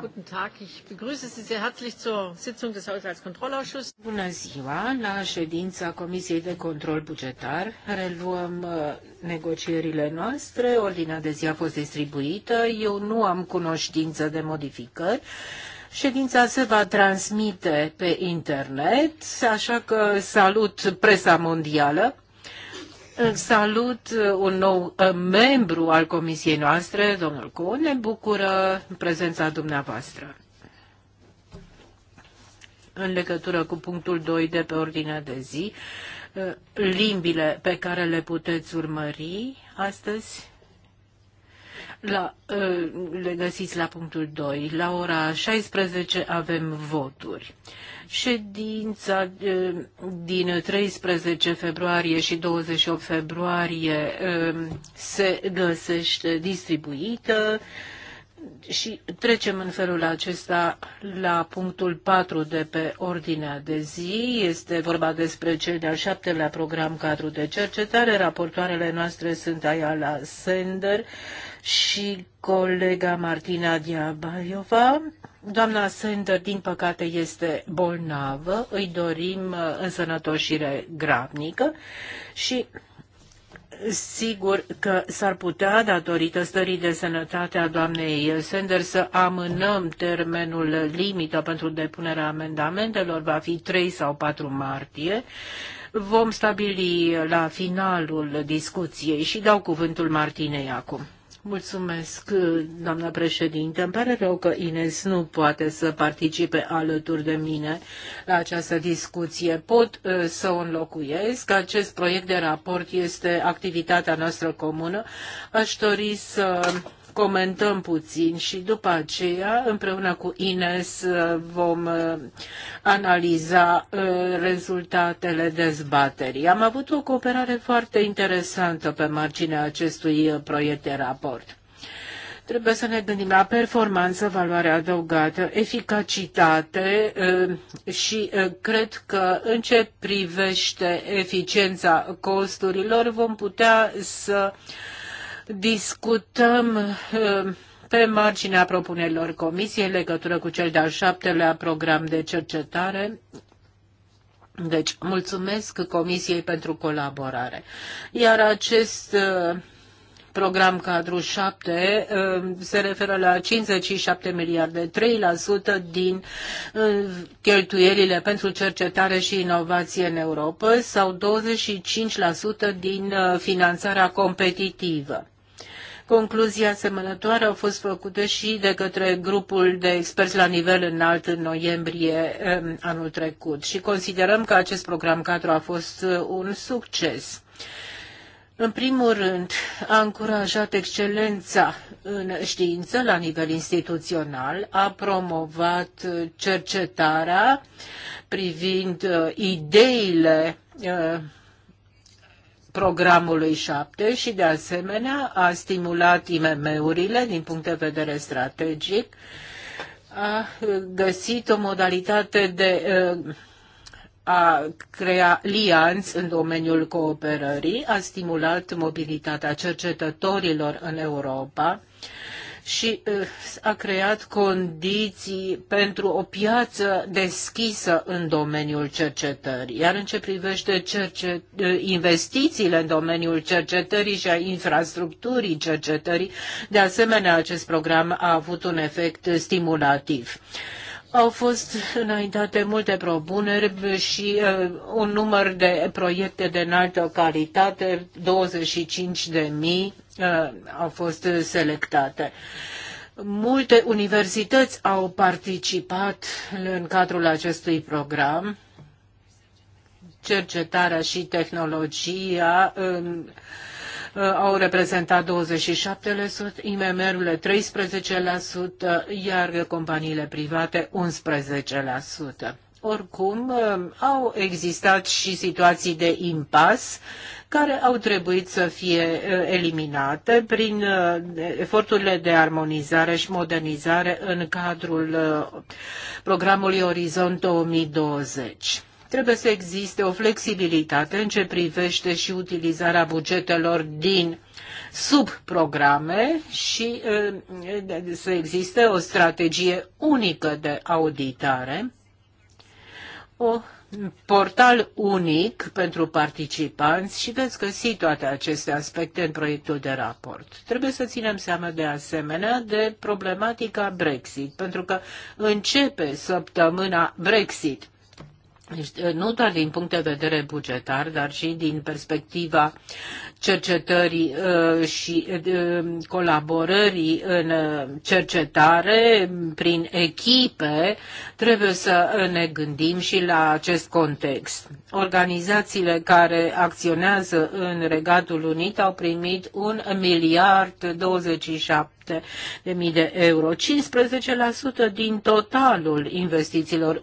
Guten Tag, ich begrüße Sie sehr herzlich zur Sitzung des Haushaltskontrollausschusses. Bună ziua, la ședința Comisiei de Control Bugetar reluăm uh, negocierile noastre. Ordinea de zi a fost distribuită, eu nu am cunoștință de modificări. Ședința se va transmite pe internet, așa că salut presa mondială. Salut uh, un nou uh, membru al comisiei noastre, domnul Cohn. Ne bucură prezența dumneavoastră. În legătură cu punctul 2 de pe ordinea de zi, uh, limbile pe care le puteți urmări astăzi la, uh, le găsiți la punctul 2. La ora 16 avem voturi. Ședința uh, din 13 februarie și 28 februarie uh, se găsește distribuită și trecem în felul acesta la punctul 4 de pe ordinea de zi. Este vorba despre cel de-al șaptelea program cadru de cercetare. Raportoarele noastre sunt Ayala Sender și colega Martina Diabaiova. Doamna Sender, din păcate, este bolnavă. Îi dorim uh, însănătoșire grabnică și Sigur că s-ar putea, datorită stării de sănătate a doamnei Sender, să amânăm termenul limită pentru depunerea amendamentelor, va fi 3 sau 4 martie. Vom stabili la finalul discuției și dau cuvântul Martinei acum. Mulțumesc, doamna președinte. Îmi pare rău că Ines nu poate să participe alături de mine la această discuție. Pot uh, să o înlocuiesc. Acest proiect de raport este activitatea noastră comună. Aș dori să comentăm puțin și după aceea, împreună cu Ines, vom uh, analiza uh, rezultatele dezbaterii. Am avut o cooperare foarte interesantă pe marginea acestui uh, proiect de raport. Trebuie să ne gândim la performanță, valoare adăugată, eficacitate și cred că în ce privește eficiența costurilor vom putea să discutăm uh, pe marginea propunerilor comisiei în legătură cu cel de-al șaptelea program de cercetare deci, mulțumesc Comisiei pentru colaborare. Iar acest uh, program cadru 7 uh, se referă la 57 miliarde, 3% din cheltuielile pentru cercetare și inovație în Europa sau 25% din finanțarea competitivă. Concluzii asemănătoare au fost făcute și de către grupul de experți la nivel înalt în noiembrie um, anul trecut și considerăm că acest program cadru a fost uh, un succes. În primul rând, a încurajat excelența în știință la nivel instituțional, a promovat uh, cercetarea privind uh, ideile programului 7 și de asemenea a stimulat IMM-urile din punct de vedere strategic, a găsit o modalitate de a crea lianți în domeniul cooperării, a stimulat mobilitatea cercetătorilor în Europa, și uh, a creat condiții pentru o piață deschisă în domeniul cercetării. Iar în ce privește cercet, uh, investițiile în domeniul cercetării și a infrastructurii cercetării, de asemenea, acest program a avut un efect stimulativ. Au fost înaintate multe propuneri și uh, un număr de proiecte de înaltă calitate, 25 de mii, uh, au fost selectate. Multe universități au participat în cadrul acestui program. Cercetarea și tehnologia uh, Uh, au reprezentat 27%, IMM-urile 13%, iar companiile private 11%. Oricum, uh, au existat și situații de impas care au trebuit să fie uh, eliminate prin eforturile de armonizare și modernizare în cadrul programului Orizont 2020. Trebuie să existe o flexibilitate în ce privește și utilizarea bugetelor din subprograme și să existe o strategie unică de auditare, o portal unic pentru participanți și veți găsi toate aceste aspecte în proiectul de raport. Trebuie să ținem seama de asemenea de problematica Brexit, pentru că începe săptămâna Brexit. Deci, eh, nu doar din punct de vedere bugetar, dar și din perspectiva cercetării eh, și eh, colaborării în cercetare prin echipe, trebuie să ne gândim și la acest context. Organizațiile care acționează în Regatul Unit au primit un miliard 27 700 de mii de euro, 15% din totalul investițiilor,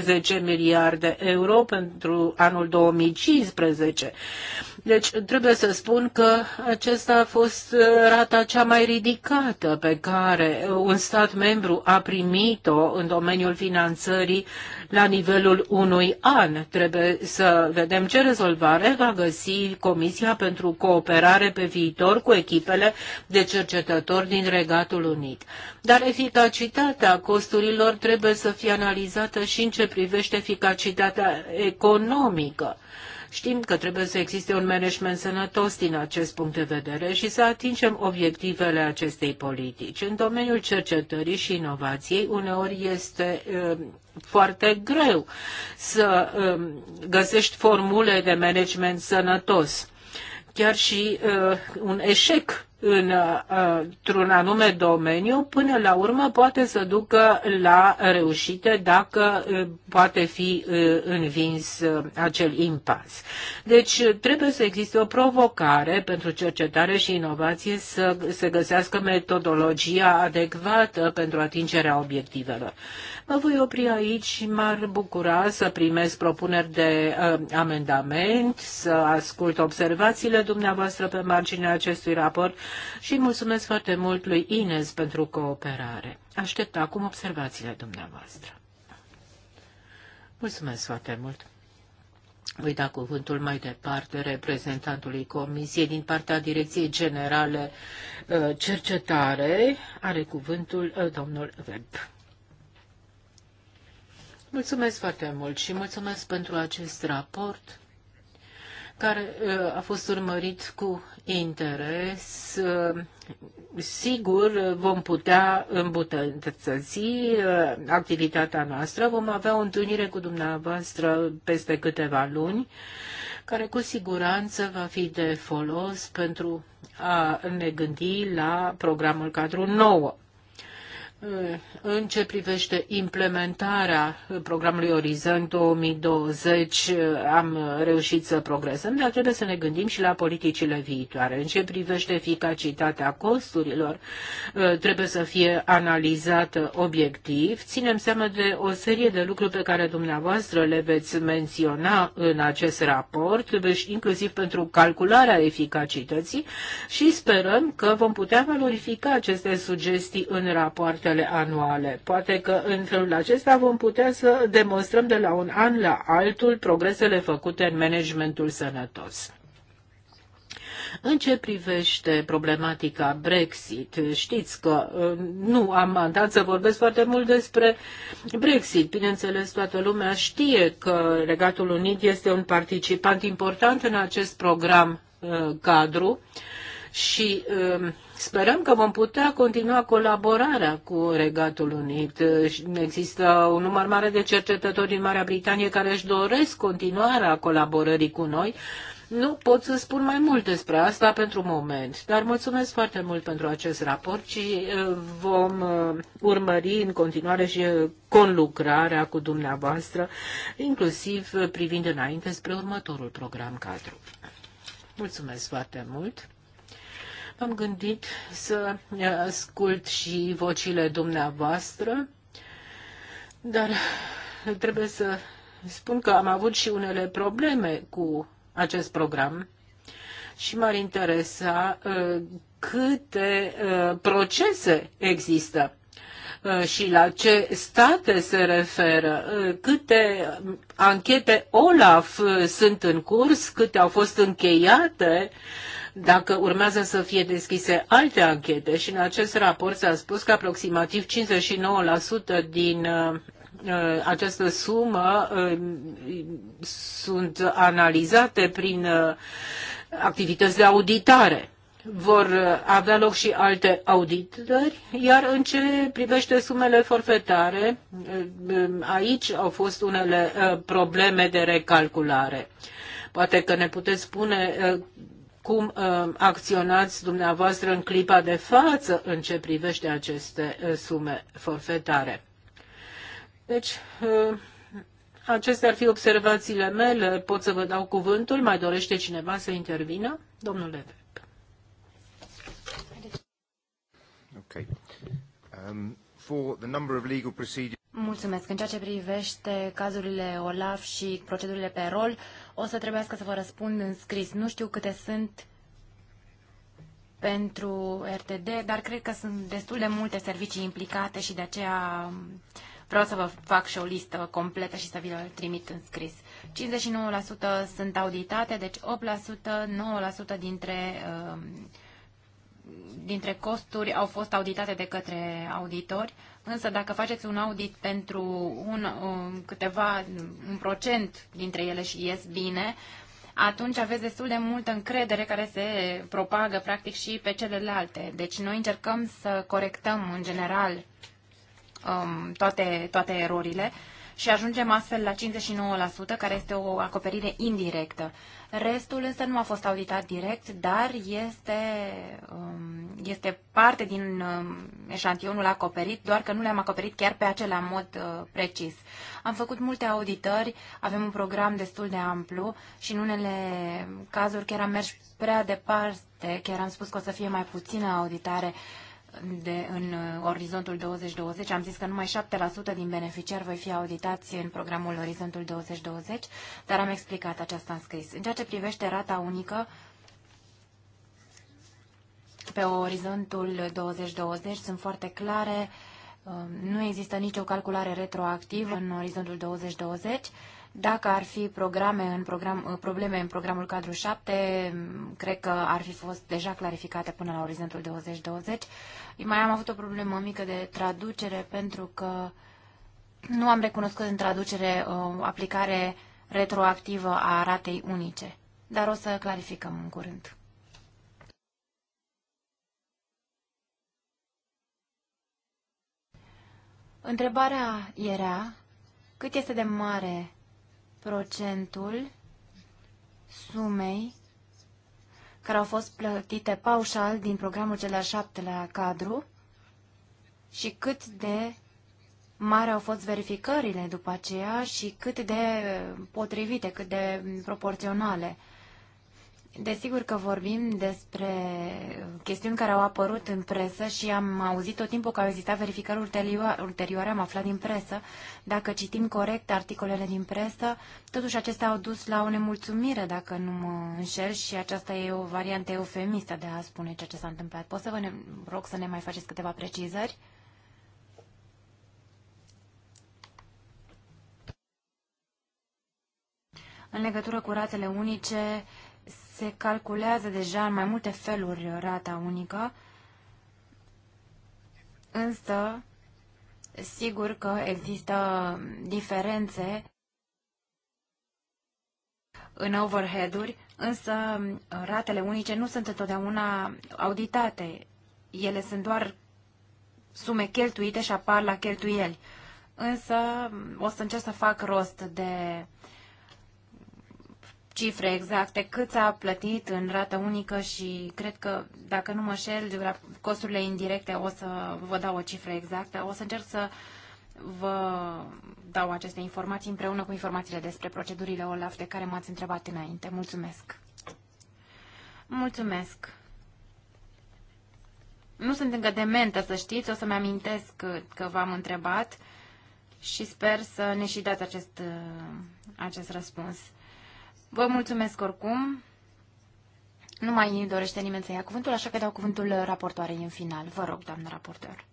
1,18 miliarde euro pentru anul 2015. Deci trebuie să spun că acesta a fost uh, rata cea mai ridicată pe care un stat membru a primit-o în domeniul finanțării uh, la nivelul unui an. Trebuie să vedem ce rezolvare va găsi Comisia pentru cooperare pe viitor cu echipele de cercetători din Regatul Unit. Dar eficacitatea costurilor trebuie să fie analizată și în ce privește eficacitatea economică. Știm că trebuie să existe un management sănătos din acest punct de vedere și să atingem obiectivele acestei politici. În domeniul cercetării și inovației, uneori este foarte greu să um, găsești formule de management sănătos. Chiar și uh, un eșec într-un anume domeniu, până la urmă poate să ducă la reușite dacă poate fi învins acel impas. Deci trebuie să existe o provocare pentru cercetare și inovație să se găsească metodologia adecvată pentru atingerea obiectivelor. Mă voi opri aici și m-ar bucura să primesc propuneri de uh, amendament, să ascult observațiile dumneavoastră pe marginea acestui raport și mulțumesc foarte mult lui Inez pentru cooperare. Aștept acum observațiile dumneavoastră. Mulțumesc foarte mult. Voi da cuvântul mai departe reprezentantului Comisiei din partea Direcției Generale uh, Cercetare. Are cuvântul uh, domnul Web. Mulțumesc foarte mult și mulțumesc pentru acest raport care uh, a fost urmărit cu interes, uh, sigur vom putea îmbunătăți uh, activitatea noastră. Vom avea o întâlnire cu dumneavoastră peste câteva luni, care cu siguranță va fi de folos pentru a ne gândi la programul cadru nouă. În ce privește implementarea programului Orizont 2020, am reușit să progresăm, dar trebuie să ne gândim și la politicile viitoare. În ce privește eficacitatea costurilor, trebuie să fie analizată obiectiv. Ținem seama de o serie de lucruri pe care dumneavoastră le veți menționa în acest raport, deci inclusiv pentru calcularea eficacității și sperăm că vom putea valorifica aceste sugestii în rapoarte rapoartele anuale. Poate că în felul acesta vom putea să demonstrăm de la un an la altul progresele făcute în managementul sănătos. În ce privește problematica Brexit, știți că uh, nu am mandat să vorbesc foarte mult despre Brexit. Bineînțeles, toată lumea știe că Regatul Unit este un participant important în acest program uh, cadru și uh, Sperăm că vom putea continua colaborarea cu Regatul Unit. Există un număr mare de cercetători din Marea Britanie care își doresc continuarea colaborării cu noi. Nu pot să spun mai mult despre asta pentru moment, dar mulțumesc foarte mult pentru acest raport și uh, vom uh, urmări în continuare și uh, conlucrarea cu dumneavoastră, inclusiv privind înainte spre următorul program cadru. Mulțumesc foarte mult! am gândit să uh, ascult și vocile dumneavoastră, dar trebuie să spun că am avut și unele probleme cu acest program și m-ar interesa uh, câte uh, procese există Uh, și la ce state se referă, uh, câte anchete OLAF uh, sunt în curs, câte au fost încheiate, dacă urmează să fie deschise alte anchete și în acest raport s-a spus că aproximativ 59% din această sumă sunt analizate prin activități de auditare vor uh, avea loc și alte auditări, iar în ce privește sumele forfetare, uh, um, aici au fost unele uh, probleme de recalculare. Poate că ne puteți spune cum acționați dumneavoastră în clipa de față în ce privește aceste sume forfetare. Deci, Acestea ar fi observațiile mele. Pot să vă dau cuvântul. Mai dorește cineva să intervină? Domnule Okay. Um, for the number of legal procedures... Mulțumesc. În ceea ce privește cazurile OLAF și procedurile pe rol, o să trebuiască să vă răspund în scris. Nu știu câte sunt pentru RTD, dar cred că sunt destul de multe servicii implicate și de aceea vreau să vă fac și o listă completă și să vi l trimit în scris. 59% sunt auditate, deci 8%, 9% dintre uh, dintre costuri au fost auditate de către auditori, însă dacă faceți un audit pentru un, un, um, câteva, un procent dintre ele și ies bine, atunci aveți destul de multă încredere care se propagă practic și pe celelalte. Deci noi încercăm să corectăm în general um, toate, toate erorile și ajungem astfel la 59%, care este o acoperire indirectă. Restul însă nu a fost auditat direct, dar este, um, este parte din um, eșantionul acoperit, doar că nu le-am acoperit chiar pe acela mod uh, precis. Am făcut multe auditări, avem un program destul de amplu și în unele cazuri chiar am mers prea departe, chiar am spus că o să fie mai puțină auditare de, în uh, orizontul 2020. Am zis că numai 7% din beneficiari voi fi auditați în programul Orizontul 2020, dar am explicat aceasta în scris. În ceea ce privește rata unică, pe orizontul 2020 sunt foarte clare, um, nu există nicio calculare retroactivă în orizontul 2020, dacă ar fi programe în program, uh, probleme în programul cadru 7, cred că ar fi fost deja clarificate până la orizontul 2020. Mai am avut o problemă mică de traducere pentru că nu am recunoscut în traducere o uh, aplicare retroactivă a ratei unice, dar o să clarificăm în curând. Întrebarea era cât este de mare procentul sumei care au fost plătite paușal din programul cel de-al șaptelea cadru și cât de mari au fost verificările după aceea și cât de potrivite, cât de proporționale. Desigur că vorbim despre chestiuni care au apărut în presă și am auzit tot timpul că au existat verificări ulterioare, am aflat din presă. Dacă citim corect articolele din presă, totuși acestea au dus la o nemulțumire, dacă nu mă înșel, și aceasta e o variantă eufemistă de a spune ceea ce s-a întâmplat. Pot să vă ne- rog să ne mai faceți câteva precizări? În legătură cu rațele unice, se calculează deja în mai multe feluri rata unică, însă sigur că există diferențe în overhead-uri, însă ratele unice nu sunt întotdeauna auditate. Ele sunt doar sume cheltuite și apar la cheltuieli. Însă o să încerc să fac rost de cifre exacte, cât s-a plătit în rată unică și cred că, dacă nu mă șel, costurile indirecte o să vă dau o cifră exactă. O să încerc să vă dau aceste informații împreună cu informațiile despre procedurile OLAF de care m-ați întrebat înainte. Mulțumesc! Mulțumesc! Nu sunt încă dementă, să știți, o să-mi amintesc că, că v-am întrebat și sper să ne și dați acest, acest răspuns. Vă mulțumesc oricum. Nu mai dorește nimeni să ia cuvântul, așa că dau cuvântul raportoarei în final. Vă rog, doamnă raportor.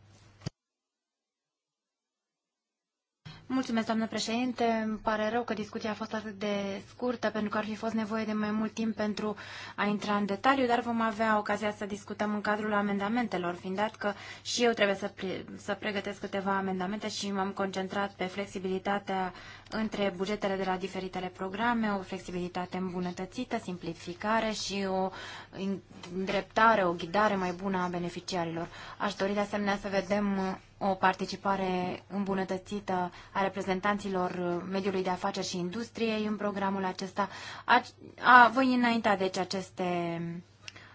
Mulțumesc, doamnă președinte. Îmi pare rău că discuția a fost atât de scurtă, pentru că ar fi fost nevoie de mai mult timp pentru a intra în detaliu, dar vom avea ocazia să discutăm în cadrul amendamentelor, fiind dat că și eu trebuie să, pre- să pregătesc câteva amendamente și m-am concentrat pe flexibilitatea între bugetele de la diferitele programe, o flexibilitate îmbunătățită, simplificare și o îndreptare, o ghidare mai bună a beneficiarilor. Aș dori de asemenea să vedem o participare îmbunătățită a reprezentanților mediului de afaceri și industriei în programul acesta. A, a, voi înainta deci aceste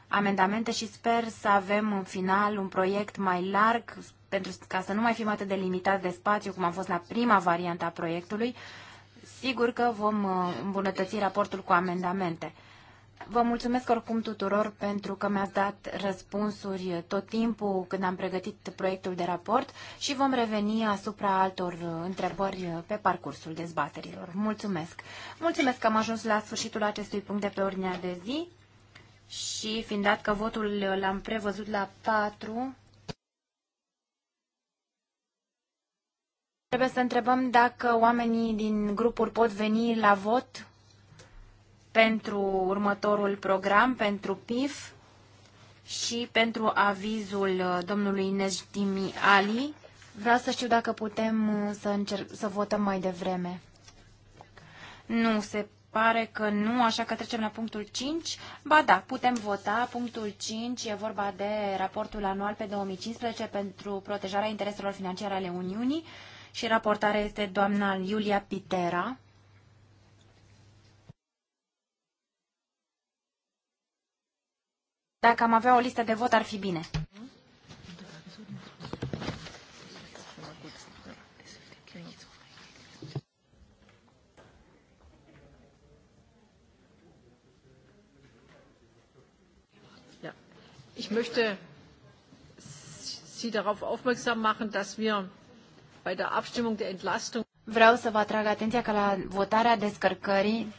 amendamente și sper să avem în final un proiect mai larg pentru ca să nu mai fim atât de limitați de spațiu cum am fost la prima variantă a proiectului. Sigur că vom uh, îmbunătăți raportul cu amendamente. Vă mulțumesc oricum tuturor pentru că mi-ați dat răspunsuri tot timpul când am pregătit proiectul de raport și vom reveni asupra altor întrebări pe parcursul dezbaterilor. Mulțumesc! Mulțumesc că am ajuns la sfârșitul acestui punct de pe ordinea de zi și fiind dat că votul l-am prevăzut la 4, trebuie să întrebăm dacă oamenii din grupuri pot veni la vot pentru următorul program, pentru PIF și pentru avizul domnului Nejdimi Ali. Vreau să știu dacă putem uh, să, încerc, să votăm mai devreme. Nu, se pare că nu, așa că trecem la punctul 5. Ba da, putem vota. Punctul 5 e vorba de raportul anual pe 2015 pentru protejarea intereselor financiare ale Uniunii și raportarea este doamna Iulia Pitera. Dacă am avea o listă de vot, ar fi bine. Ich möchte Sie darauf aufmerksam machen, dass wir bei der Abstimmung der Entlastung Vreau să vă atrag atenția că la votarea descărcării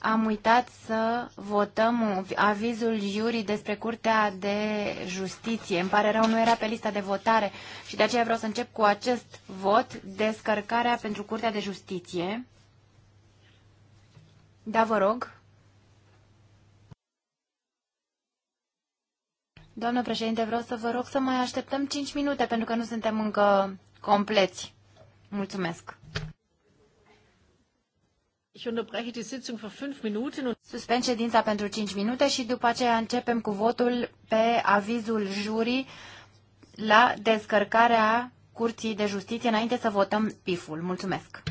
am uitat să votăm avizul jurii despre Curtea de Justiție. Îmi pare rău, nu era pe lista de votare și de aceea vreau să încep cu acest vot, descărcarea pentru Curtea de Justiție. Da, vă rog. Doamnă președinte, vreau să vă rog să mai așteptăm 5 minute pentru că nu suntem încă compleți. Mulțumesc. Suspend ședința pentru 5 minute și după aceea începem cu votul pe avizul jurii la descărcarea Curții de Justiție înainte să votăm PIF-ul. Mulțumesc!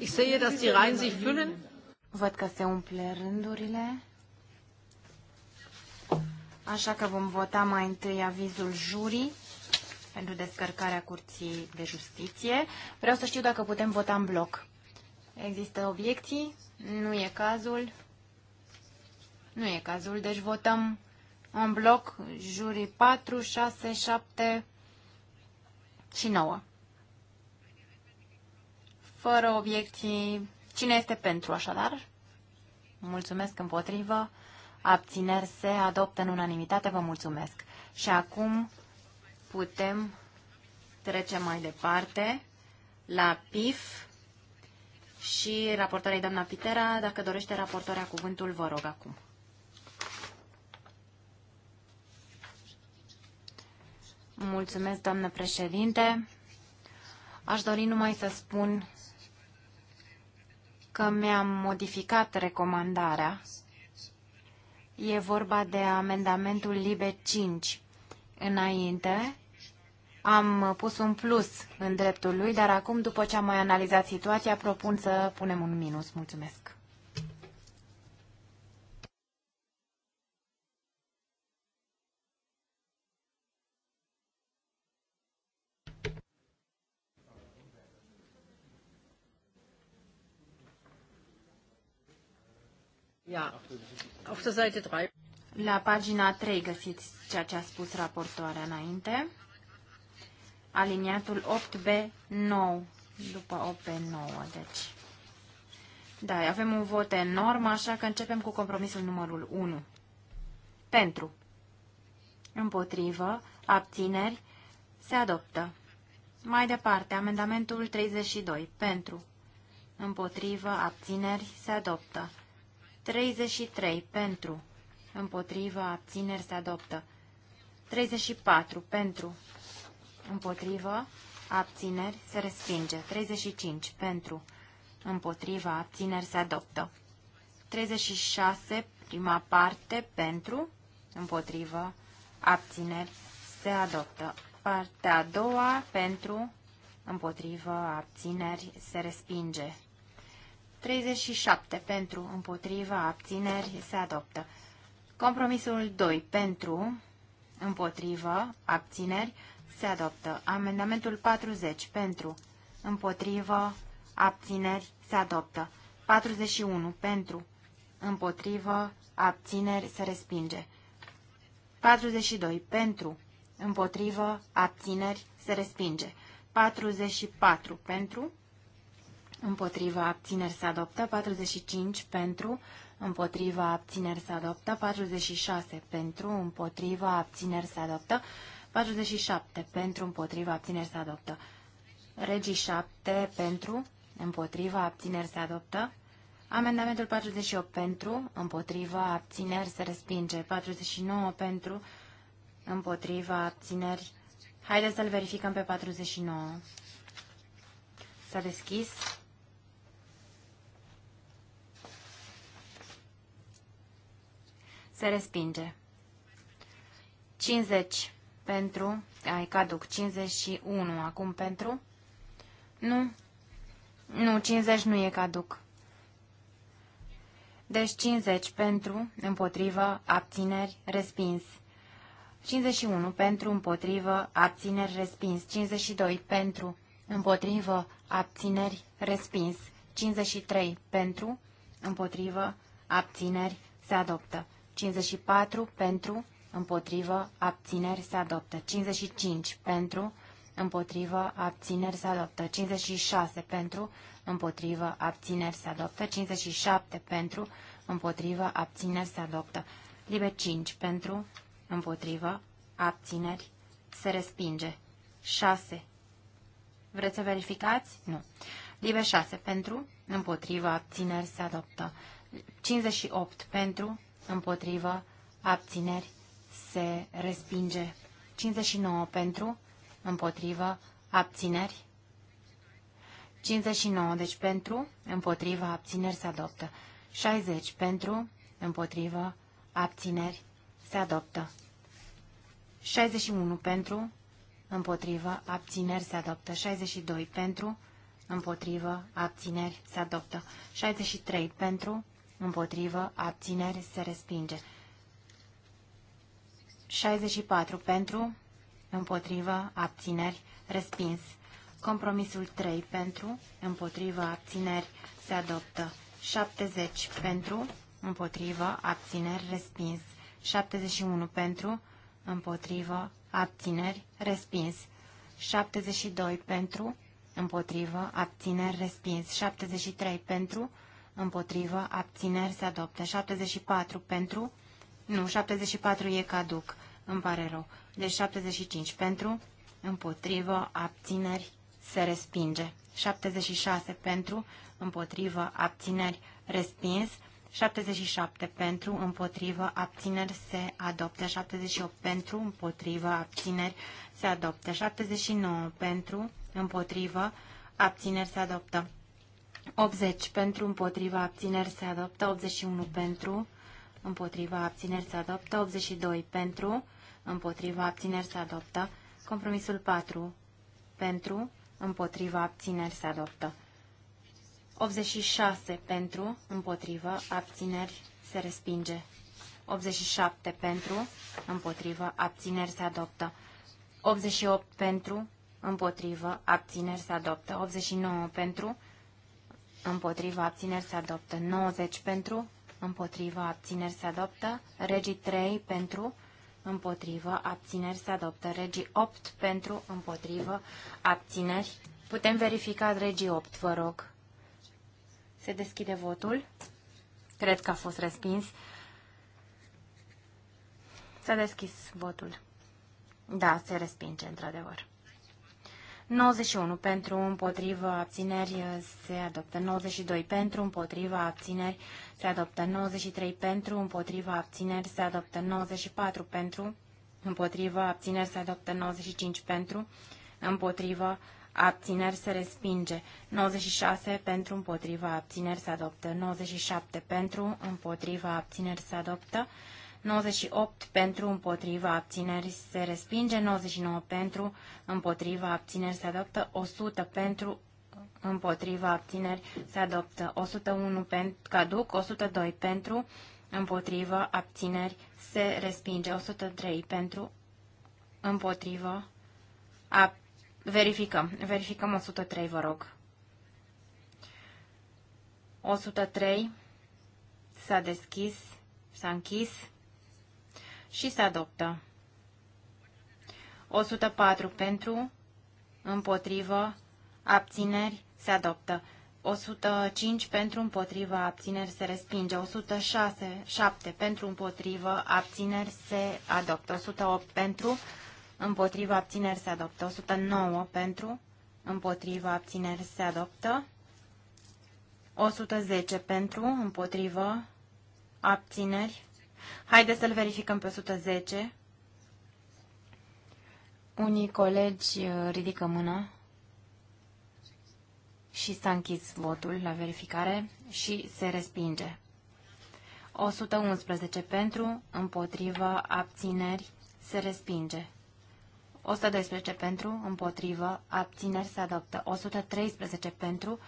Ich sehe, dass die Reihen sich füllen. Văd că se umple rândurile. Așa că vom vota mai întâi avizul jurii pentru descărcarea Curții de Justiție. Vreau să știu dacă putem vota în bloc. Există obiecții? Nu e cazul. Nu e cazul, deci votăm în bloc jurii 4, 6, 7 și 9 fără obiecții. Cine este pentru așadar? Mulțumesc împotrivă. Abțineri se adoptă în unanimitate. Vă mulțumesc. Și acum putem trece mai departe la PIF și raportoarea doamna Pitera. Dacă dorește raportoarea cuvântul, vă rog acum. Mulțumesc, doamnă președinte. Aș dori numai să spun că mi-am modificat recomandarea. E vorba de amendamentul LIBE 5. Înainte am pus un plus în dreptul lui, dar acum, după ce am mai analizat situația, propun să punem un minus. Mulțumesc. La pagina 3 găsiți ceea ce a spus raportoarea înainte. Aliniatul 8B9, după 8B9, deci. Da, avem un vot enorm, așa că începem cu compromisul numărul 1. Pentru. Împotrivă. Abțineri. Se adoptă. Mai departe, amendamentul 32. Pentru. Împotrivă. Abțineri. Se adoptă. 33 pentru, împotrivă, abțineri se adoptă. 34 pentru, împotrivă, abțineri se respinge. 35 pentru, împotrivă, abțineri se adoptă. 36 prima parte pentru, împotrivă, abțineri se adoptă. Partea a doua pentru, împotrivă, abțineri se respinge. 37 pentru, împotriva, abțineri, se adoptă. Compromisul 2 pentru, împotrivă, abțineri, se adoptă. Amendamentul 40 pentru, împotrivă, abțineri, se adoptă. 41 pentru, împotrivă, abțineri, se respinge. 42 pentru, împotrivă, abțineri, se respinge. 44 pentru, împotriva abțineri se adoptă, 45 pentru, împotriva abțineri se adoptă, 46 pentru, împotriva abțineri se adoptă, 47 pentru, împotriva abțineri se adoptă, regii 7 pentru, împotriva abțineri se adoptă, amendamentul 48 pentru, împotriva abțineri se respinge, 49 pentru, împotriva abțineri. Haideți să-l verificăm pe 49. S-a deschis Se respinge. 50 pentru, ai caduc, 51 acum pentru. Nu, nu, 50 nu e caduc. Deci 50 pentru, împotrivă, abțineri, respins. 51 pentru, împotrivă, abțineri, respins. 52 pentru, împotrivă, abțineri, respins. 53 pentru, împotrivă, abțineri, se adoptă. 54 pentru, împotrivă, abțineri se adoptă. 55 pentru, împotrivă, abțineri se adoptă. 56 pentru, împotrivă, abțineri se adoptă. 57 pentru, împotrivă, abțineri se adoptă. Libe 5 pentru, împotrivă, abțineri se respinge. 6. Vreți să verificați? Nu. Libe 6 pentru, împotrivă, abțineri se adoptă. 58 pentru, împotrivă, abțineri, se respinge. 59 pentru, împotrivă, abțineri. 59, deci pentru, împotrivă, abțineri se adoptă. 60 pentru, împotrivă, abțineri se adoptă. 61 pentru, împotrivă, abțineri se adoptă. 62 pentru, împotrivă, abțineri se adoptă. 63 pentru, împotrivă, abțineri, se respinge. 64 pentru, împotrivă, abțineri, respins. Compromisul 3 pentru, împotrivă, abțineri, se adoptă. 70 pentru, împotrivă, abțineri, respins. 71 pentru, împotrivă, abțineri, respins. 72 pentru, împotrivă, abțineri, respins. 73 pentru, împotrivă, abțineri se adoptă. 74 pentru, nu, 74 e caduc, îmi pare rău. Deci 75 pentru, împotrivă, abțineri se respinge. 76 pentru, împotrivă, abțineri respins. 77 pentru, împotrivă, abțineri se adoptă. 78 pentru, împotrivă, abțineri se adoptă. 79 pentru, împotrivă, abțineri se adoptă. 80 pentru împotriva abțineri se adoptă, 81 pentru împotriva abțineri se adoptă, 82 pentru împotriva abțineri se adoptă, compromisul 4 pentru împotriva abțineri se adoptă, 86 pentru împotriva abțineri se respinge, 87 pentru împotriva abțineri se adoptă, 88 pentru împotriva abțineri se adoptă, 89 pentru, împotriva abțineri se adoptă. 90 pentru, împotriva abțineri se adoptă. Regii 3 pentru, Împotriva abțineri se adoptă. Regii 8 pentru, Împotriva abțineri. Putem verifica regii 8, vă rog. Se deschide votul. Cred că a fost respins. S-a deschis votul. Da, se respinge, într-adevăr. 91 uh, pentru, împotrivă, abțineri, se adoptă. 92 pentru, împotrivă, abțineri, se adoptă. 93 pentru, împotrivă, abțineri, se adoptă. 94 pentru, împotrivă, abțineri, se adoptă. 95 pentru, împotrivă, abțineri, se respinge. 96 pentru, împotrivă, abțineri, se adoptă. 97 pentru, împotrivă, abțineri, se adoptă. 98 pentru, împotriva, abțineri se respinge, 99 pentru, împotriva, abțineri se adoptă, 100 pentru, împotriva, abțineri se adoptă, 101 pentru, caduc, 102 pentru, împotriva, abțineri se respinge, 103 pentru, împotriva, a, verificăm, verificăm 103, vă rog. 103 s-a deschis, s-a închis și se adoptă. 104 pentru, împotrivă, abțineri, se adoptă. 105 pentru împotrivă, abțineri se respinge. 106, 7 pentru împotrivă, abțineri se adoptă. 108 pentru împotrivă, abțineri se adoptă. 109 pentru împotrivă, abțineri se adoptă. 110 pentru împotrivă, abțineri Haideți să-l verificăm pe 110. Unii colegi uh, ridică mână și s-a închis votul la verificare și se respinge. 111 pentru, împotrivă, abțineri, se respinge. 112 pentru, împotrivă, abțineri se adoptă. 113 pentru,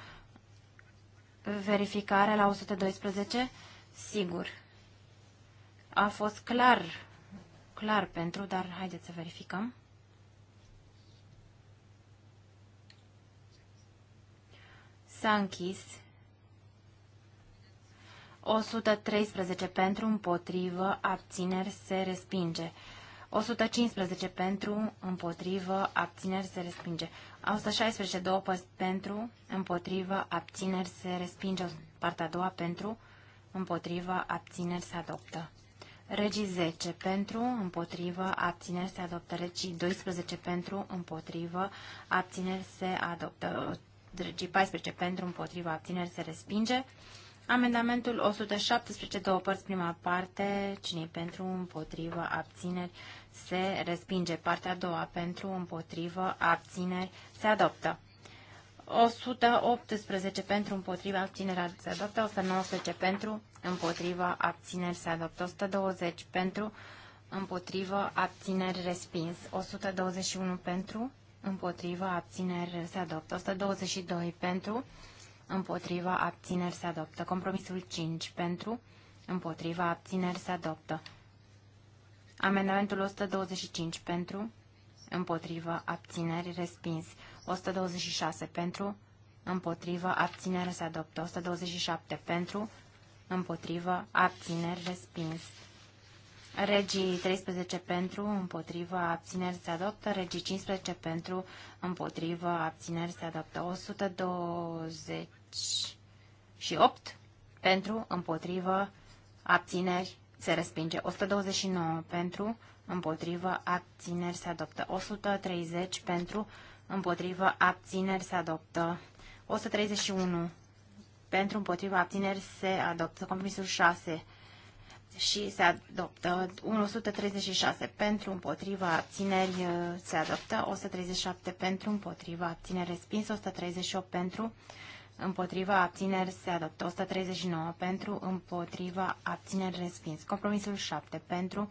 verificare la 112, sigur. A fost clar, clar pentru, dar haideți să verificăm. S-a închis. 113 pentru, împotrivă, abțineri, se respinge. 115 pentru, împotrivă, abțineri, se respinge. 116, două pentru, împotrivă, abțineri, se respinge. Partea a doua pentru, împotrivă, abțineri, se adoptă. Regii 10 pentru, împotrivă, abțineri se adoptă. Regii 12 pentru, împotrivă, abțineri se adoptă. Regii 14 pentru, împotrivă, abțineri se respinge. Amendamentul 117, două părți, prima parte, cine pentru, împotrivă, abțineri, se respinge. Partea a doua, pentru, împotrivă, abțineri, se adoptă. 118 pentru împotriva abținerea se adoptă, 119 pentru împotriva abțineri se adoptă, 120 pentru împotriva abțineri respins, 121 pentru împotriva abțineri se adoptă, 122 pentru împotriva abțineri se adoptă, compromisul 5 pentru împotriva abțineri se adoptă, amendamentul 125 pentru împotriva abțineri respins. 126 pentru, împotrivă, abținere se adoptă. 127 pentru, împotrivă, abțineri, respins. Regii 13 pentru, împotrivă, abțineri se adoptă. Regii 15 pentru, împotrivă, abțineri se adoptă. 128 pentru, împotrivă, abțineri se respinge. 129 pentru, împotrivă, abțineri se adoptă. 130 pentru, împotrivă, abțineri se adoptă. 131 pentru, împotrivă, abțineri se adoptă. Compromisul 6 și se adoptă 136 pentru împotriva uh, abțineri se adoptă 137 pentru împotriva abțineri respins 138 pentru împotriva abțineri se adoptă 139 pentru împotriva abțineri respins compromisul 7 pentru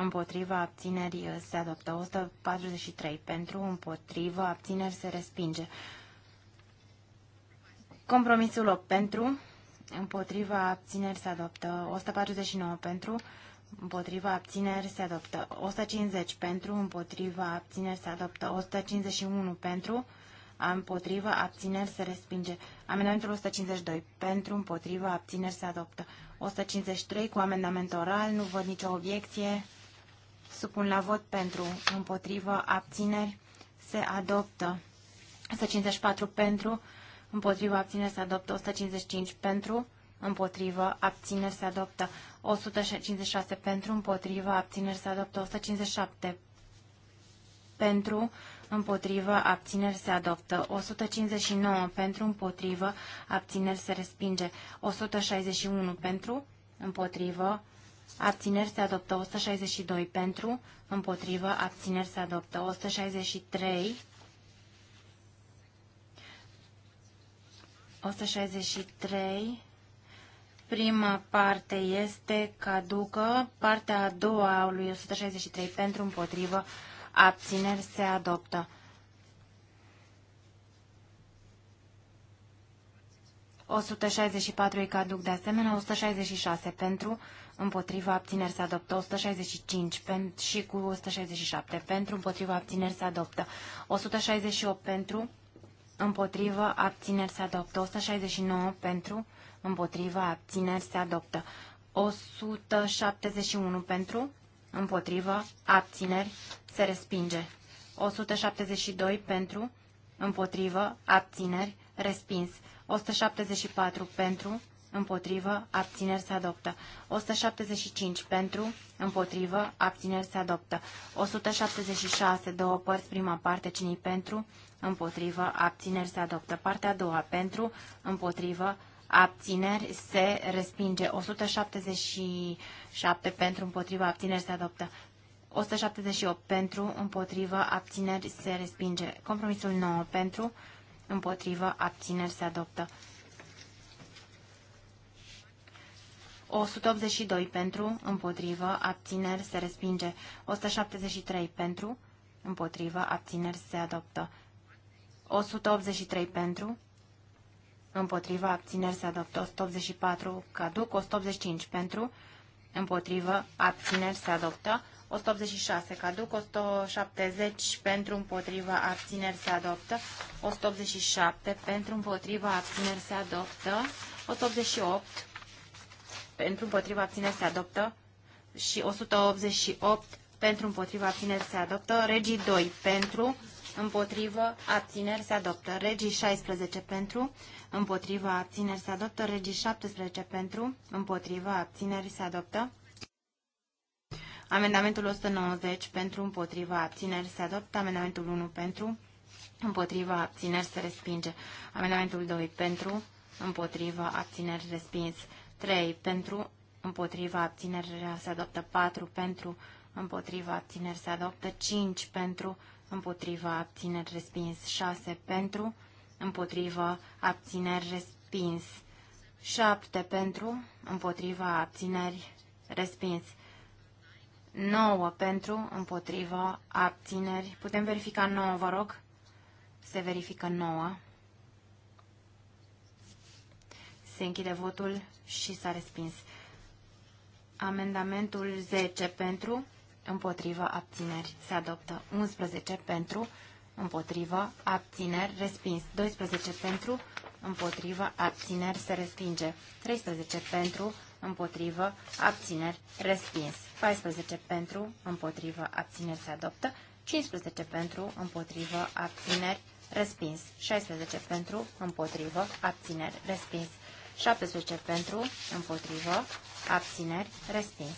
împotriva abținerii se adoptă. 143 pentru, împotriva abțineri se respinge. Compromisul 8 pentru, împotriva abțineri se adoptă. 149 pentru, împotriva abțineri se adoptă. 150 pentru, împotriva abțineri se adoptă. 151 pentru, împotriva abțineri se respinge. Amendamentul 152 pentru, împotriva abțineri se adoptă. 153 cu amendament oral, nu văd nicio obiecție supun la vot pentru, împotrivă, abțineri, se adoptă. 154 pentru, împotrivă, abțineri, se adoptă. 155 pentru, împotrivă, abțineri, se adoptă. 156 pentru, împotrivă, abțineri, se adoptă. 157 pentru, împotrivă, abțineri se adoptă. 159 pentru, împotrivă, abțineri se respinge. 161 pentru, împotrivă, Abțineri se adoptă 162 pentru, împotrivă, abțineri se adoptă 163, 163, prima parte este caducă, partea a doua a lui 163 pentru, împotrivă, abțineri se adoptă. 164 e caduc de asemenea, 166 pentru, împotriva abțineri se adoptă 165 și cu 167 pentru, împotriva abțineri se adoptă 168 pentru, împotriva abțineri se adoptă 169 pentru, împotriva abțineri se adoptă 171 pentru, împotriva abțineri se respinge 172 pentru, împotriva abțineri, respins. 174 pentru, împotrivă, abțineri se adoptă. 175 pentru, împotrivă, abțineri se adoptă. 176, două părți, prima parte, cine pentru, împotrivă, abțineri se adoptă. Partea a doua, pentru, împotrivă, abțineri se respinge. 177 pentru, împotrivă, abțineri se adoptă. 178 pentru, împotrivă, abțineri se respinge. Compromisul 9 pentru, împotrivă, abțineri se adoptă. 182 pentru, împotrivă, abțineri, se respinge. 173 pentru, împotrivă, abțineri, se adoptă. 183 pentru, împotrivă, abțineri, se adoptă. 184 caduc, 185 pentru, împotrivă, abțineri, se adoptă. 186 caduc, 170 pentru împotrivă, abțineri se adoptă, 187 pentru împotrivă, abțineri se adoptă, 188 pentru împotriva abțineri se adoptă și 188 pentru împotriva abțineri se adoptă, regii 2 pentru împotriva abțineri se adoptă, regii 16 pentru împotriva abțineri se adoptă, regii 17 pentru împotriva abțineri se adoptă. Amendamentul 190 pentru împotriva abțineri se adoptă, amendamentul 1 pentru împotriva abțineri se respinge, amendamentul 2 pentru împotriva abțineri respins. 3 pentru, împotriva abținerea se adoptă 4 pentru, împotriva abțineri se adoptă 5 pentru, împotriva abțineri respins 6 pentru, împotriva abțineri respins 7 pentru, împotriva abțineri respins 9 pentru, împotriva abțineri. Putem verifica 9, vă rog? Se verifică 9. Se închide votul și s-a respins. Amendamentul 10 pentru, împotrivă, abțineri, se adoptă. 11 pentru, împotrivă, abțineri, respins. 12 pentru, împotrivă, abțineri, se respinge. 13 pentru, împotrivă, abțineri, respins. 14 pentru, împotrivă, abțineri, se adoptă. 15 pentru, împotrivă, abțineri, respins. 16 pentru, împotrivă, abțineri, respins. 17 pentru, împotrivă, abțineri, respins.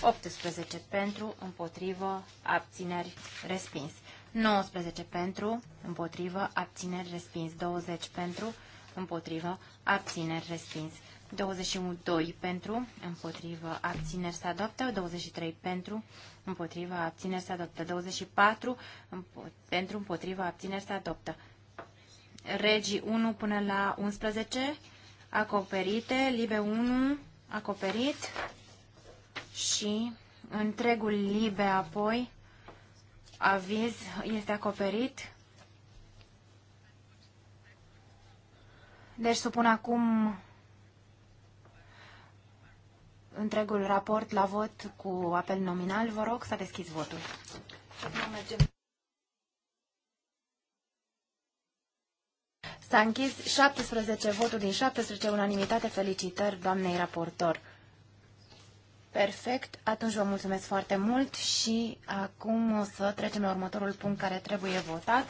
18 pentru, împotrivă, abțineri, respins. 19 pentru, împotrivă, abțineri, respins. 20 pentru, împotrivă, abțineri, respins. 21 2 pentru, împotrivă, abțineri se adoptă, 23 pentru, împotrivă, abțineri se adoptă, 24 împo pentru, împotrivă, abțineri se adoptă. Regii 1 până la 11 acoperite, libe 1 acoperit și întregul libe apoi aviz este acoperit. Deci supun acum întregul raport la vot cu apel nominal. Vă rog să deschizi votul. Nu mergem. S-a închis 17 voturi din 17 unanimitate. Felicitări doamnei raportor. Perfect. Atunci vă mulțumesc foarte mult și acum o să trecem la următorul punct care trebuie votat.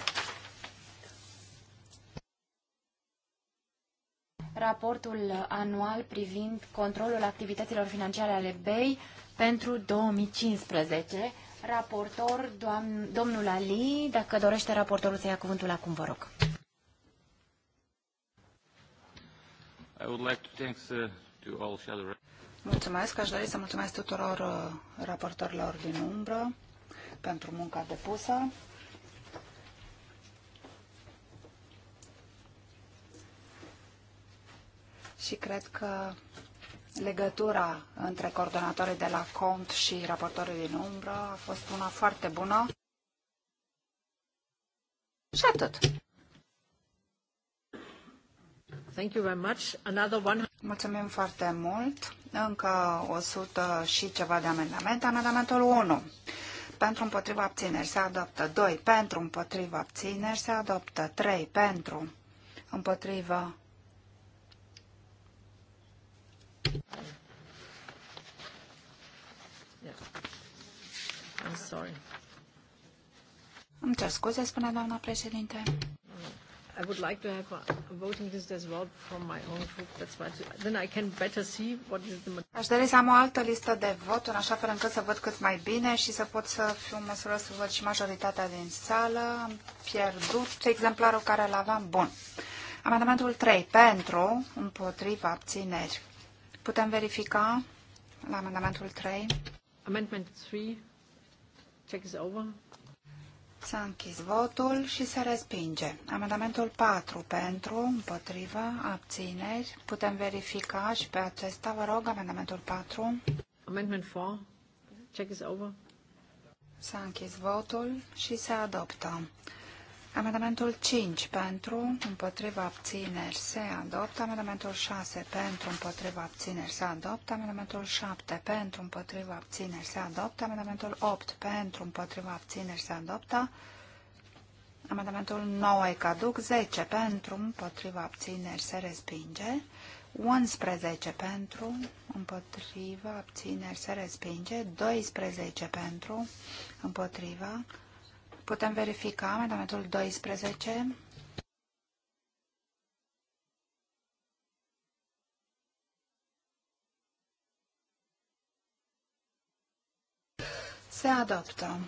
Raportul anual privind controlul activităților financiare ale BEI pentru 2015. Raportor, doamn, domnul Ali, dacă dorește raportorul să ia cuvântul acum, vă rog. Mulțumesc, aș dori să mulțumesc tuturor uh, raportorilor din umbră pentru munca depusă. Și cred că legătura între coordonatorii de la cont și raportorii din umbră a fost una foarte bună. Și atât. Thank you very much. Another one... Mulțumim foarte mult. Încă 100 și ceva de amendamente. Amendamentul 1. Pentru împotriva abțineri se adoptă 2. Pentru împotriva abțineri se adoptă 3. Pentru împotriva yeah. I'm sorry. Îmi cer scuze, spune doamna președinte. I would like to have a voting list as well from my own group. That's why then I can better see what is the Aș dori să am o altă listă de vot, în așa fel încât să văd cât mai bine și să pot să fiu măsură să văd și majoritatea din sală. Am pierdut exemplarul care îl aveam. Bun. Amendamentul 3. Pentru, împotriva, abțineri. Putem verifica la amendamentul 3. Amendment 3. Check is over. S-a închis votul și se respinge. Amendamentul 4 pentru, împotriva abțineri. Putem verifica și pe acesta, vă rog, amendamentul 4. Amendment 4. Check is over. S-a închis votul și se adoptă. Amendamentul 5 pentru, împotriva abțineri se adoptă. Amendamentul 6 pentru, împotriva abțineri se adoptă. Amendamentul 7 pentru, împotriva abțineri se adoptă. Amendamentul 8 pentru, împotriva abțineri se adoptă. Amendamentul 9 caduc. 10 pentru, împotriva abțineri se respinge. 11 pentru, împotriva abțineri se respinge. 12 pentru, împotriva abțineri Putem verifica amendamentul 12. Se adoptă.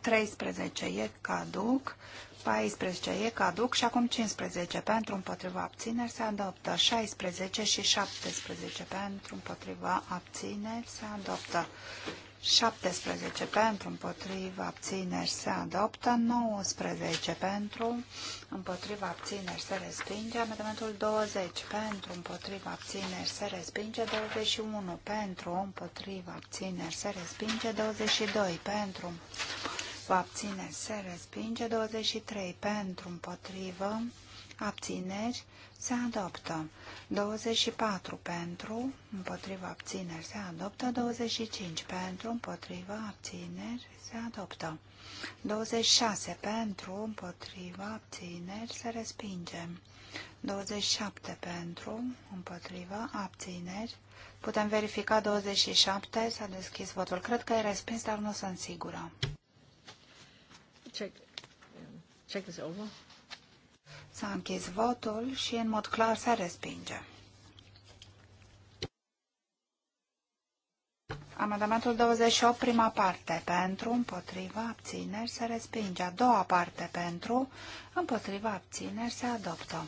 13 e caduc, 14 e caduc și acum 15 pentru împotriva abțineri se adoptă, 16 și 17 pentru împotriva abțineri se adoptă, 17 pentru, împotriva abțineri se adoptă, 19 pentru, împotriva abțineri se respinge, amendamentul 20 pentru, împotriva abțineri se respinge, 21 pentru, împotriva abțineri se respinge, 22 pentru, împotriva abțineri se respinge, 23 pentru, împotriva abțineri se adoptă. 24 pentru, împotriva abțineri se adoptă. 25 pentru, împotriva abțineri se adoptă. 26 pentru, împotriva abțineri se respinge. 27 pentru, împotriva abțineri. Putem verifica 27, s-a deschis votul. Cred că e respins, dar nu sunt sigură. Check, check this over. S-a închis votul și în mod clar se respinge. Amendamentul 28, prima parte, pentru, împotriva, abțineri, se respinge. A doua parte, pentru, împotriva, abțineri, se adoptă.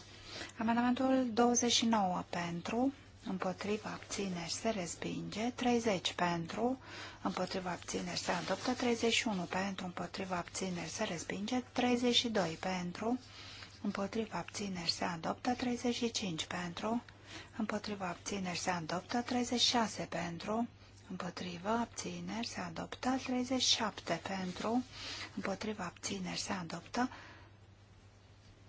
Amendamentul 29, pentru, împotriva, abțineri, se respinge. 30, pentru, împotriva, abțineri, se adoptă. 31, pentru, împotriva, abțineri, se respinge. 32, pentru, împotriva abțineri se adoptă 35 pentru, împotriva abțineri se adoptă 36 pentru, împotriva abțineri se adoptă 37 pentru, împotriva abțineri se adoptă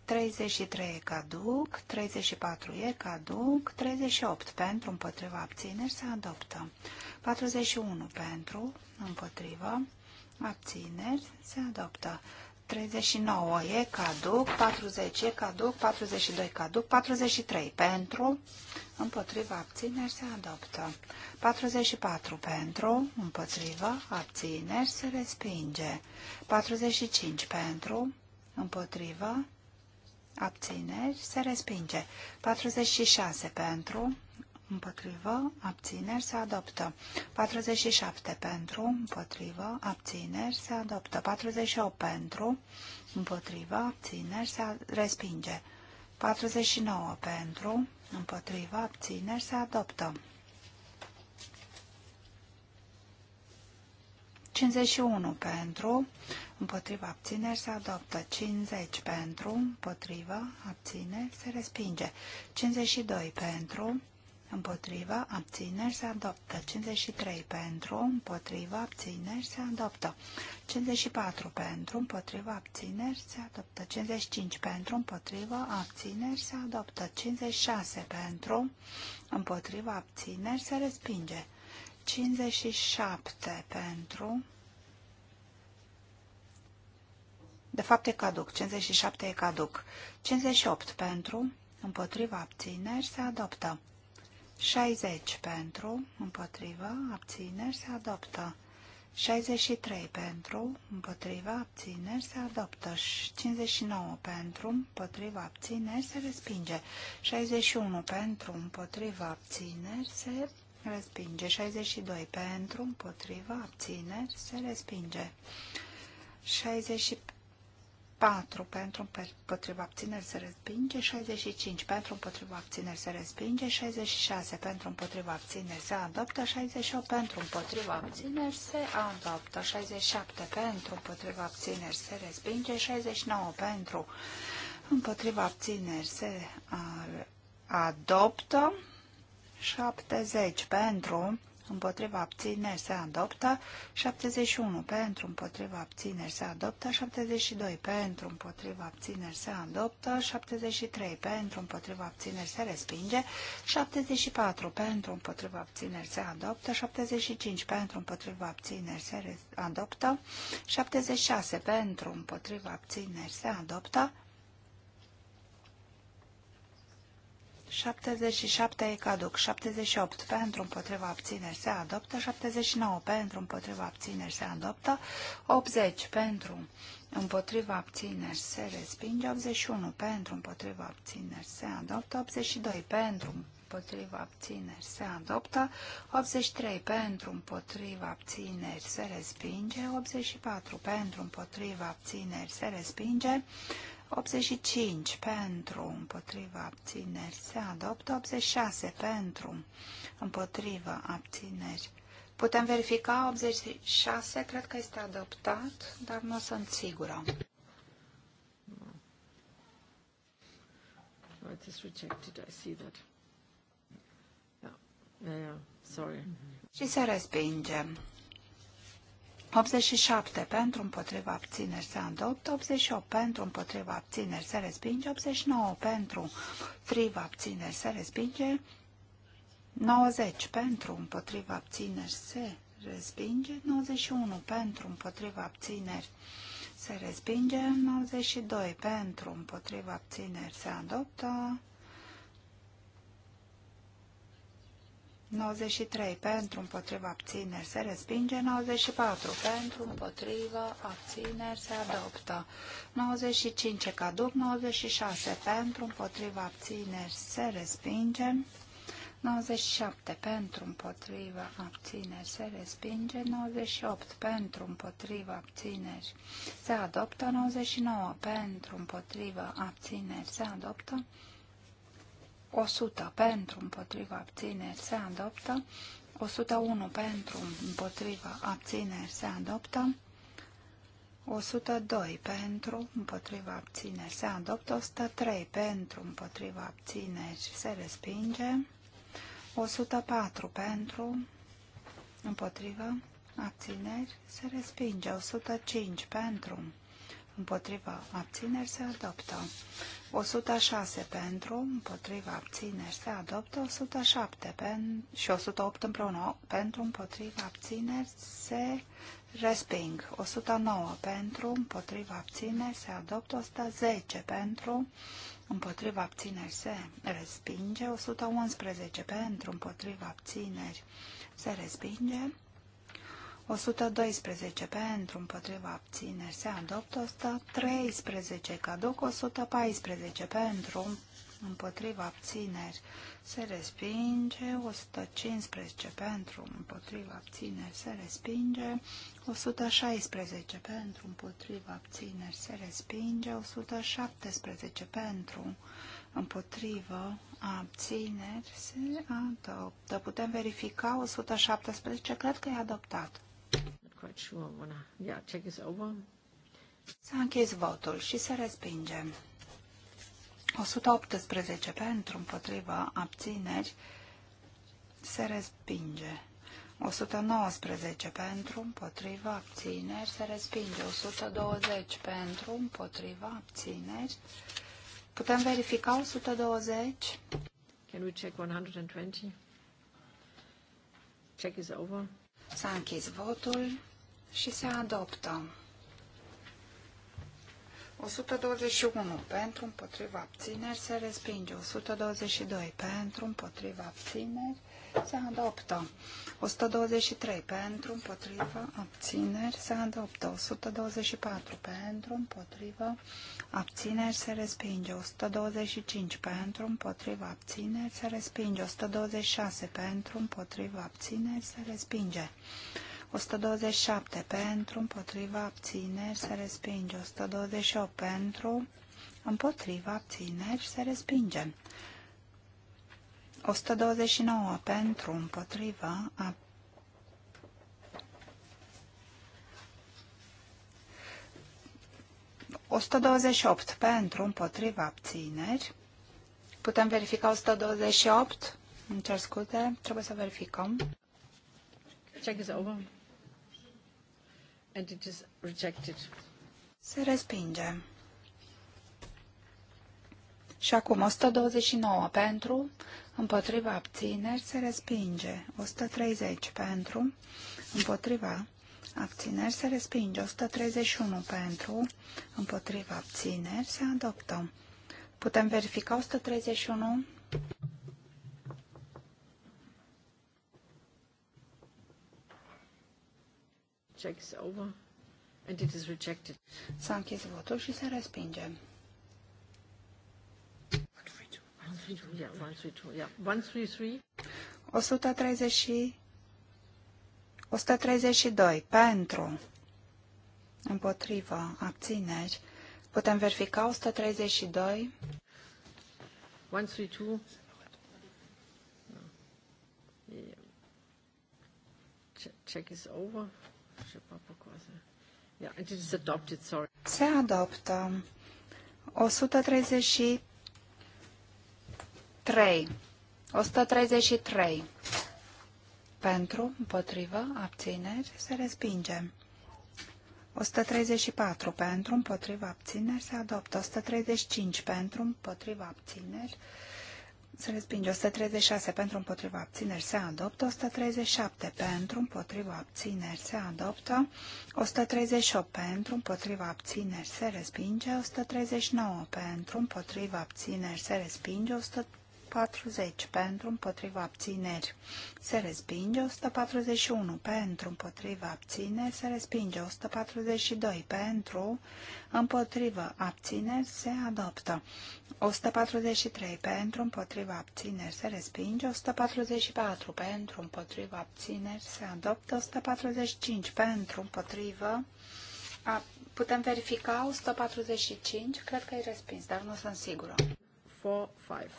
33 e caduc, 34 e caduc, 38 pentru, împotriva abțineri se adoptă, 41 pentru, împotriva abțineri se adoptă. 39 e caduc, 40 e caduc, 42 caduc, 43 pentru, împotriva abțineri se adoptă, 44 pentru, împotriva abțineri se respinge, 45 pentru, împotriva abțineri se respinge, 46 pentru, împotrivă, abțineri, se adoptă. 47 pentru, împotrivă, abțineri, se adoptă. 48 pentru, împotrivă, abțineri, se respinge. 49 pentru, împotrivă, abțineri, se adoptă. 51 pentru, împotriva abțineri se adoptă, 50 pentru, împotriva abțineri se respinge, 52 pentru, împotriva, abțineri, se adoptă. 53 pentru, împotriva, abțineri, se adoptă. 54 pentru, împotriva, abțineri, se adoptă. 55 pentru, împotriva, abțineri, se adoptă. 56 pentru, împotriva, abțineri, se respinge. 57 pentru, de fapt e caduc, 57 e caduc. 58 pentru, împotriva, abțineri, se adoptă. 60 pentru, împotrivă, abțineri, se adoptă. 63 pentru, împotrivă, abțineri, se adoptă. 59 pentru, împotrivă, abțineri, se respinge. 61 pentru, împotrivă, abțineri, se respinge. 62 pentru, împotrivă, abțineri, se respinge. 63 4 pentru împotriva abțineri se respinge, 65 pentru împotriva abțineri se respinge, 66 pentru împotriva abțineri se adoptă, 68 pentru împotriva abțineri se adoptă, 67 pentru împotriva abțineri se respinge, 69 pentru împotriva abțineri se adoptă, 70 pentru împotriva abțineri se adoptă, 71 pentru împotriva abțineri se adoptă, 72 pentru împotriva abțineri se adoptă, 73 pentru împotriva abțineri se respinge, 74 pentru împotriva abțineri se adoptă, 75 pentru împotriva abțineri se adoptă, 76 pentru împotriva abțineri se adoptă, 77 e caduc, 78 pentru împotriva abțineri se adoptă, 79 pentru împotriva abțineri se adoptă, 80 pentru împotriva abțineri se respinge, 81 pentru împotriva abțineri se adoptă, 82 pentru împotriva abțineri se adoptă, 83 pentru împotriva abțineri se respinge, 84 pentru împotriva abțineri se respinge, 85 pentru, împotriva abțineri se adoptă, 86 pentru, împotriva abțineri. Putem verifica 86, cred că este adoptat, dar nu sunt sigură. Oh, it rejected, I see that. Yeah, yeah, yeah. sorry. Și se respinge. 87 pentru împotriva abțineri se adoptă, 88 pentru împotriva abțineri se respinge, 89 pentru împotriva abțineri se respinge, 90 pentru împotriva abțineri se respinge, 91 pentru împotriva abțineri se respinge, 92 pentru împotriva abțineri se adoptă, 93 pentru împotriva abțineri se respinge, 94 pentru împotriva abțineri se adoptă, 95 caduc, 96 pentru împotriva abțineri se respinge, 97 pentru împotriva abțineri se respinge, 98 pentru împotriva abțineri se adoptă, 99 pentru împotriva abțineri se adoptă, 100 pentru, împotriva, abțineri, se adoptă. 101 pentru, împotriva, abțineri, se adoptă. 102 pentru, împotriva, abțineri, se adoptă. 103 pentru, împotriva, abțineri, se respinge. 104 pentru, împotriva, abțineri, se respinge. 105 pentru, împotriva abțineri se adoptă. 106 pentru, împotriva abțineri se adoptă. 107 pen, și 108 împreună pentru, împotriva abțineri se resping. 109 pentru, împotriva abțineri se adoptă. 110 pentru, împotriva abțineri se respinge. 111 pentru, împotriva abțineri se respinge. 112 pentru, împotriva abțineri se adoptă, 113 caduc, 114 pentru, împotriva abțineri se respinge, 115 pentru, împotriva abțineri se respinge, 116 pentru, împotriva abțineri se respinge, 117 pentru, împotriva abțineri se adoptă. Putem verifica 117, cred că e adoptat. Not quite sure when I... Yeah, check is S-a închis votul și se respinge. 118 pentru, împotriva, abțineri, se respinge. 119 pentru, împotriva, abțineri, se respinge. 120 pentru, împotriva, abțineri. Putem verifica 120? Can we check 120? Check is over. S-a închis votul și se adoptă. 121 pentru împotriva abțineri se respinge. 122 pentru împotriva abțineri se adoptă. 123 pentru împotriva abțineri se adoptă. 124 pentru împotriva abțineri se respinge. 125 pentru împotriva abțineri se respinge. 126 pentru împotriva abțineri se respinge. 127 pentru, împotriva, abțineri, se respinge. 128 pentru, împotriva, abțineri, se respinge. 129 pentru, împotriva, ab... ...128 pentru, împotriva, abțineri. Putem verifica 128? Îmi cer scuze, trebuie să verificăm. Check is over and it is rejected. Se respinge. Și acum 129 pentru, împotriva abțineri se respinge. 130 pentru, împotriva abțineri se respinge. 131 pentru, împotriva abțineri se adoptă. Putem verifica 131? Check is over. And it is rejected. S-a închis votul și se respinge. 132, yeah, yeah. 132 pentru împotrivă abțineri putem verifica 132 132 check is over se adoptă. 133. 133. Pentru, împotrivă, abțineri, se respinge. 134. Pentru, împotrivă, abțineri, se adoptă. 135. Pentru, împotrivă, abțineri, se se respinge 136 pentru împotriva abțineri se adoptă, 137 pentru împotriva abțineri se adoptă, 138 pentru împotriva abțineri se respinge, 139 pentru împotriva abțineri se respinge, 140 140 pentru împotriva abțineri se respinge, 141 pentru împotriva abțineri se respinge, 142 pentru împotriva abțineri se adoptă, 143 pentru împotriva abțineri se respinge, 144 pentru împotriva abțineri se adoptă, 145 pentru împotriva a, putem verifica 145, cred că e respins, dar nu sunt sigură. 4, 5.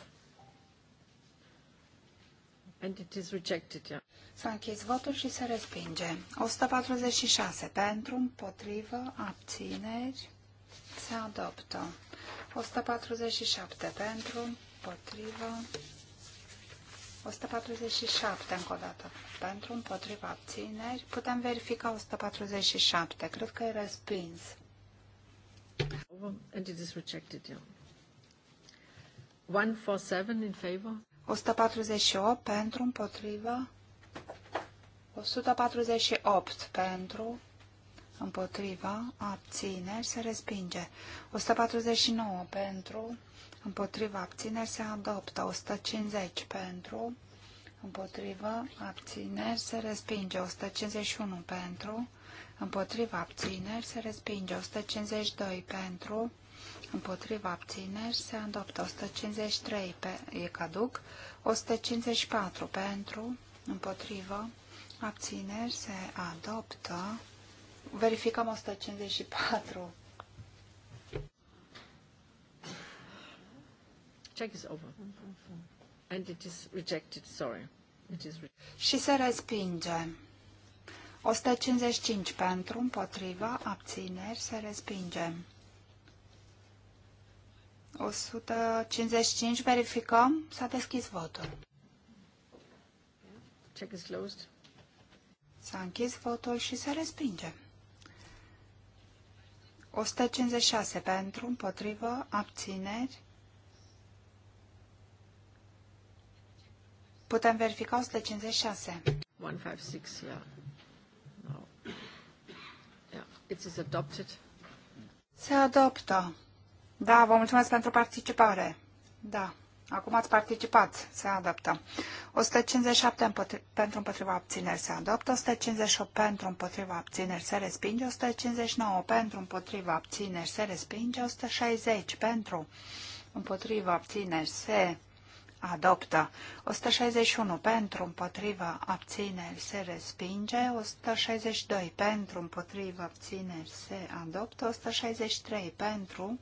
And it is rejected, yeah. S-a închis votul și se respinge. 146 pentru, împotrivă, abțineri, se adoptă. 147 pentru, împotrivă, 147 încă o dată. Pentru, împotrivă, abțineri. Putem verifica 147. Cred că e respins. And it is rejected, yeah. 147 in favor? 148 pentru, împotriva. 148 pentru, împotriva, abțineri, se respinge. 149 pentru, împotriva, abțineri, se adoptă. 150 pentru, împotriva, abțineri, se respinge. 151 pentru, împotriva, abțineri, se respinge. 152 pentru, împotriva abțineri se adoptă 153 pe, e caduc, 154 pentru, împotriva abțineri se adoptă, verificăm 154. Check is over. And it is rejected, sorry. It is re Și se respinge. 155 pentru, împotriva, abțineri, se respinge. 155, verificăm, s-a deschis votul. Check is closed. S-a închis votul și se respinge. 156 pentru, împotrivă, abțineri. Putem verifica 156. 156, yeah. No. Yeah, it is adopted. Se adoptă. Da, vă mulțumesc pentru participare. Da, acum ați participat, se adoptă. 157 împotri- pentru împotriva abțineri se adoptă, 158 pentru împotriva abțineri se respinge, 159 pentru împotriva abțineri se respinge, 160 pentru împotriva abțineri se adoptă. 161 pentru împotriva abțineri se respinge, 162 pentru împotriva abțineri se adoptă, 163 pentru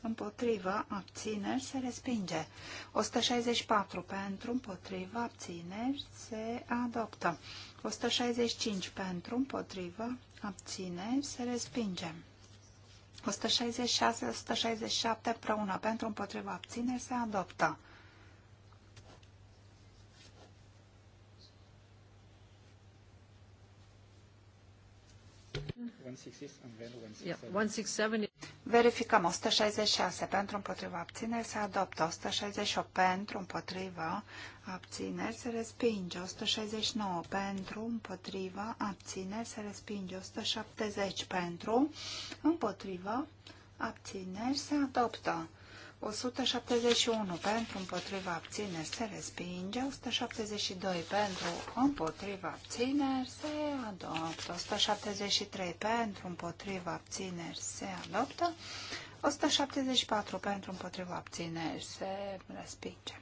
împotrivă, abțineri, se respinge. 164 pentru, împotrivă, abțineri, se adoptă. 165 pentru, împotrivă, abțineri, se respinge. 166-167 împreună pentru, împotrivă, abțineri, se adoptă. 167. Verificăm 166 pentru împotriva abțineri se adoptă, 168 pentru împotriva abțineri se respinge, 169 pentru împotriva abțineri se respinge, 170 pentru împotriva abțineri se adoptă. 171 pentru împotriva abțineri se respinge, 172 pentru împotriva abțineri se adoptă, 173 pentru împotriva abțineri se adoptă, 174 pentru împotriva abțineri se respinge.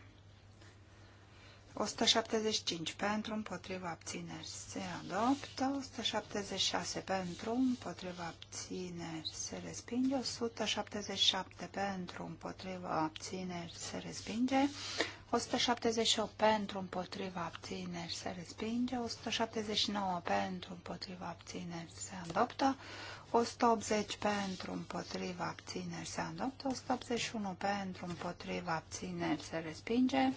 175 pentru, împotriva abțineri se adoptă, 176 pentru, împotriva abțineri se respinge, 177 pentru, împotriva abțineri se respinge, 178 pentru, împotriva abțineri se respinge, 179 pentru, împotriva abțineri se adoptă, 180 pentru, împotriva abțineri se adoptă, 181 pentru, împotriva abțineri se respinge,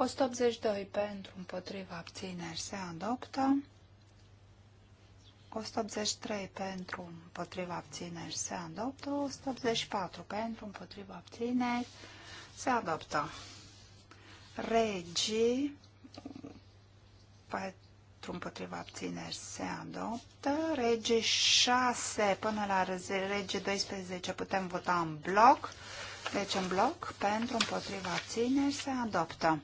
182 pentru împotriva abțineri se adoptă. 183 pentru împotriva abțineri se adoptă. 184 pentru împotriva abțineri se adoptă. Regii pentru împotriva abțineri se adoptă. Regii 6 până la regii 12 putem vota în bloc. Deci în bloc pentru împotriva abțineri se adoptă.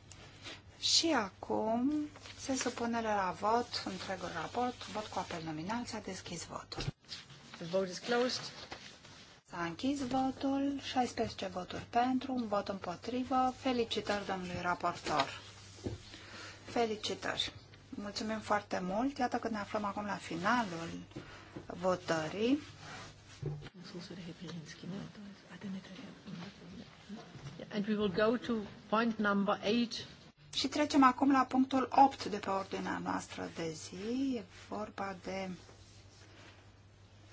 Și acum se supune la vot întregul raport, vot cu apel nominal, s-a deschis votul. The vote is closed. S-a închis votul, 16 voturi pentru, un vot împotrivă. Felicitări domnului raportor. Felicitări. Mulțumim foarte mult. Iată că ne aflăm acum la finalul votării. And we will go to point number 8 și trecem acum la punctul 8 de pe ordinea noastră de zi. E vorba de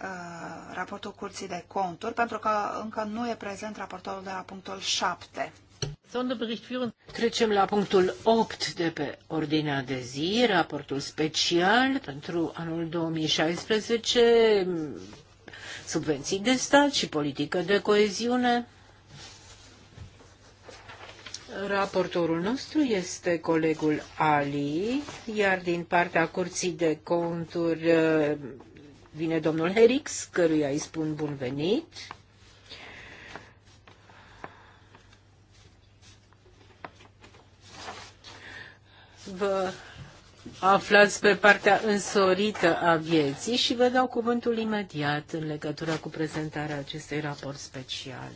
uh, raportul Curții de Conturi, pentru că încă nu e prezent raportorul de la punctul 7. Trecem la punctul 8 de pe ordinea de zi, raportul special pentru anul 2016, subvenții de stat și politică de coeziune. Raportorul nostru este colegul Ali, iar din partea Curții de Conturi uh, vine domnul Herix, căruia îi spun bun venit. Vă aflați pe partea însorită a vieții și vă dau cuvântul imediat în legătură cu prezentarea acestui raport special.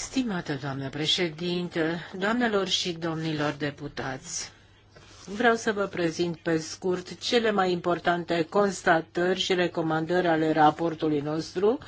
Stimată doamnă președintă, doamnelor și domnilor deputați, vreau să vă prezint pe scurt cele mai importante constatări și recomandări ale raportului nostru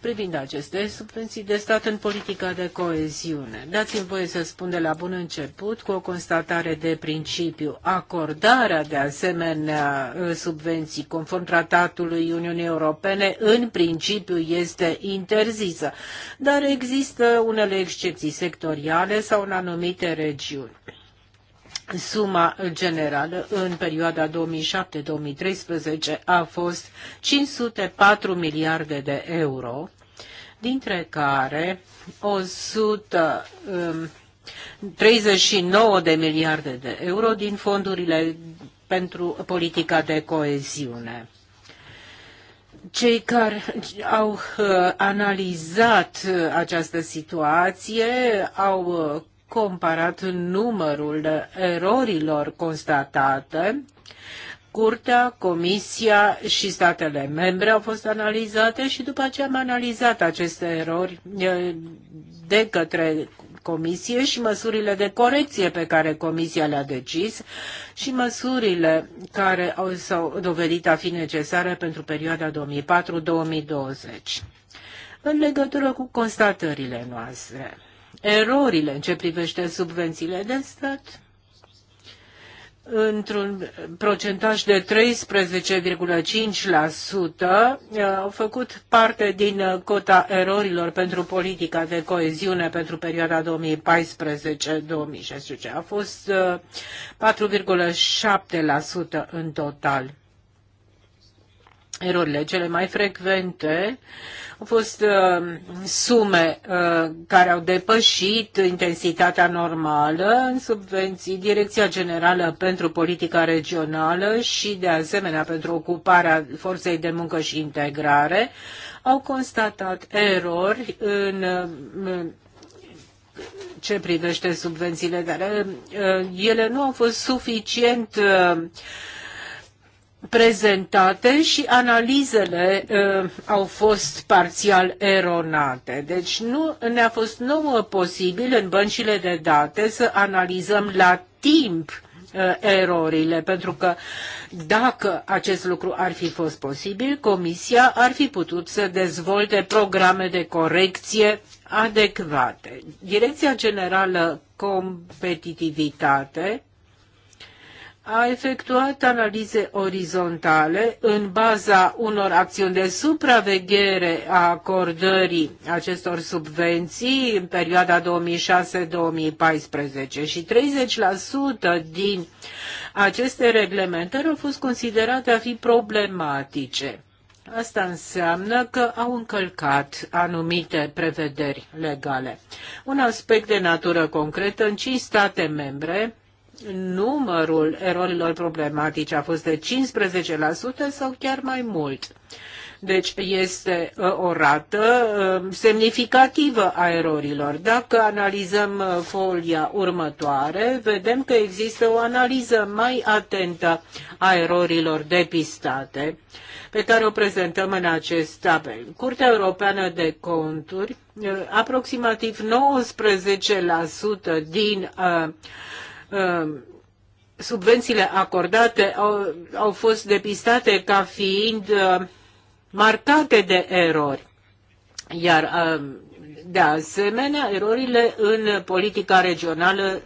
privind aceste subvenții de stat în politica de coeziune. Dați-mi voie să spun de la bun început, cu o constatare de principiu, acordarea de asemenea uh, subvenții conform tratatului Uniunii Europene în principiu este interzisă, dar există unele excepții sectoriale sau în anumite regiuni. Suma generală în perioada 2007-2013 a fost 504 miliarde de euro, dintre care 139 um, de miliarde de euro din fondurile pentru politica de coeziune cei care au uh, analizat uh, această situație au uh, comparat numărul erorilor constatate. Curtea, Comisia și statele membre au fost analizate și după ce am analizat aceste erori de către Comisie și măsurile de corecție pe care Comisia le-a decis și măsurile care au, s-au dovedit a fi necesare pentru perioada 2004-2020. În legătură cu constatările noastre, erorile în ce privește subvențiile de stat într-un procentaj de 13,5% uh, au făcut parte din uh, cota erorilor pentru politica de coeziune pentru perioada 2014-2016. A fost 4,7% uh, în total. Erorile cele mai frecvente au fost uh, sume uh, care au depășit intensitatea normală în subvenții Direcția Generală pentru Politica Regională și, de asemenea, pentru ocuparea forței de muncă și integrare. Au constatat erori în uh, ce privește subvențiile, dar uh, ele nu au fost suficient uh, prezentate și analizele uh, au fost parțial eronate. Deci nu ne-a fost nouă posibil în băncile de date să analizăm la timp uh, erorile, pentru că dacă acest lucru ar fi fost posibil, Comisia ar fi putut să dezvolte programe de corecție adecvate. Direcția Generală Competitivitate a efectuat analize orizontale în baza unor acțiuni de supraveghere a acordării acestor subvenții în perioada 2006-2014 și 30% din aceste reglementări au fost considerate a fi problematice. Asta înseamnă că au încălcat anumite prevederi legale. Un aspect de natură concretă în cinci state membre numărul erorilor problematice a fost de 15% sau chiar mai mult. Deci este uh, o rată uh, semnificativă a erorilor. Dacă analizăm uh, folia următoare, vedem că există o analiză mai atentă a erorilor depistate, pe care o prezentăm în acest tabel. Curtea Europeană de Conturi, aproximativ 19% din Um, subvențiile acordate au, au fost depistate ca fiind um, marcate de erori. Iar, um, de asemenea, erorile în politica regională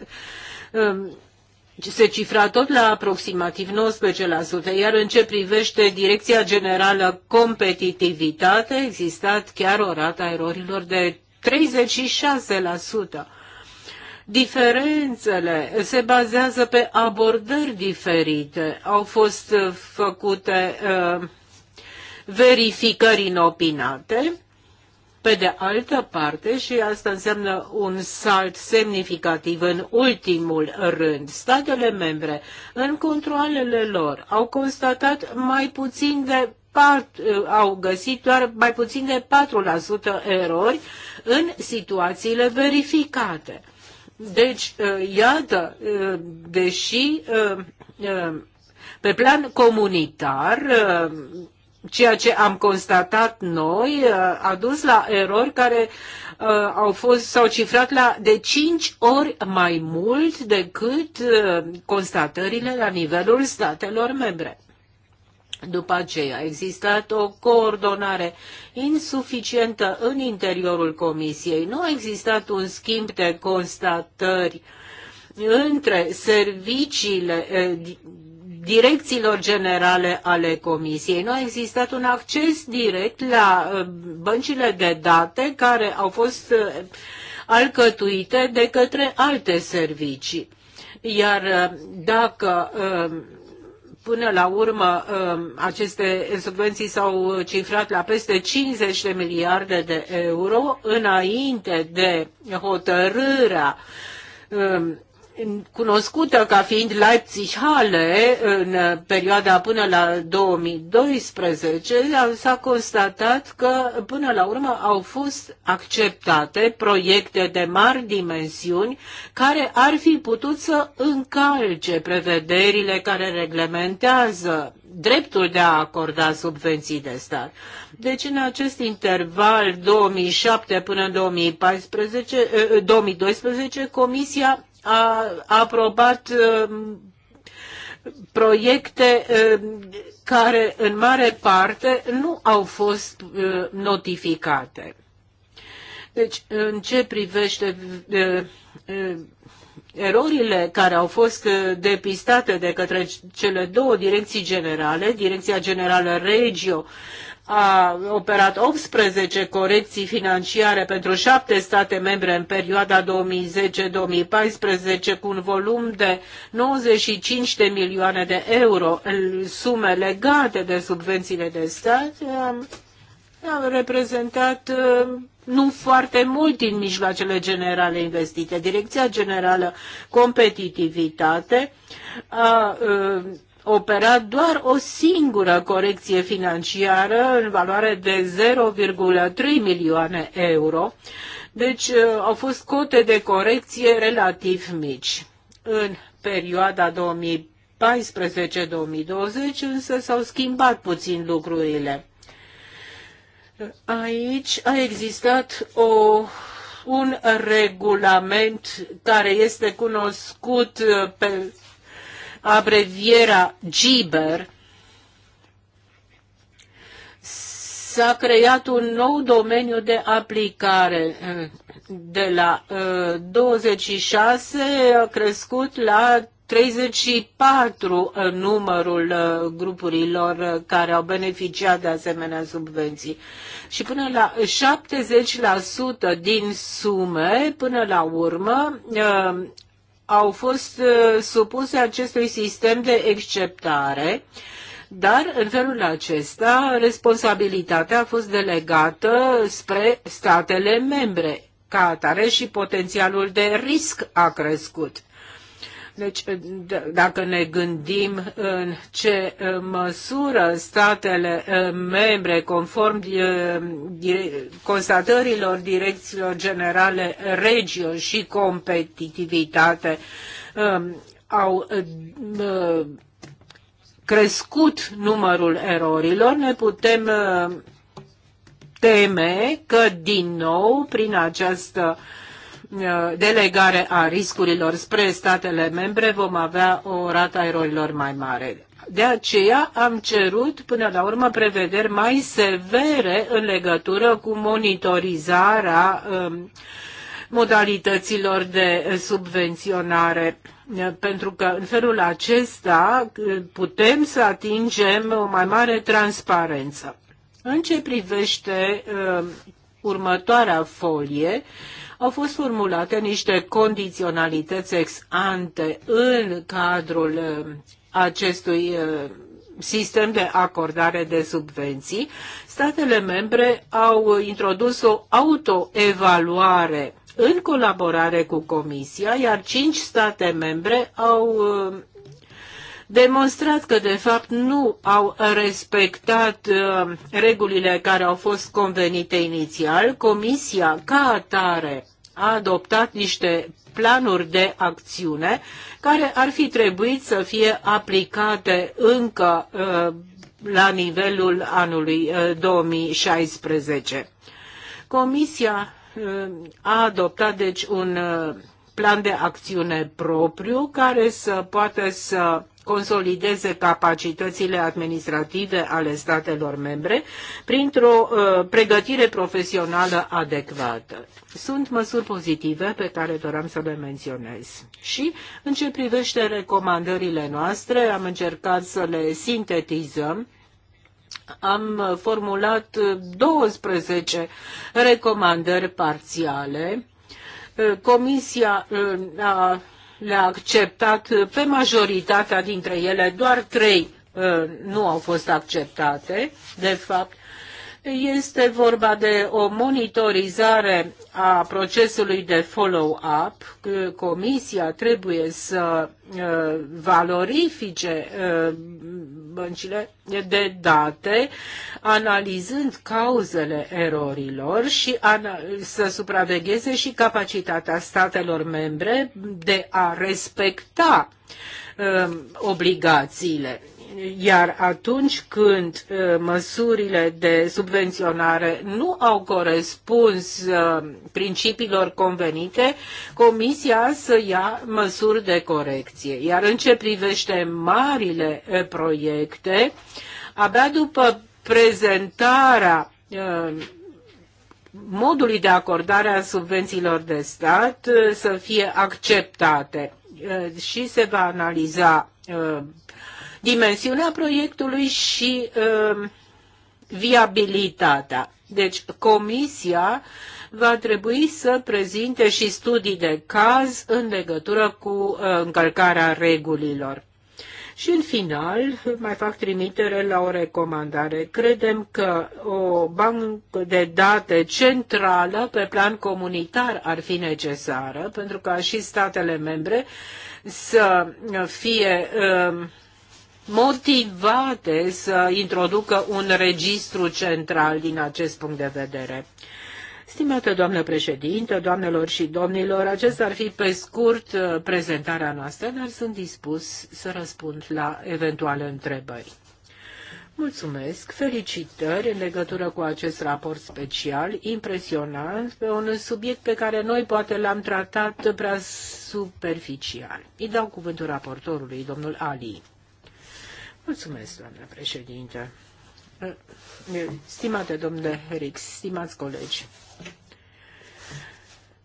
se cifra tot la aproximativ 19%, iar în ce privește Direcția Generală Competitivitate, existat chiar o rată a erorilor de 36%. Diferențele se bazează pe abordări diferite. Au fost uh, făcute uh, verificări inopinate. Pe de altă parte, și asta înseamnă un salt semnificativ în ultimul rând, statele membre, în controlele lor, au constatat mai puțin de Part, uh, au găsit doar mai puțin de 4% erori în situațiile verificate. Deci, uh, iată, uh, deși uh, pe plan comunitar, ceea ce am constatat noi a dus la erori care au fost, s-au cifrat la de 5 ori mai mult decât constatările la nivelul statelor membre. După aceea a existat o coordonare insuficientă în interiorul comisiei. Nu a existat un schimb de constatări între serviciile direcțiilor generale ale Comisiei. Nu a existat un acces direct la băncile de date care au fost alcătuite de către alte servicii. Iar dacă Până la urmă, um, aceste subvenții s-au cifrat la peste 50 de miliarde de euro înainte de hotărârea um, cunoscută ca fiind Leipzig-Halle în uh, perioada până la 2012, s-a constatat că până la urmă au fost acceptate proiecte de mari dimensiuni care ar fi putut să încalce prevederile care reglementează dreptul de a acorda subvenții de stat. Deci în acest interval 2007 până 2014, 2012 uh, uh, Comisia a aprobat um, proiecte um, care în mare parte nu au fost uh, notificate. Deci, în ce privește uh, uh, erorile care au fost depistate de către cele două direcții generale, Direcția Generală Regio a operat 18 corecții financiare pentru șapte state membre în perioada 2010-2014 cu un volum de 95 de milioane de euro, sume legate de subvențiile de stat, au reprezentat uh, nu foarte mult din mijloacele generale investite. Direcția Generală Competitivitate a, a uh, opera doar o singură corecție financiară în valoare de 0,3 milioane euro, deci uh, au fost cote de corecție relativ mici. În perioada 2014-2020 însă s-au schimbat puțin lucrurile. Aici a existat o un regulament care este cunoscut uh, pe abreviera GIBER, s-a creat un nou domeniu de aplicare. De la 26 uh, a crescut la 34 uh, numărul uh, grupurilor care au beneficiat de asemenea subvenții și până la 70% din sume, până la urmă, au fost uh, supuse acestui sistem de exceptare, dar în felul acesta responsabilitatea a fost delegată spre statele membre. Ca atare și potențialul de risc a crescut. Deci, dacă ne gândim în ce uh, măsură statele uh, membre, conform uh, constatărilor direcțiilor generale regio și competitivitate, um, au crescut numărul erorilor, ne putem teme că din nou prin această uh, Eh, delegare a riscurilor spre statele membre, vom avea o rată a erorilor mai mare. De aceea am cerut până la urmă prevederi mai severe în legătură cu monitorizarea eh, modalităților de subvenționare, eh, pentru că în felul acesta putem să atingem o mai mare transparență. În ce privește următoarea folie, uh, au fost formulate niște condiționalități ex ante în cadrul uh, acestui uh, sistem de acordare de subvenții, statele membre au introdus o autoevaluare în colaborare cu Comisia, iar cinci state membre au uh, demonstrat că de fapt nu au respectat uh, regulile care au fost convenite inițial. Comisia ca atare a adoptat niște planuri de acțiune care ar fi trebuit să fie aplicate încă uh, la nivelul anului uh, 2016. Comisia uh, a adoptat deci un uh, plan de acțiune propriu care să poată să consolideze capacitățile administrative ale statelor membre printr-o uh, pregătire profesională adecvată. Sunt măsuri pozitive pe care doream să le menționez. Și în ce privește recomandările noastre, am încercat să le sintetizăm am formulat 12 recomandări parțiale. Comisia uh, a le-a acceptat pe majoritatea dintre ele, doar trei uh, nu au fost acceptate, de fapt, este vorba de o monitorizare a procesului de follow-up. Comisia trebuie să uh, valorifice uh, băncile de date, analizând cauzele erorilor și să supravegheze și capacitatea statelor membre de a respecta uh, obligațiile iar atunci când uh, măsurile de subvenționare nu au corespuns uh, principiilor convenite, Comisia să ia măsuri de corecție. Iar în ce privește marile uh, proiecte, abia după prezentarea modului de acordare a subvențiilor de stat să fie acceptate și se va analiza dimensiunea proiectului și uh, viabilitatea. Deci comisia va trebui să prezinte și studii de caz în legătură cu uh, încălcarea regulilor. Și în final, mai fac trimitere la o recomandare. Credem că o bancă de date centrală pe plan comunitar ar fi necesară pentru ca și statele membre să fie uh, motivate să introducă un registru central din acest punct de vedere. Stimată doamnă președintă, doamnelor și domnilor, acesta ar fi pe scurt uh, prezentarea noastră, dar sunt dispus să răspund la eventuale întrebări. Mulțumesc, felicitări în legătură cu acest raport special, impresionant, pe un subiect pe care noi poate l-am tratat prea superficial. Îi dau cuvântul raportorului, domnul Ali. Mulțumesc, doamnă președinte. Stimate domnule Rix, stimați colegi,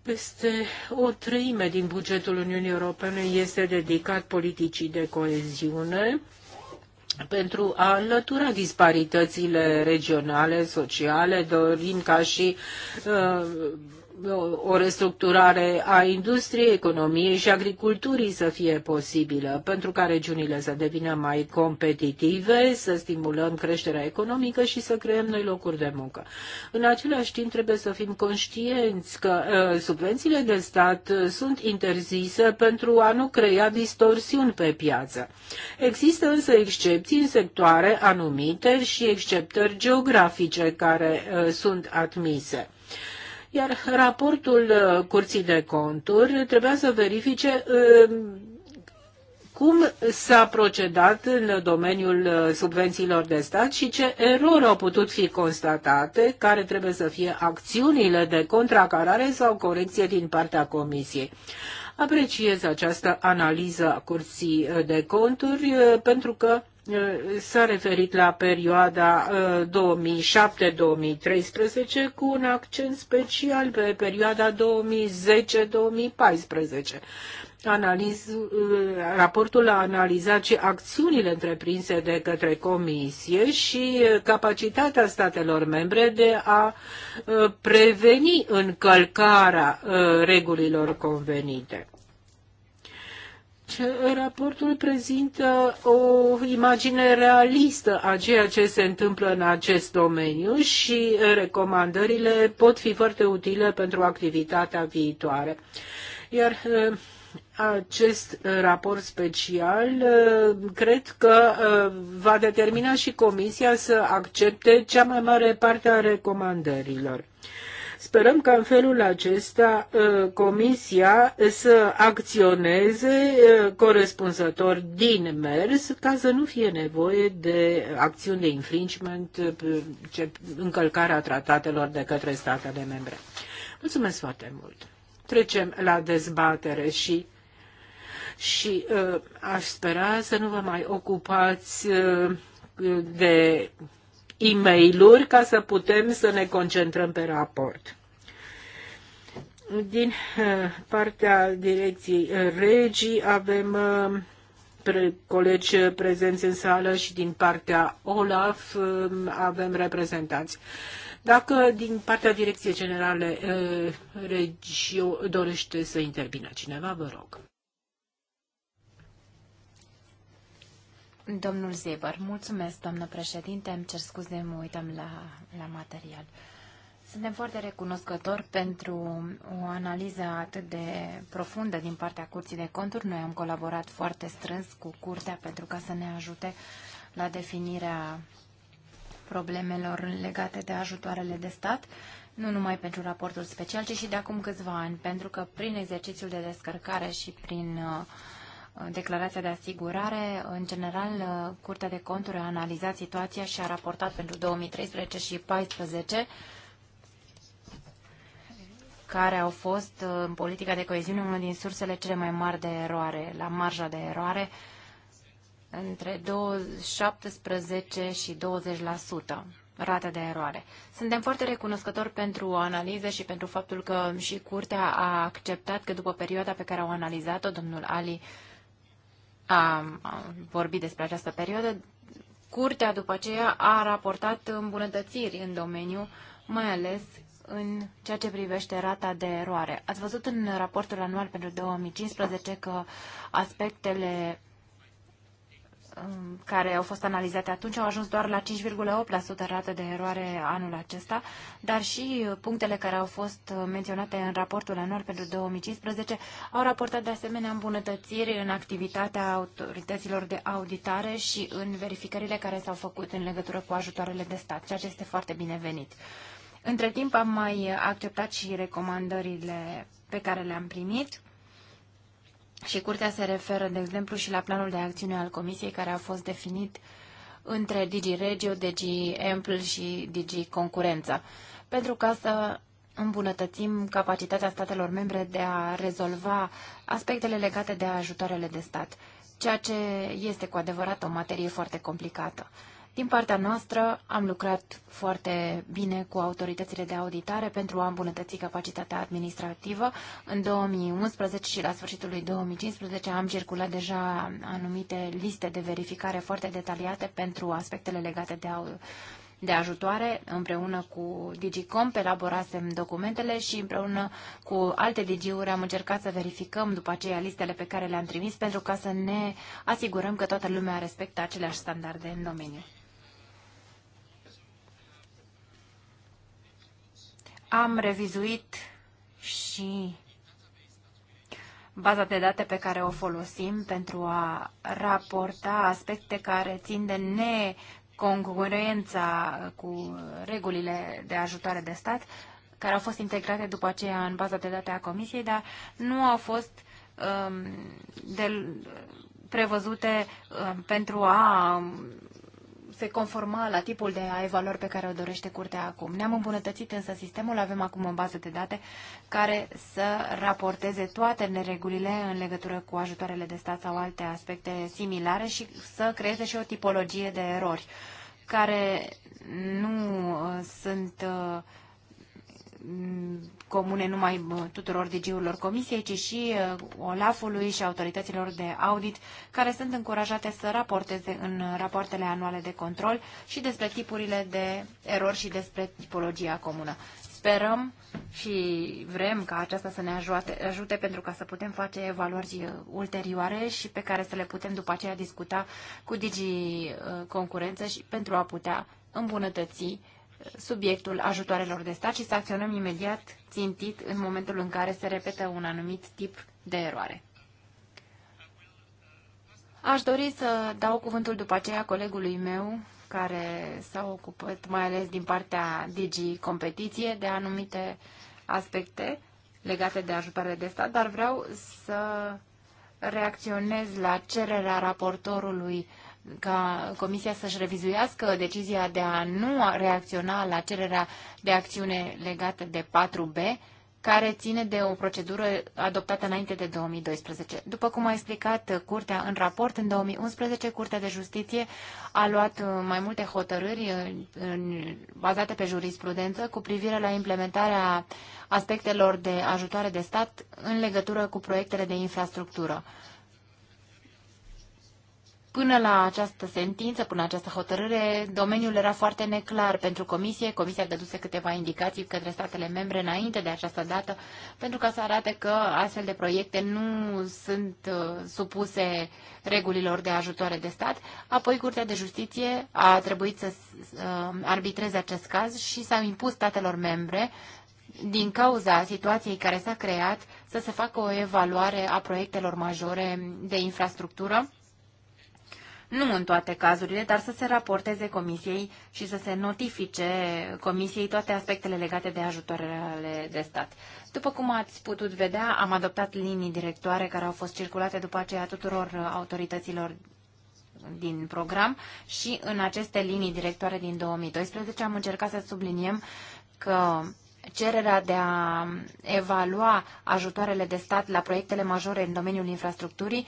peste o treime din bugetul Uniunii Europene este dedicat politicii de coeziune pentru a înlătura disparitățile regionale, sociale. Dorim ca și uh, o restructurare a industriei, economiei și agriculturii să fie posibilă, pentru ca regiunile să devină mai competitive, să stimulăm creșterea economică și să creăm noi locuri de muncă. În același timp trebuie să fim conștienți că uh, subvențiile de stat ă, sunt interzise pentru a nu crea distorsiuni pe piață. Există însă excepții în sectoare anumite și exceptări geografice care uh, sunt admise. Iar raportul uh, Curții de Conturi trebuia să verifice uh, cum s-a procedat în domeniul uh, subvențiilor de stat și ce erori au putut fi constatate, care trebuie să fie acțiunile de contracarare sau corecție din partea Comisiei. Apreciez această analiză a Curții de Conturi pentru că s-a referit la perioada 2007-2013 uh, cu un accent special pe perioada 2010-2014. Analiz, uh, raportul a analizat și acțiunile întreprinse de către Comisie și uh, capacitatea statelor membre de a preveni încălcarea regulilor convenite. Raportul prezintă o imagine realistă a ceea ce se întâmplă în acest domeniu și recomandările pot fi foarte utile pentru activitatea viitoare. Iar eh, acest raport special eh, cred că eh, va determina și Comisia să accepte cea mai mare parte a recomandărilor. Sperăm ca în felul acesta uh, Comisia să acționeze uh, corespunzător din mers ca să nu fie nevoie de acțiuni de infringement, uh, încălcarea tratatelor de către statele membre. Mulțumesc foarte mult! Trecem la dezbatere și și uh, aș spera să nu vă mai ocupați uh, de e mail ca să putem să ne concentrăm pe raport. Din uh, partea direcției regii avem uh, pre colegi prezenți în sală și din partea OLAF uh, avem reprezentanți. Dacă din partea Direcției Generale Regio dorește să intervină cineva, vă rog. Domnul Zeber, mulțumesc, doamnă președinte, îmi cer scuze, mă uitam la, la material. Suntem foarte recunoscători pentru o analiză atât de profundă din partea Curții de Conturi. Noi am colaborat foarte strâns cu Curtea pentru ca să ne ajute la definirea problemelor legate de ajutoarele de stat, nu numai pentru raportul special, ci și de acum câțiva ani, pentru că prin exercițiul de descărcare și prin uh, Uh, declarația de asigurare. În general, uh, Curtea de Conturi a analizat situația și a raportat pentru 2013 și 2014 care au fost uh, în politica de coeziune una din sursele cele mai mari de eroare, la marja de eroare, între 17 și 20% rata de eroare. Suntem foarte recunoscători pentru analiză și pentru faptul că și curtea a acceptat că după perioada pe care au analizat-o, domnul Ali a vorbit despre această perioadă, Curtea după aceea a raportat îmbunătățiri în domeniu, mai ales în ceea ce privește rata de eroare. Ați văzut în raportul anual pentru 2015 că aspectele Um, care au fost analizate atunci au ajuns doar la 5,8% rată de eroare anul acesta, dar și punctele care au fost uh, menționate în raportul anual pentru 2015 au raportat de asemenea îmbunătățiri în activitatea autorităților de auditare și în verificările care s-au făcut în legătură cu ajutoarele de stat, ceea ce este foarte binevenit. Între timp am mai acceptat și recomandările pe care le-am primit și curtea se referă, de exemplu, și la planul de acțiune al Comisiei care a fost definit între Digi Regio, Digi Ample și Digi Concurența, pentru ca să îmbunătățim capacitatea statelor membre de a rezolva aspectele legate de ajutoarele de stat, ceea ce este cu adevărat o materie foarte complicată. Din partea noastră am lucrat foarte bine cu autoritățile de auditare pentru a îmbunătăți capacitatea administrativă. În 2011 și la sfârșitul lui 2015 am circulat deja anumite liste de verificare foarte detaliate pentru aspectele legate de de ajutoare, împreună cu Digicom elaborasem documentele și împreună cu alte digiuri am încercat să verificăm după aceea listele pe care le-am trimis pentru ca să ne asigurăm că toată lumea respectă aceleași standarde în domeniu. Am revizuit și baza de date pe care o folosim pentru a raporta aspecte care țin de neconcurența cu regulile de ajutare de stat, care au fost integrate după aceea în baza de date a Comisiei, dar nu au fost um, de, prevăzute um, pentru a se conforma la tipul de evaluări pe care o dorește curtea acum. Ne-am îmbunătățit însă sistemul, avem acum o bază de date care să raporteze toate neregulile în legătură cu ajutoarele de stat sau alte aspecte similare și să creeze și o tipologie de erori care nu uh, sunt uh, comune numai tuturor DG-urilor Comisiei, ci și uh, OLAF-ului și autorităților de audit, care sunt încurajate să raporteze în rapoartele anuale de control și despre tipurile de erori și despre tipologia comună. Sperăm și vrem ca aceasta să ne ajute, ajute pentru ca să putem face evaluări uh, ulterioare și pe care să le putem după aceea discuta cu Digi uh, Concurență și pentru a putea îmbunătăți subiectul ajutoarelor de stat și să acționăm imediat țintit în momentul în care se repetă un anumit tip de eroare. Aș dori să dau cuvântul după aceea colegului meu, care s-a ocupat mai ales din partea Digi Competiție de anumite aspecte legate de ajutoare de stat, dar vreau să reacționez la cererea raportorului uh, ca Comisia să-și revizuiască decizia de a nu reacționa la cererea de acțiune legată de 4B, care ține de o procedură adoptată înainte de 2012. După cum a explicat Curtea în raport, în 2011 Curtea de Justiție a luat mai multe hotărâri uh, bazate pe jurisprudență cu privire la implementarea aspectelor de ajutoare de stat în legătură cu proiectele de infrastructură. Până la această sentință, până la această hotărâre, domeniul era foarte neclar pentru comisie. Comisia dăduse câteva indicații către statele membre înainte de această dată, pentru ca să arate că astfel de proiecte nu sunt uh, supuse regulilor de ajutoare de stat. Apoi Curtea de Justiție a trebuit să uh, arbitreze acest caz și s-au impus statelor membre din cauza situației care s-a creat, să se facă o evaluare a proiectelor majore de infrastructură nu în toate cazurile, dar să se raporteze comisiei și să se notifice comisiei toate aspectele legate de ajutoarele de stat. După cum ați putut vedea, am adoptat linii directoare care au fost circulate după aceea tuturor autorităților din program și în aceste linii directoare din 2012 am încercat să subliniem că cererea de a evalua ajutoarele de stat la proiectele majore în domeniul infrastructurii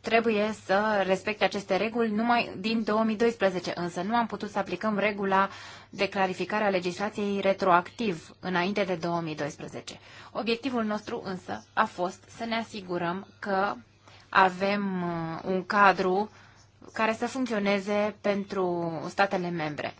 trebuie să respecte aceste reguli numai din 2012, însă nu am putut să aplicăm regula de clarificare a legislației retroactiv înainte de 2012. Obiectivul nostru însă a fost să ne asigurăm că avem uh, un cadru care să funcționeze pentru statele membre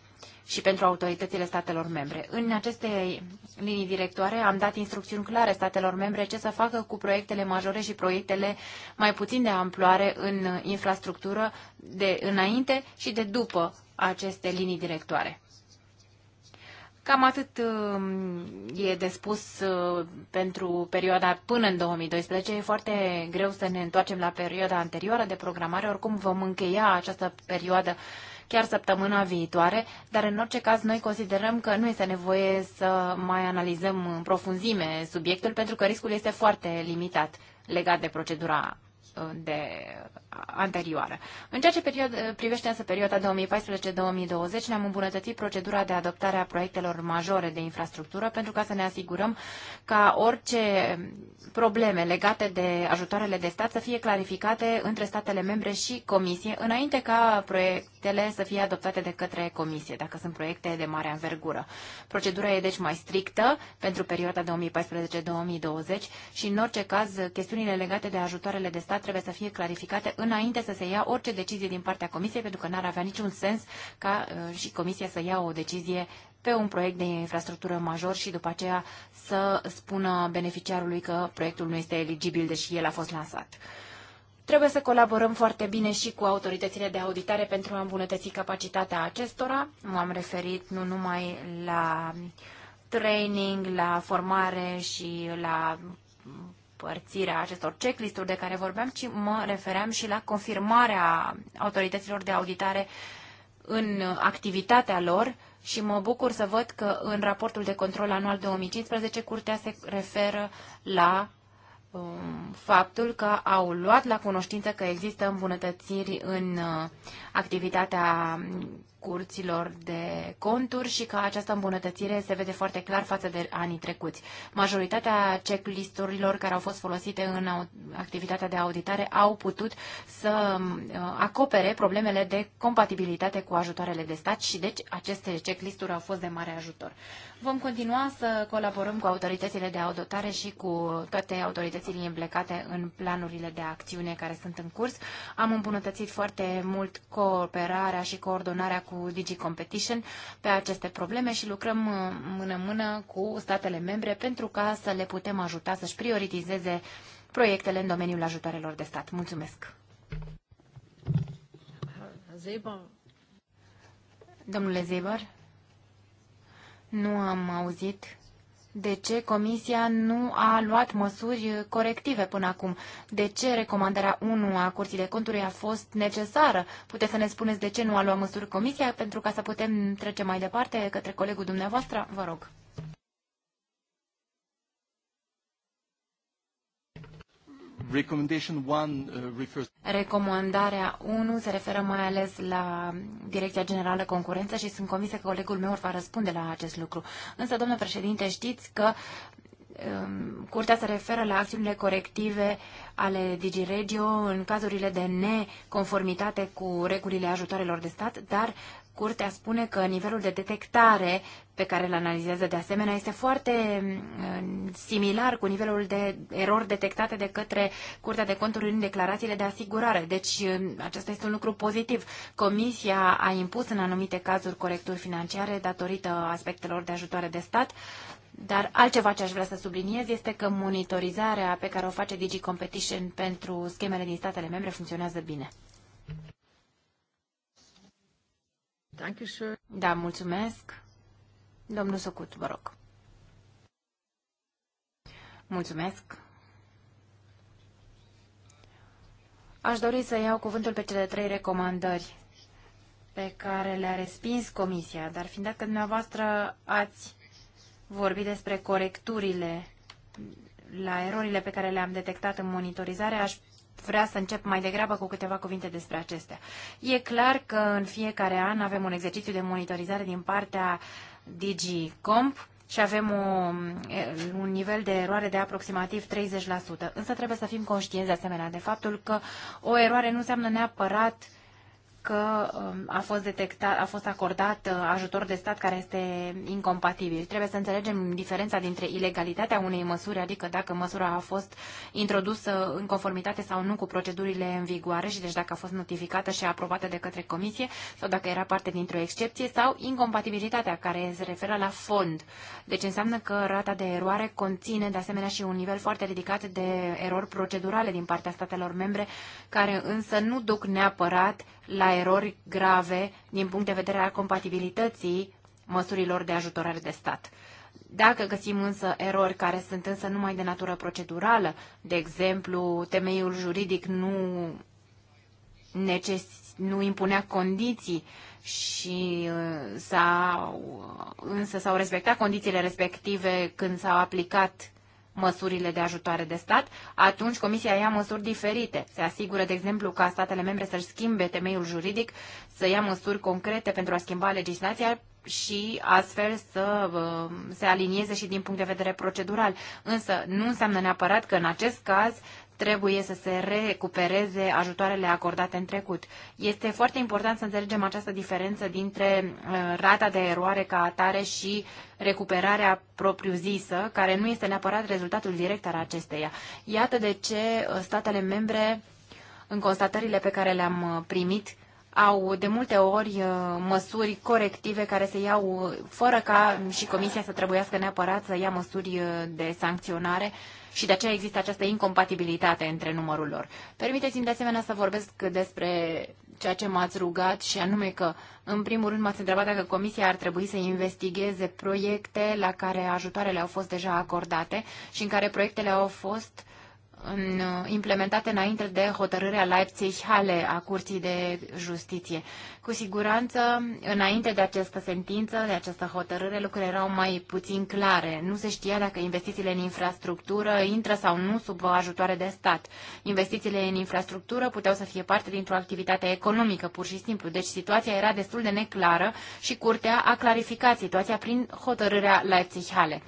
și pentru autoritățile statelor membre. În aceste linii directoare am dat instrucțiuni clare statelor membre ce să facă cu proiectele majore și proiectele mai puțin de amploare în infrastructură de înainte și de după aceste linii directoare. Cam atât um, e de spus uh, pentru perioada până în 2012. E foarte greu să ne întoarcem la perioada anterioară de programare. Oricum vom încheia această perioadă chiar săptămâna viitoare, dar în orice caz noi considerăm că nu este nevoie să mai analizăm în profunzime subiectul pentru că riscul este foarte limitat legat de procedura uh, de anterioară. În ceea ce perioadă, privește însă perioada 2014-2020, ne-am îmbunătățit procedura de adoptare a proiectelor majore de infrastructură pentru ca să ne asigurăm ca orice probleme legate de ajutoarele de stat să fie clarificate între statele membre și comisie, înainte ca proiectele să fie adoptate de către comisie, dacă sunt proiecte de mare învergură. Procedura e deci mai strictă pentru perioada 2014-2020 și, în orice caz, chestiunile legate de ajutoarele de stat trebuie să fie clarificate înainte să se ia orice decizie din partea Comisiei, pentru că n-ar avea niciun sens ca uh, și Comisia să ia o decizie pe un proiect de infrastructură major și după aceea să spună beneficiarului că proiectul nu este eligibil, deși el a fost lansat. Trebuie să colaborăm foarte bine și cu autoritățile de auditare pentru a îmbunătăți capacitatea acestora. M-am referit nu numai la training, la formare și la împărțirea acestor checklist-uri de care vorbeam, ci mă refeream și la confirmarea autorităților de auditare în activitatea lor și mă bucur să văd că în raportul de control anual 2015 Curtea se referă la um, faptul că au luat la cunoștință că există îmbunătățiri în uh, activitatea curților de conturi și că această îmbunătățire se vede foarte clar față de anii trecuți. Majoritatea checklisturilor care au fost folosite în activitatea de auditare au putut să mm, uh, acopere problemele de compatibilitate cu ajutoarele de stat și deci aceste checklisturi au fost de mare ajutor. Vom continua să colaborăm cu autoritățile de audotare și cu toate autoritățile implicate în planurile de acțiune care sunt în curs. Am îmbunătățit foarte mult cooperarea și coordonarea cu Digi Competition pe aceste probleme și lucrăm mână-mână uh, cu statele membre pentru ca să le putem ajuta să-și prioritizeze proiectele în domeniul ajutoarelor de stat. Mulțumesc! Domnule Zeibar. Nu am auzit de ce Comisia nu a luat măsuri corective până acum? De ce recomandarea 1 a Curții de Conturi a fost necesară? Puteți să ne spuneți de ce nu a luat măsuri Comisia pentru ca să putem trece mai departe către colegul dumneavoastră? Vă rog. Uh, Recomandarea 1 se referă mai ales la Direcția Generală Concurență și sunt convinsă că colegul meu va răspunde la acest lucru. Însă, domnule președinte, știți că um, Curtea se referă la acțiunile corective ale DigiRegio în cazurile de neconformitate cu regulile ajutoarelor de stat, dar Curtea spune că nivelul de detectare pe care îl analizează de asemenea este foarte mm, similar cu nivelul de erori detectate de către Curtea de Conturi în declarațiile de asigurare. Deci mm, acesta este un lucru pozitiv. Comisia a impus în anumite cazuri corecturi financiare datorită aspectelor de ajutoare de stat, dar altceva ce aș vrea să subliniez este că monitorizarea pe care o face Digi Competition pentru schemele din statele membre funcționează bine. Da, mulțumesc. Domnul Socut, vă rog. Mulțumesc. Aș dori să iau cuvântul pe cele trei recomandări pe care le-a respins Comisia, dar fiind dat că dumneavoastră ați vorbit despre corecturile la erorile pe care le-am detectat în monitorizare, aș vrea să încep mai degrabă cu câteva cuvinte despre acestea. E clar că în fiecare an avem un exercițiu de monitorizare din partea uh, DigiComp și avem o, un nivel de eroare de aproximativ 30%. Însă trebuie să fim conștienți de asemenea de faptul că o eroare nu înseamnă neapărat uh, că um, a fost detectat, a fost acordat uh, ajutor de stat care este incompatibil. Trebuie să înțelegem diferența dintre ilegalitatea unei măsuri, adică dacă măsura a fost introdusă în conformitate sau nu cu procedurile în vigoare și deci dacă a fost notificată și aprobată de către comisie sau dacă era parte dintr-o excepție sau incompatibilitatea care se referă la fond. Deci înseamnă că rata de eroare conține de asemenea și un nivel foarte ridicat de erori procedurale din partea statelor membre care însă nu duc neapărat la erori grave din punct de vedere al compatibilității măsurilor de ajutorare de stat. Dacă găsim însă erori care sunt însă numai de natură procedurală, de exemplu, temeiul juridic nu, neces- nu impunea condiții și uh, sau, însă s-au respectat condițiile respective când s-au aplicat măsurile de ajutoare de stat, atunci Comisia ia măsuri diferite. Se asigură, de exemplu, ca statele membre să-și schimbe temeiul juridic, să ia măsuri concrete pentru a schimba legislația și astfel să uh, se alinieze și din punct de vedere procedural. Însă nu înseamnă neapărat că în acest caz trebuie să se recupereze ajutoarele acordate în trecut. Este foarte important să înțelegem această diferență dintre uh, rata de eroare ca atare și recuperarea propriu-zisă, care nu este neapărat rezultatul direct al acesteia. Iată de ce uh, statele membre, în constatările pe care le-am uh, primit, au de multe ori măsuri corective care se iau fără ca și Comisia să trebuiască neapărat să ia măsuri de sancționare, și de aceea există această incompatibilitate între numărul lor. Permiteți-mi de asemenea să vorbesc despre ceea ce m-ați rugat și anume că, în primul rând, m-ați întrebat dacă Comisia ar trebui să investigheze proiecte la care ajutoarele au fost deja acordate și în care proiectele au fost în, uh, implementate înainte de hotărârea Leipzig-Hale a Curții de Justiție. Cu siguranță, înainte de această sentință, de această hotărâre, lucrurile erau mai puțin clare. Nu se știa dacă investițiile în infrastructură intră sau nu sub ajutoare de stat. Investițiile în infrastructură puteau să fie parte dintr-o activitate economică, pur și simplu. Deci situația era destul de neclară și Curtea a clarificat situația prin hotărârea Leipzig-Hale.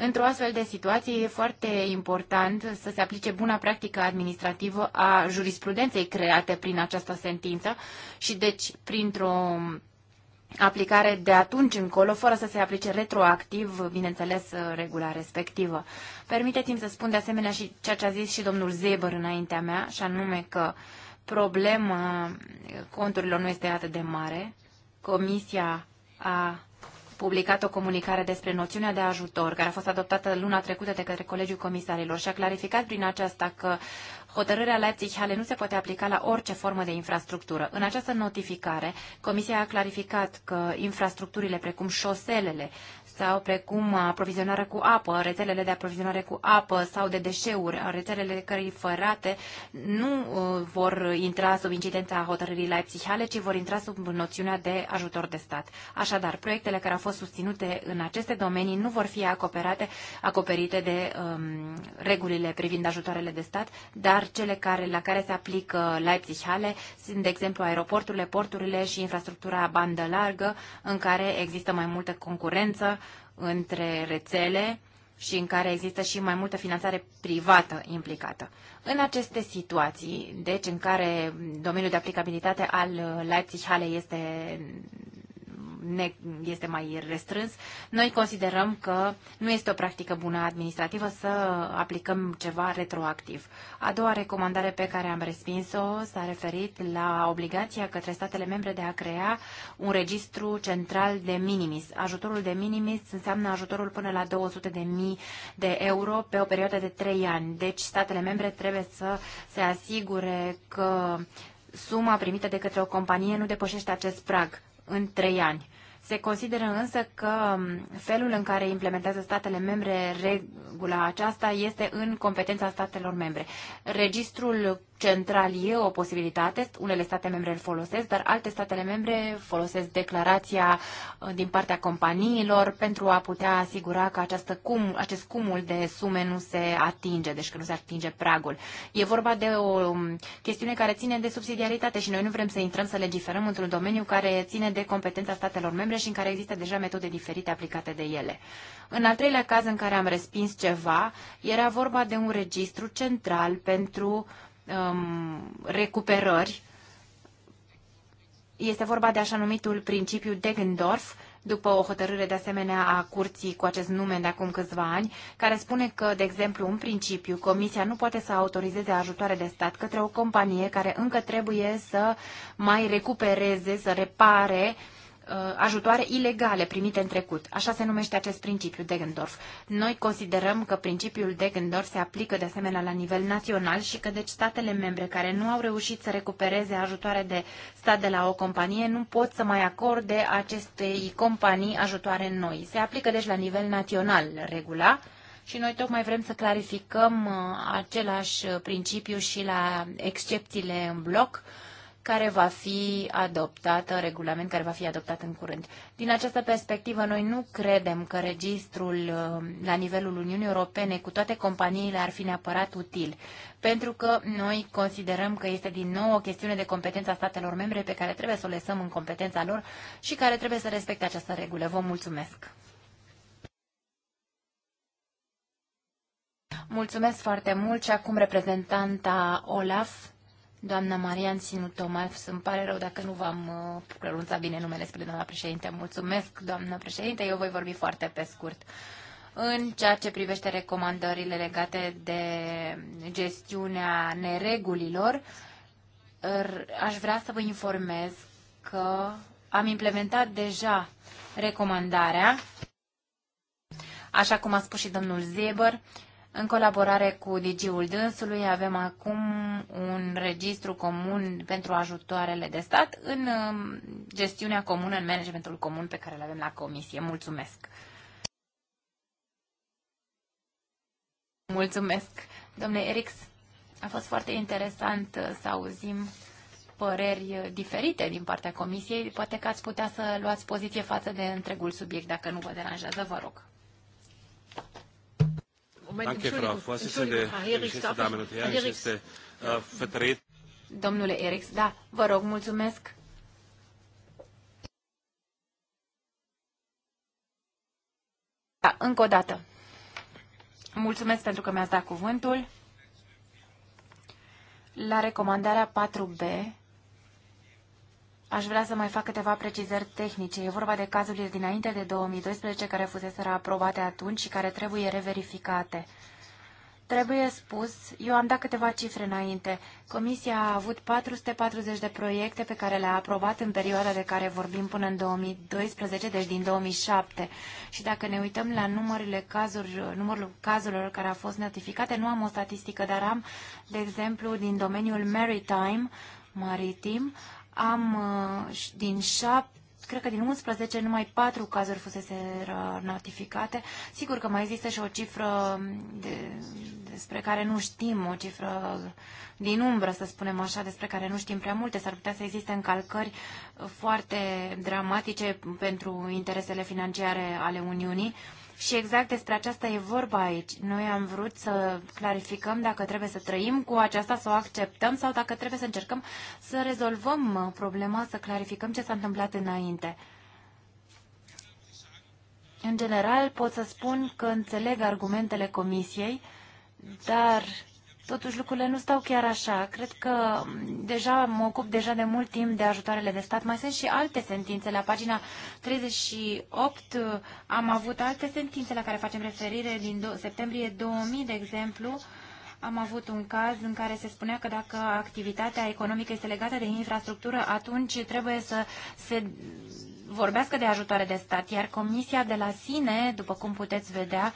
Într-o astfel de situație e foarte important să se aplice buna practică administrativă a jurisprudenței create prin această sentință și deci printr-o aplicare de atunci încolo, fără să se aplice retroactiv, bineînțeles, regula respectivă. Permiteți-mi să spun de asemenea și ceea ce a zis și domnul Zeber înaintea mea, și anume că problema conturilor nu este atât de mare. Comisia a publicat o comunicare despre noțiunea de ajutor, care a fost adoptată luna trecută de către Colegiul Comisarilor și a clarificat prin aceasta că hotărârea Leipzig-Hale nu se poate aplica la orice formă de infrastructură. În această notificare, Comisia a clarificat că infrastructurile precum șoselele, sau precum aprovizionarea cu apă, rețelele de aprovizionare cu apă sau de deșeuri, rețelele fărate nu uh, vor intra sub incidența hotărârii leipzig ci vor intra sub noțiunea de ajutor de stat. Așadar, proiectele care au fost susținute în aceste domenii nu vor fi acoperate, acoperite de um, regulile privind ajutoarele de stat, dar cele care, la care se aplică Leipzig-Hale sunt, de exemplu, aeroporturile, porturile și infrastructura bandă largă, în care există mai multă concurență între rețele și în care există și mai multă finanțare privată implicată. În aceste situații, deci în care domeniul de aplicabilitate al leipzig Halle este ne, este mai restrâns, noi considerăm că nu este o practică bună administrativă să aplicăm ceva retroactiv. A doua recomandare pe care am respins-o s-a referit la obligația către statele membre de a crea un registru central de minimis. Ajutorul de minimis înseamnă ajutorul până la 200 de mii de euro pe o perioadă de 3 ani. Deci statele membre trebuie să se asigure că suma primită de către o companie nu depășește acest prag în trei ani. Se consideră însă că felul în care implementează statele membre regula aceasta este în competența statelor membre. Registrul central e o posibilitate, unele state membre îl folosesc, dar alte statele membre folosesc declarația uh, din partea companiilor pentru a putea asigura că această cum, acest cumul de sume nu se atinge, deci că nu se atinge pragul. E vorba de o um, chestiune care ține de subsidiaritate și noi nu vrem să intrăm să legiferăm într-un domeniu care ține de competența statelor membre și în care există deja metode diferite aplicate de ele. În al treilea caz în care am respins ceva, era vorba de un registru central pentru um, recuperări. Este vorba de așa numitul principiu Gendorf, după o hotărâre de asemenea a curții cu acest nume de acum câțiva ani, care spune că, de exemplu, în principiu, Comisia nu poate să autorizeze ajutoare de stat către o companie care încă trebuie să mai recupereze, să repare uh, Uh, ajutoare ilegale primite în trecut. Așa se numește acest principiu Degendorf. Noi considerăm că principiul Degendorf se aplică de asemenea la nivel național și că deci statele membre care nu au reușit să recupereze ajutoare de stat de la o companie nu pot să mai acorde acestei companii ajutoare noi. Se aplică deci la nivel național regula și noi tocmai vrem să clarificăm uh, același uh, principiu și la excepțiile în bloc care va fi adoptată, regulament care va fi adoptat în curând. Din această perspectivă, noi nu credem că registrul uh, la nivelul Uniunii Europene cu toate companiile ar fi neapărat util, pentru că noi considerăm că este din nou o chestiune de competența statelor membre pe care trebuie să o lăsăm în competența lor și care trebuie să respecte această regulă. Vă mulțumesc! Mulțumesc foarte mult și acum reprezentanta Olaf Doamna Marian Tomaf, îmi pare rău dacă nu v-am uh, pronunțat bine numele spre doamna președinte. Mulțumesc, doamna președinte, eu voi vorbi foarte pe scurt. În ceea ce privește recomandările legate de gestiunea neregulilor, aș vrea să vă informez că am implementat deja recomandarea, așa cum a spus și domnul Zeber, în colaborare cu Digiul dânsului avem acum un registru comun pentru ajutoarele de stat în um, gestiunea comună, în managementul comun pe care îl avem la comisie. Mulțumesc! Mulțumesc, domnule Erix. A fost foarte interesant uh, să auzim păreri uh, diferite din partea comisiei. Poate că ați putea să luați poziție față de întregul subiect. Dacă nu vă deranjează, vă rog. Oh, Danke, Frau Vorsitzende, geschätzte Damen und Herren, geschätzte äh, Vertreter. Domnule Eriks, da, vă rog, mulțumesc. Da, încă o dată. Mulțumesc pentru că mi-ați dat cuvântul. La recomandarea 4B Aș vrea să mai fac câteva precizări tehnice. E vorba de cazurile dinainte de 2012 care fuseseră aprobate atunci și care trebuie reverificate. Trebuie spus, eu am dat câteva cifre înainte. Comisia a avut 440 de proiecte pe care le-a aprobat în perioada de care vorbim până în 2012, deci din 2007. Și dacă ne uităm la numările cazuri, numărul cazurilor care au fost notificate, nu am o statistică, dar am, de exemplu, din domeniul maritime, maritim, am uh, din șapte cred că din 11 numai 4 cazuri fusese uh, notificate. Sigur că mai există și o cifră um, de, despre care nu știm, o cifră din umbră, să spunem așa, despre care nu știm prea multe. S-ar putea să existe încalcări uh, foarte dramatice pentru interesele financiare ale Uniunii și exact despre aceasta e vorba aici. Noi am vrut să clarificăm dacă trebuie să trăim cu aceasta, să o acceptăm sau dacă trebuie să încercăm să rezolvăm problema, să clarificăm ce s-a întâmplat înainte. În general, pot să spun că înțeleg argumentele comisiei, dar Totuși lucrurile nu stau chiar așa. Cred că deja mă ocup deja de mult timp de ajutoarele de stat. Mai sunt și alte sentințe. La pagina 38 uh, am avut alte sentințe la care facem referire din septembrie 2000, de exemplu. Am avut un caz în care se spunea că dacă activitatea economică este legată de infrastructură, atunci trebuie să se vorbească de ajutoare de stat. Iar comisia de la sine, după cum puteți vedea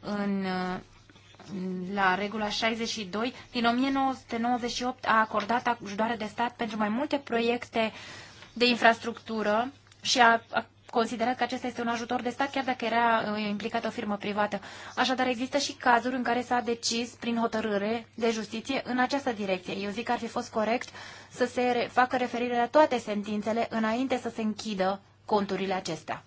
în uh, la regula 62 din 1998 a acordat ajutoare de stat pentru mai multe proiecte de infrastructură și a, a considerat că acesta este un ajutor de stat, chiar dacă era uh, implicată o firmă privată. Așadar, există și cazuri în care s-a decis prin hotărâre de justiție în această direcție. Eu zic că ar fi fost corect să se facă referire la toate sentințele înainte să se închidă conturile acestea.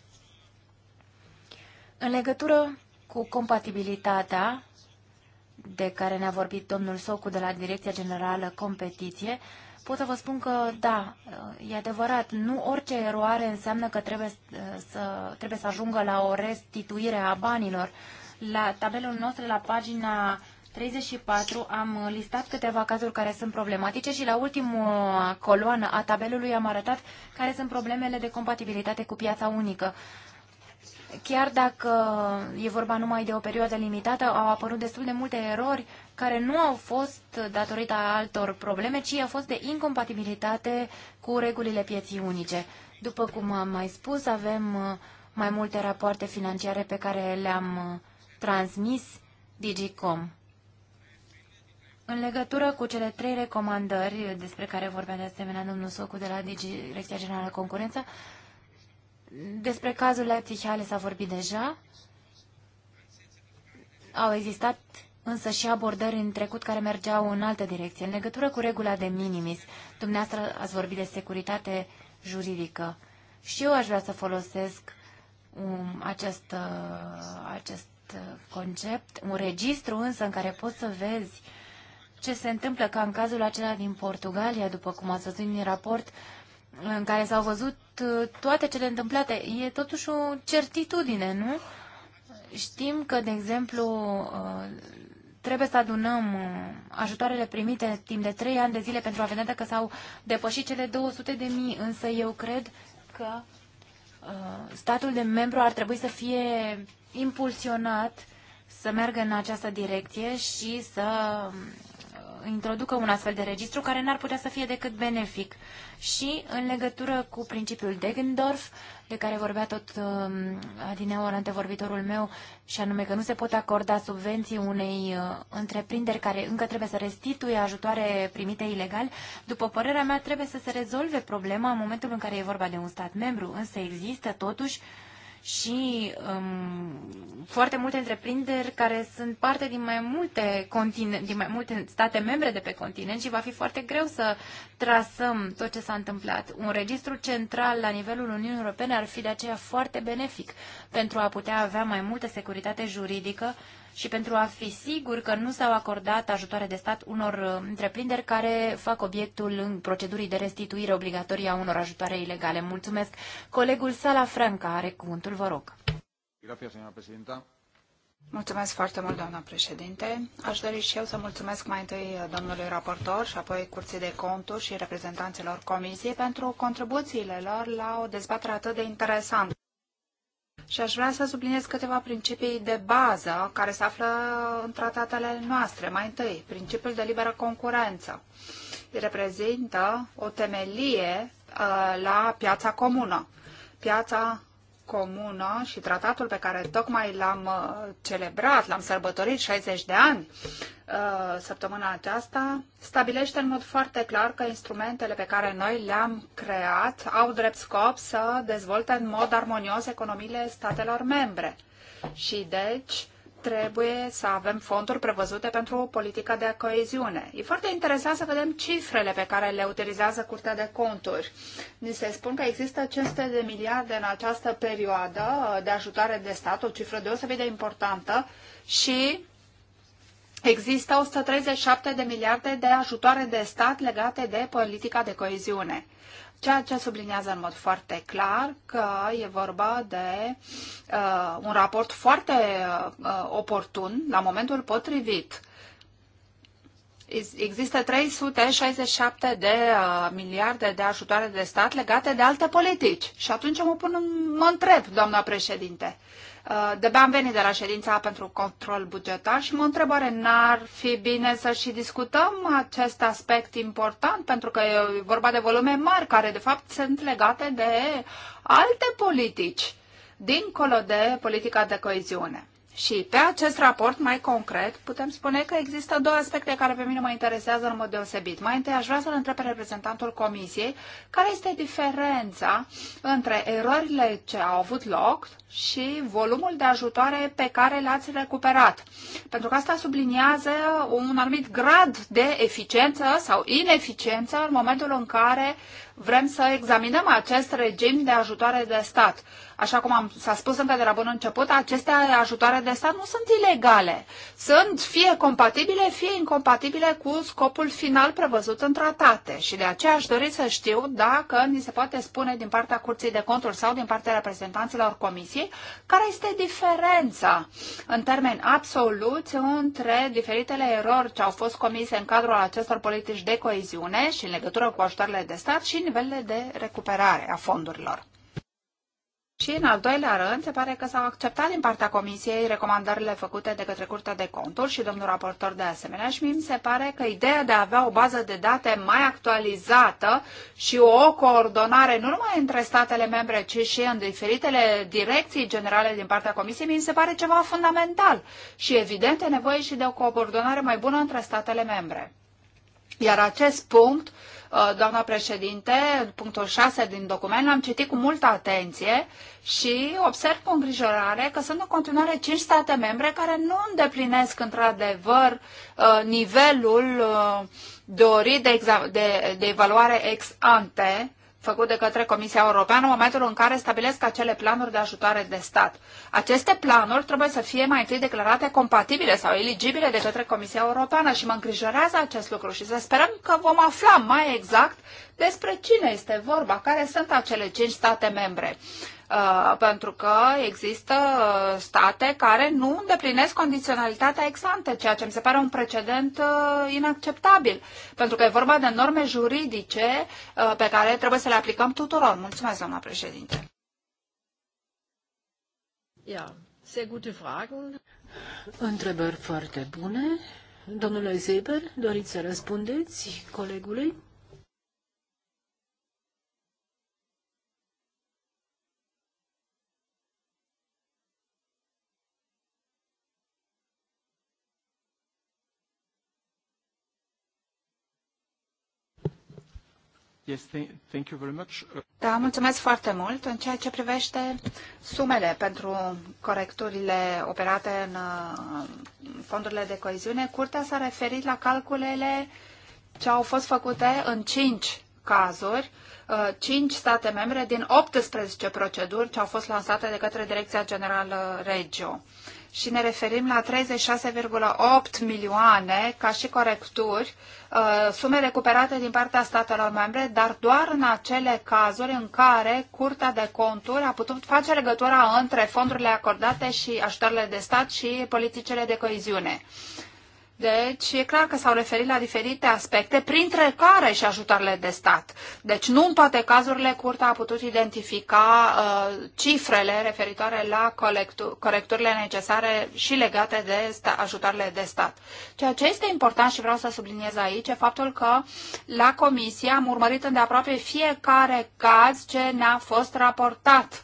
În legătură cu compatibilitatea, de care ne-a vorbit domnul Socu de la Direcția Generală Competiție, pot să vă spun că da, e adevărat, nu orice eroare înseamnă că trebuie uh, să, trebuie să ajungă la o restituire a banilor. La tabelul nostru, la pagina 34, am listat câteva cazuri care sunt problematice și la ultima uh, coloană a tabelului am arătat care sunt problemele de compatibilitate cu piața unică chiar dacă e vorba numai de o perioadă limitată, au apărut destul de multe erori care nu au fost datorită altor probleme, ci au fost de incompatibilitate cu regulile pieții unice. După cum am mai spus, avem mai multe rapoarte financiare pe care le-am transmis Digicom. În legătură cu cele trei recomandări despre care vorbea de asemenea domnul Socu de la Direcția Generală Concurență, despre cazul Leipzig Halle s-a vorbit deja. Au existat însă și abordări în trecut care mergeau în altă direcție. În legătură cu regula de minimis, dumneavoastră ați vorbit de securitate juridică. Și eu aș vrea să folosesc um, acest, uh, acest uh, concept, un registru însă în care poți să vezi ce se întâmplă ca în cazul acela din Portugalia, după cum ați văzut din raport, uh, în care s-au văzut uh, toate cele întâmplate. E totuși o certitudine, nu? Știm că, de exemplu, uh, trebuie să adunăm uh, ajutoarele primite timp de 3 ani de zile pentru a vedea dacă s-au depășit cele 200 de mii, însă eu cred că statul de membru ar trebui să fie impulsionat să meargă în această direcție și să um, introducă un astfel de registru care n-ar putea să fie decât benefic. Și în legătură cu principiul Degendorf, de care vorbea tot uh, adineaori antevorbitorul meu, și anume că nu se pot acorda subvenții unei uh, întreprinderi care încă trebuie să restituie ajutoare primite ilegal, după părerea mea trebuie să se rezolve problema în momentul în care e vorba de un stat membru, însă există totuși uh, și um, foarte multe întreprinderi care sunt parte din mai multe, din mai multe state membre de pe continent și va fi foarte greu să trasăm tot ce s-a întâmplat. Un registru central la nivelul Uniunii Europene ar fi de aceea foarte benefic pentru a putea avea mai multă securitate juridică și pentru a fi sigur că nu s-au acordat ajutoare de stat unor uh, întreprinderi care fac obiectul în procedurii de restituire obligatorie a unor ajutoare ilegale. Mulțumesc. Colegul Sala Franca are cuvântul, vă rog. Mulțumesc foarte mult, doamna președinte. Aș dori și eu să mulțumesc mai întâi uh, domnului raportor și apoi Curții de Conturi și reprezentanților Comisiei pentru contribuțiile lor la o dezbatere atât de interesantă. Și aș vrea să subliniez câteva principii de bază care se află în tratatele noastre. Mai întâi, principiul de liberă concurență reprezintă o temelie uh, la piața comună. Piața comună și tratatul pe care tocmai l-am uh, celebrat, l-am sărbătorit 60 de ani uh, săptămâna aceasta, stabilește în mod foarte clar că instrumentele pe care noi le-am creat au drept scop să dezvolte în mod armonios economiile statelor membre. Și deci, trebuie să avem fonduri prevăzute pentru o politică de coeziune. E foarte interesant să vedem cifrele pe care le utilizează Curtea de Conturi. Ni se spun că există 500 de miliarde în această perioadă de ajutare de stat, o cifră deosebit de importantă, și există 137 de miliarde de ajutoare de stat legate de politica de coeziune ceea ce sublinează în mod foarte clar că e vorba de uh, un raport foarte uh, oportun la momentul potrivit. Există 367 de uh, miliarde de ajutoare de stat legate de alte politici. Și atunci mă, pun, mă întreb, doamna președinte, uh, Uh, De-abia am venit de la ședința pentru control bugetar și mă întrebare, n-ar fi bine să și discutăm acest aspect important, pentru că e vorba de volume mari, care de fapt sunt legate de alte politici, dincolo de politica de coeziune. Și pe acest raport mai concret putem spune că există două aspecte care pe mine mă interesează în mod deosebit. Mai întâi aș vrea să-l întreb pe reprezentantul Comisiei care este diferența între erorile ce au avut loc și volumul de ajutoare pe care l-ați recuperat. Pentru că asta subliniază un anumit grad de eficiență sau ineficiență în momentul în care vrem să examinăm acest regim de ajutoare de stat. Așa cum am, s-a spus încă de la bun început, aceste ajutoare de stat nu sunt ilegale. Sunt fie compatibile, fie incompatibile cu scopul final prevăzut în tratate. Și de aceea aș dori să știu dacă ni se poate spune din partea Curții de Conturi sau din partea reprezentanților Comisiei care este diferența în termeni absoluți între diferitele erori ce au fost comise în cadrul acestor politici de coeziune și în legătură cu ajutoarele de stat și nivelele de recuperare a fondurilor. Și în al doilea rând, se pare că s-au acceptat din partea Comisiei recomandările făcute de către Curtea de Conturi și domnul raportor de asemenea și mi se pare că ideea de a avea o bază de date mai actualizată și o coordonare nu numai între statele membre, ci și în diferitele direcții generale din partea Comisiei, mi se pare ceva fundamental și evident e nevoie și de o coordonare mai bună între statele membre. Iar acest punct Uh, doamna președinte, punctul 6 din document, l-am citit cu multă atenție și observ cu îngrijorare că sunt în continuare 5 state membre care nu îndeplinesc într-adevăr uh, nivelul uh, dorit de, de, de evaluare ex ante făcut de către Comisia Europeană în momentul în care stabilesc acele planuri de ajutoare de stat. Aceste planuri trebuie să fie mai întâi declarate compatibile sau eligibile de către Comisia Europeană și mă îngrijorează acest lucru și să sperăm că vom afla mai exact despre cine este vorba, care sunt acele cinci state membre. Uh, pentru că există uh, state care nu îndeplinesc condiționalitatea exante, ceea ce mi se pare un precedent uh, inacceptabil, pentru că e vorba de norme juridice uh, pe care trebuie să le aplicăm tuturor. Mulțumesc, doamna președinte. Ja, sehr gute Fragen. Întrebări foarte bune. Domnule Zeber, doriți să răspundeți colegului? Yes, thank you very much. Da, mulțumesc foarte mult. În ceea ce privește sumele pentru corecturile operate în uh, fondurile de coeziune, Curtea s-a referit la calculele ce au fost făcute în 5 cazuri, 5 uh, state membre din 18 proceduri ce au fost lansate de către Direcția Generală Regio și ne referim la 36,8 milioane ca și corecturi, uh, sume recuperate din partea statelor membre, dar doar în acele cazuri în care Curtea de Conturi a putut face legătura între fondurile acordate și ajutoarele de stat și politicile de coeziune. Deci, e clar că s-au referit la diferite aspecte, printre care și ajutoarele de stat. Deci, nu în toate cazurile, Curtea a putut identifica uh, cifrele referitoare la corecturile necesare și legate de ajutoarele de stat. Ceea ce este important și vreau să subliniez aici e faptul că la Comisie am urmărit îndeaproape fiecare caz ce ne-a fost raportat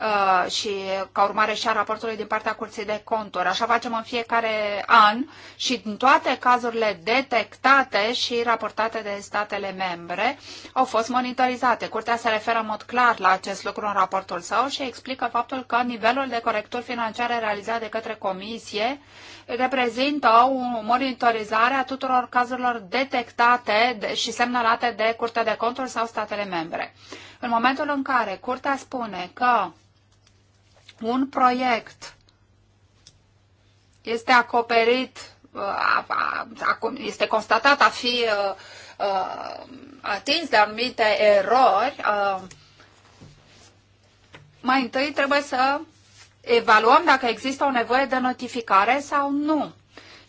Uh, și ca urmare și a raportului din partea Curții de Conturi. Așa facem în fiecare an și din toate cazurile detectate și raportate de statele membre au fost monitorizate. Curtea se referă în mod clar la acest lucru în raportul său și explică faptul că nivelul de corecturi financiare realizat de către Comisie reprezintă o monitorizare a tuturor cazurilor detectate și semnalate de Curtea de Conturi sau statele membre. În momentul în care curtea spune că un proiect este acoperit, uh, este constatat a fi uh, uh, atins de anumite erori, mai întâi trebuie să evaluăm dacă există o nevoie de notificare sau nu.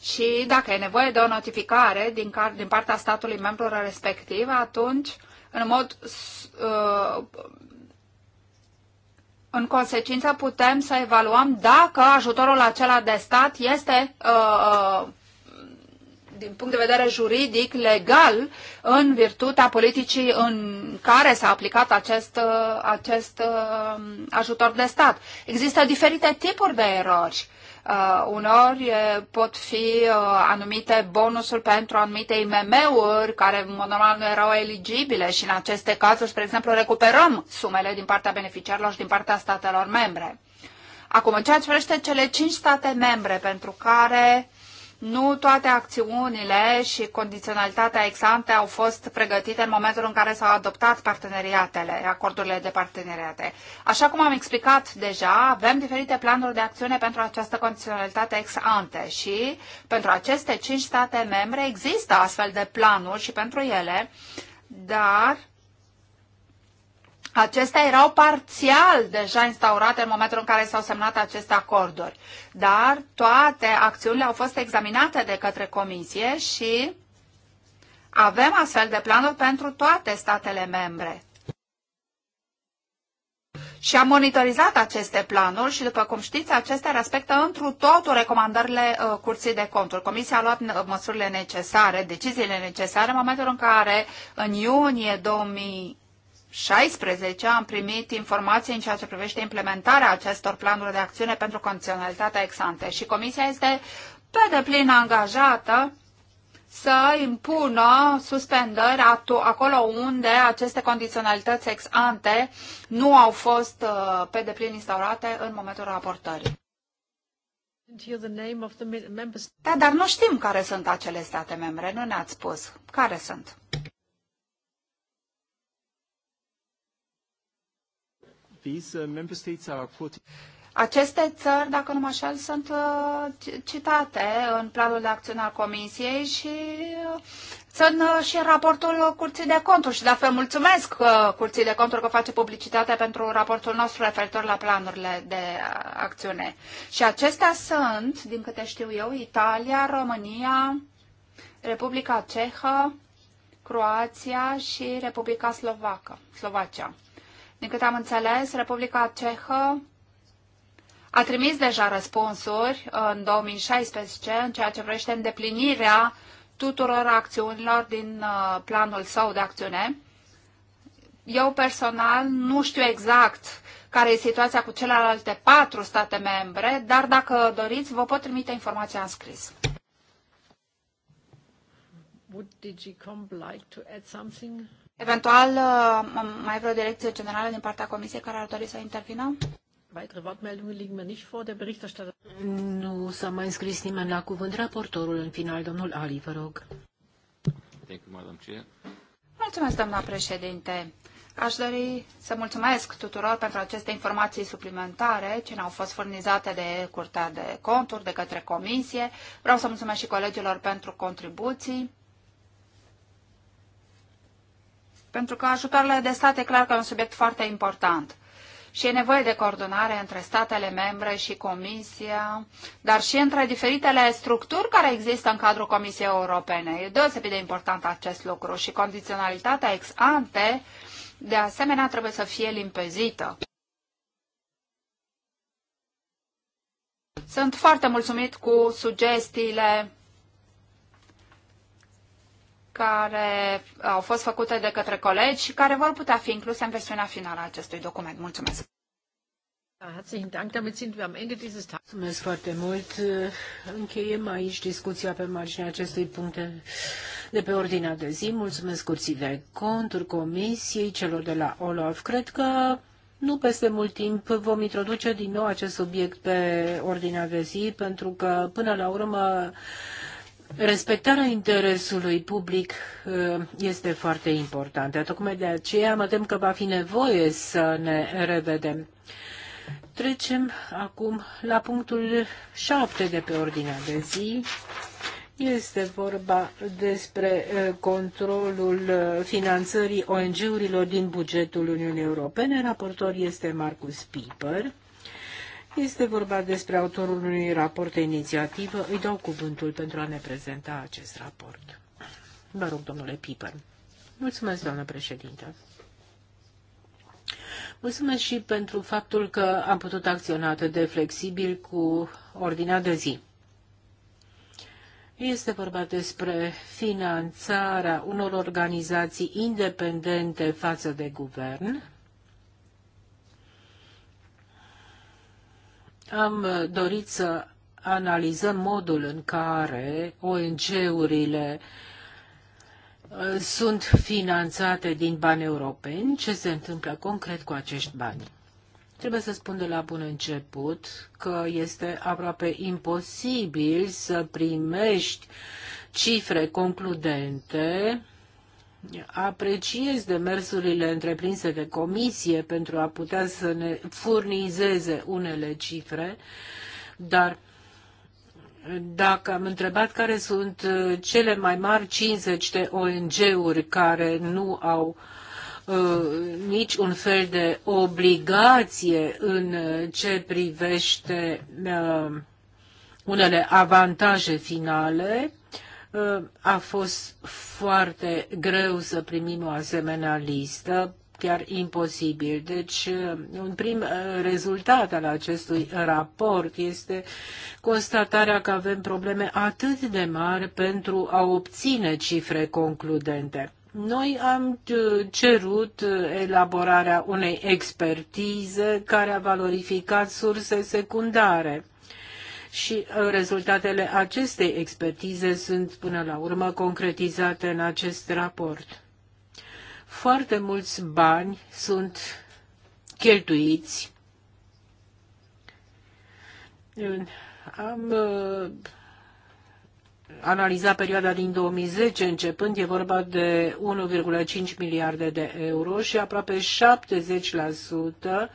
Și dacă e nevoie de o notificare din, car- din partea statului membru respectiv, atunci în mod uh, în consecință putem să evaluăm dacă ajutorul acela de stat este uh, uh, din punct de vedere juridic, legal, în virtutea politicii în care s-a aplicat acest, acest ajutor de stat. Există diferite tipuri de erori Uh, uneori pot fi uh, anumite bonusuri pentru anumite IMM-uri care în mod normal nu erau eligibile și în aceste cazuri, spre exemplu, recuperăm sumele din partea beneficiarilor și din partea statelor membre. Acum, în ceea ce privește cele cinci state membre pentru care nu toate acțiunile și condiționalitatea ex au fost pregătite în momentul în care s-au adoptat parteneriatele, acordurile de parteneriate. Așa cum am explicat deja, avem diferite planuri de acțiune pentru această condiționalitate ex ante și pentru aceste cinci state membre există astfel de planuri și pentru ele, dar acestea erau parțial deja instaurate în momentul în care s-au semnat aceste acorduri, dar toate acțiunile au fost examinate de către comisie și avem astfel de planuri pentru toate statele membre. Și am monitorizat aceste planuri și, după cum știți, acestea respectă întru totul recomandările uh, Curții de Conturi. Comisia a luat uh, măsurile necesare, deciziile necesare, în momentul în care, în iunie 2000, 2016 am primit informații în ceea ce privește implementarea acestor planuri de acțiune pentru condiționalitatea ex-ante și Comisia este pe deplin angajată să impună suspendări acolo unde aceste condiționalități ex-ante nu au fost uh, pe deplin instaurate în momentul raportării. Da, dar nu știm care sunt acele state membre, nu ne-ați spus. Care sunt? Uh, Aceste țări, dacă nu mă așa, sunt uh, citate în planul de acțiune al Comisiei și uh, sunt și în raportul Curții de Conturi. Și de fel mulțumesc Curții de Conturi că face publicitate pentru raportul nostru referitor la planurile de acțiune. Și acestea sunt, din câte știu eu, Italia, România, Republica Cehă, Croația și Republica Slovacă, Slovacia. Din câte am înțeles, Republica Cehă a trimis deja răspunsuri în 2016 în ceea ce vrește îndeplinirea tuturor acțiunilor din uh, planul său de acțiune. Eu personal nu știu exact care e situația cu celelalte patru state membre, dar dacă doriți, vă pot trimite informația în scris. Would DG like to add something? Eventual, uh, mai vreo direcție generală din partea Comisiei care ar dori să intervină? Nu s-a mai înscris nimeni la cuvânt. Raportorul în final, domnul Ali, vă rog. Mulțumesc, doamna președinte. Aș dori să mulțumesc tuturor pentru aceste informații suplimentare ce ne-au fost furnizate de Curtea de Conturi, de către Comisie. Vreau să mulțumesc și colegilor pentru contribuții. pentru că ajutoarele de stat e clar că e un subiect foarte important. Și e nevoie de coordonare între statele membre și Comisia, dar și între diferitele structuri care există în cadrul Comisiei Europene. E deosebit de important acest lucru și condiționalitatea ex ante, de asemenea, trebuie să fie limpezită. Sunt foarte mulțumit cu sugestiile care au fost făcute de către colegi și care vor putea fi incluse în versiunea finală a acestui document. Mulțumesc! Mulțumesc foarte mult. Încheiem aici discuția pe marginea acestui punct de pe ordinea de zi. Mulțumesc curții de conturi, comisiei, celor de la OLAF. Cred că nu peste mult timp vom introduce din nou acest subiect pe ordinea de zi, pentru că până la urmă Respectarea interesului public uh, este foarte importantă. Tocmai de aceea mă tem că va fi nevoie să ne revedem. Trecem acum la punctul 7 de pe ordinea de zi. Este vorba despre uh, controlul uh, finanțării ONG-urilor din bugetul Uniunii Europene. Raportor este Marcus Piper. Este vorba despre autorul unui raport de inițiativă. Îi dau cuvântul pentru a ne prezenta acest raport. Vă rog, domnule Piper. Mulțumesc, doamnă președinte. Mulțumesc și pentru faptul că am putut acționa atât de flexibil cu ordinea de zi. Este vorba despre finanțarea unor organizații independente față de guvern, am uh, dorit să analizăm modul în care ONG-urile uh, sunt finanțate din bani europeni, ce se întâmplă concret cu acești bani. Trebuie să spun de la bun început că este aproape imposibil să primești cifre concludente apreciez demersurile întreprinse de comisie pentru a putea să ne furnizeze unele cifre, dar dacă am întrebat care sunt uh, cele mai mari 50 de ONG-uri care nu au uh, nici un fel de obligație în uh, ce privește uh, unele avantaje finale, a fost foarte greu să primim o asemenea listă, chiar imposibil. Deci, uh, un prim uh, rezultat al acestui raport este constatarea că avem probleme atât de mari pentru a obține cifre concludente. Noi am uh, cerut elaborarea unei expertize care a valorificat surse secundare și uh, rezultatele acestei expertize sunt până la urmă concretizate în acest raport. Foarte mulți bani sunt cheltuiți. Am uh, perioada din 2010 începând, e vorba de 1,5 miliarde de euro și aproape 70%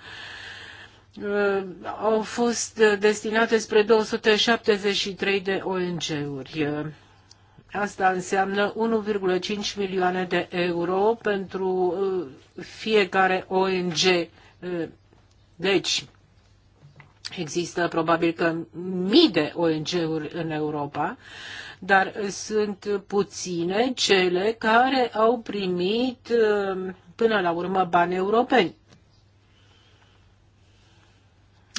Uh, au fost uh, destinate spre 273 de ONG-uri. Uh, asta înseamnă 1,5 milioane de euro pentru fiecare ONG. Deci, există probabil că mii de ONG-uri în Europa, dar sunt puține cele care au primit până la urmă bani europeni.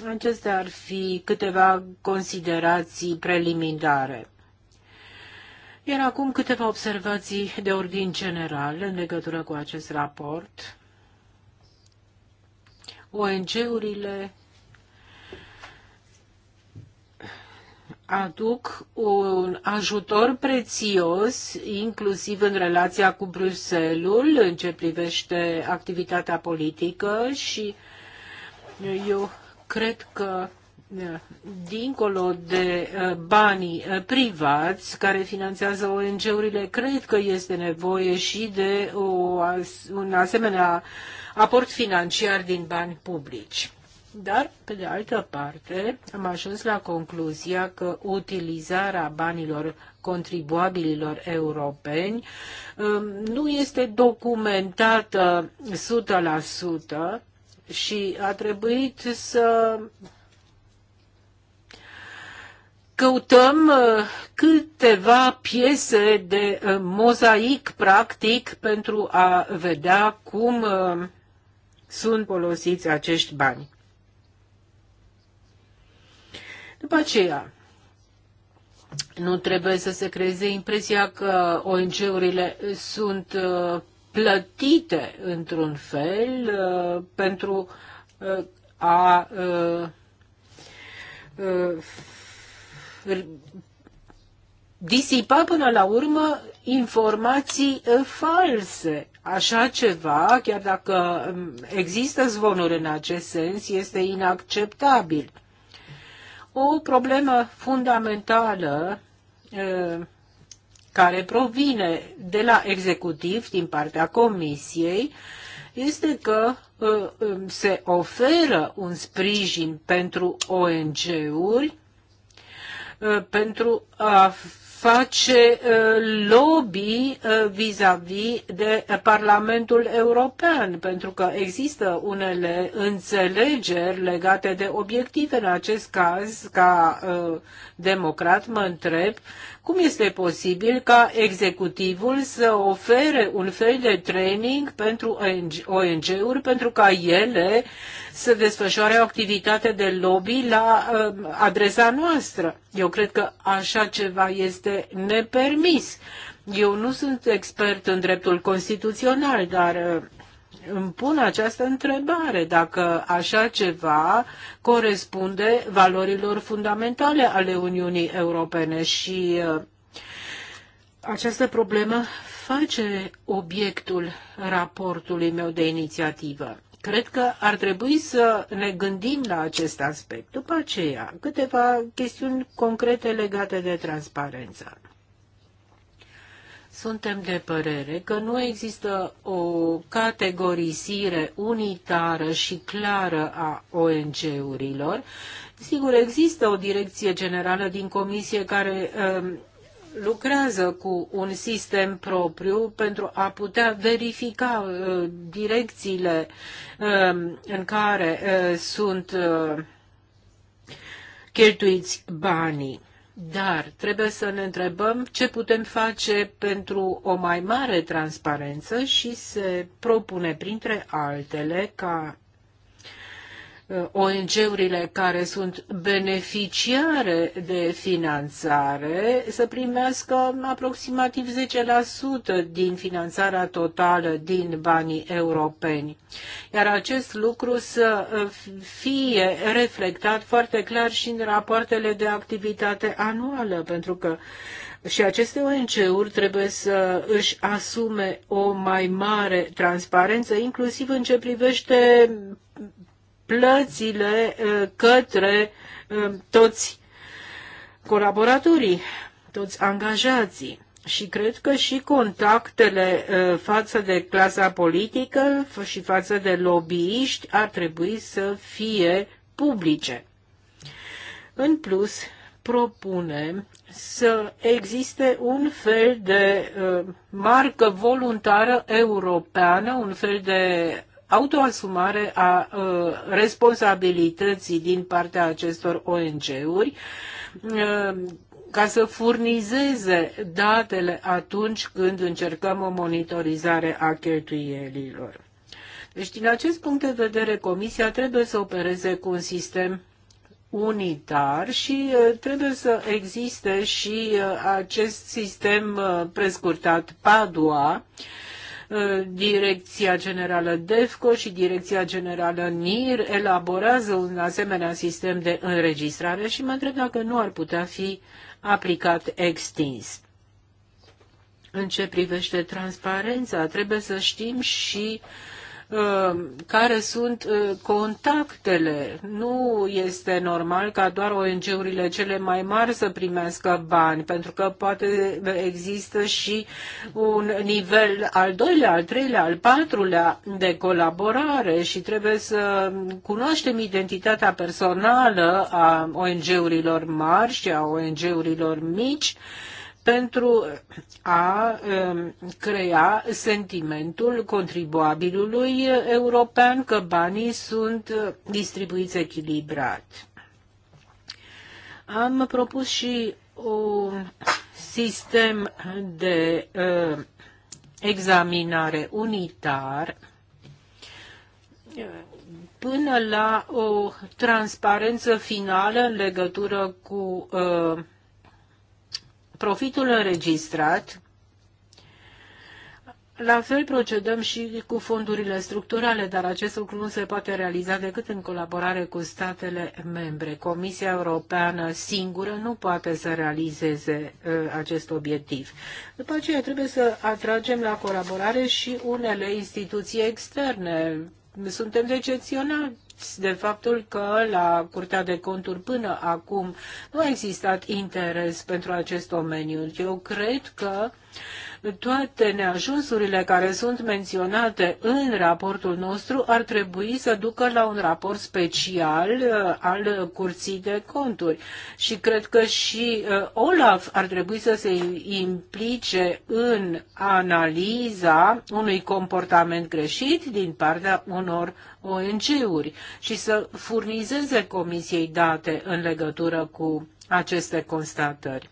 Acestea ar fi câteva considerații preliminare. Iar acum câteva observații de ordin general în legătură cu acest raport. ONG-urile aduc un ajutor prețios, inclusiv în relația cu Bruselul, în ce privește activitatea politică și eu cred că dincolo de banii privați care finanțează ONG-urile, cred că este nevoie și de o, un asemenea aport financiar din bani publici. Dar, pe de altă parte, am ajuns la concluzia că utilizarea banilor contribuabililor europeni nu este documentată și a trebuit să căutăm uh, câteva piese de uh, mozaic practic pentru a vedea cum uh, sunt folosiți acești bani. După aceea, nu trebuie să se creeze impresia că ONG-urile sunt plătite într-un fel uh, pentru uh, a uh, disipa până la urmă informații false. Așa ceva, chiar dacă um, există zvonuri în acest sens, este inacceptabil. O problemă fundamentală care provine de la executiv din partea Comisiei este că uh, um, se oferă un sprijin pentru ONG-uri uh, pentru a face uh, lobby vis-a-vis -vis de Parlamentul European, pentru că există unele înțelegeri legate de obiective. În acest caz, ca democrat, mă întreb cum este posibil ca executivul să ofere un fel de training pentru ONG-uri pentru ca ele să desfășoare o activitate de lobby la um, adresa noastră? Eu cred că așa ceva este nepermis. Eu nu sunt expert în dreptul constituțional, dar um, îmi pun această întrebare, dacă așa ceva corespunde valorilor fundamentale ale Uniunii Europene și uh, această problemă face obiectul raportului meu de inițiativă. Cred că ar trebui să ne gândim la acest aspect. După aceea, câteva chestiuni concrete legate de transparență. Suntem de părere că nu există o categorisire unitară și clară a ONG-urilor. Sigur, există o direcție generală din comisie care um, lucrează cu un sistem propriu pentru a putea verifica uh, direcțiile uh, în care uh, sunt uh, cheltuiți banii. Dar trebuie să ne întrebăm ce putem face pentru o mai mare transparență și se propune printre altele ca Uh, ONG-urile care sunt beneficiare de finanțare să primească aproximativ 10% din finanțarea totală din banii europeni. Iar acest lucru să uh, fie reflectat foarte clar și în rapoartele de activitate anuală, pentru că și aceste ONG-uri trebuie să își asume o mai mare transparență, inclusiv în ce privește plățile către toți colaboratorii, toți angajații. Și cred că și contactele față de clasa politică și față de lobbyiști ar trebui să fie publice. În plus, propune să existe un fel de marcă voluntară europeană, un fel de autoasumare a uh, responsabilității din partea acestor ONG-uri uh, ca să furnizeze datele atunci când încercăm o monitorizare a cheltuielilor. Deci, din acest punct de vedere, Comisia trebuie să opereze cu un sistem unitar și uh, trebuie să existe și acest sistem prescurtat PADUA, Uh, direcția Generală DEFCO și Direcția Generală NIR elaborează un asemenea sistem de înregistrare și mă întreb dacă nu ar putea fi aplicat extins. În ce privește transparența, trebuie să știm și uh, Uh, care sunt uh, contactele. Nu este normal ca doar ONG-urile cele mai mari să primească bani, pentru că poate există și un nivel al doilea, al treilea, al patrulea de colaborare și trebuie să cunoaștem identitatea personală a ONG-urilor mari și a ONG-urilor mici pentru a um, crea sentimentul contribuabilului european că banii sunt distribuiți echilibrat. Am propus și un sistem de um, examinare unitar până la o transparență finală în legătură cu uh, profitul înregistrat. La fel procedăm și cu fondurile structurale, dar acest lucru nu se poate realiza decât în colaborare cu statele membre. Comisia Europeană singură nu poate să realizeze uh, acest obiectiv. După aceea trebuie să atragem la colaborare și unele instituții externe. Suntem decepționați de faptul că la Curtea de Conturi până acum nu a existat interes pentru acest domeniu. Eu cred că toate neajunsurile care sunt menționate în raportul nostru ar trebui să ducă la un raport special uh, al Curții de Conturi. Și cred că și uh, Olaf ar trebui să se implice în analiza unui comportament greșit din partea unor ONG-uri și să furnizeze Comisiei date în legătură cu aceste constatări.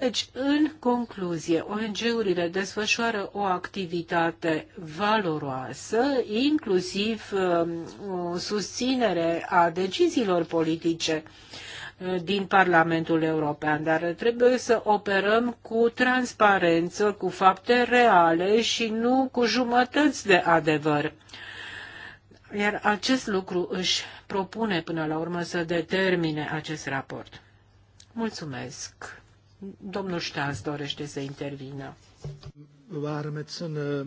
Deci, în concluzie, ONG-urile desfășoară o activitate valoroasă, inclusiv um, o susținere a deciziilor politice uh, din Parlamentul European, dar trebuie să operăm cu transparență, cu fapte reale și nu cu jumătăți de adevăr. Iar acest lucru își propune până la urmă să determine acest raport. Mulțumesc! Domnul Ștans dorește să intervină. Waren met eh, zijn, uh,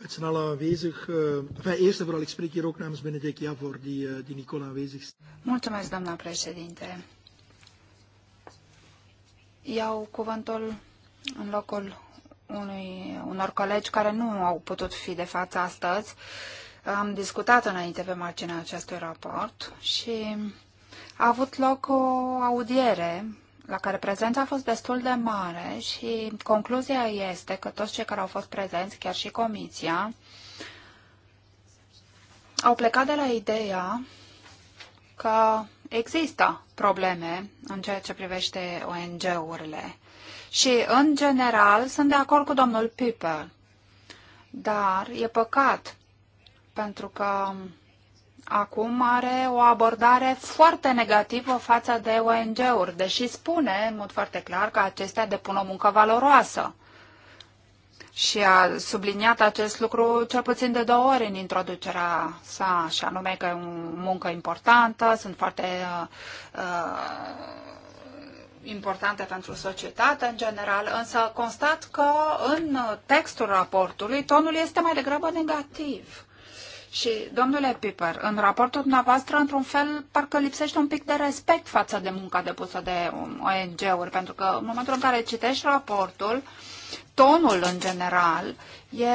met zijn allen aanwezig. Uh, enfin, eh, eerst en vooral, ik spreek hier ook namens Benedek Javor, die, uh, die Nicole aanwezig is. Mulțumesc, doamna președinte. Iau cuvântul în locul unui, unor colegi care nu au putut fi de față astăzi. Am discutat înainte pe marginea acestui raport și a avut loc o audiere la care prezența a fost destul de mare și concluzia este că toți cei care au fost prezenți, chiar și comisia, au plecat de la ideea că există probleme în ceea ce privește ONG-urile. Și, în general, sunt de acord cu domnul Piper. Dar e păcat, pentru că acum are o abordare foarte negativă față de ONG-uri, deși spune în mod foarte clar că acestea depun o muncă valoroasă. Și a subliniat acest lucru cel puțin de două ori în introducerea sa, și anume că e o muncă importantă, sunt foarte uh, uh importante pentru societate în general, însă constat că în textul raportului tonul este mai degrabă negativ. Și, domnule Piper, în raportul dumneavoastră, într-un fel, parcă lipsește un pic de respect față de munca depusă de um, ONG-uri, pentru că în momentul în care citești raportul, tonul în general e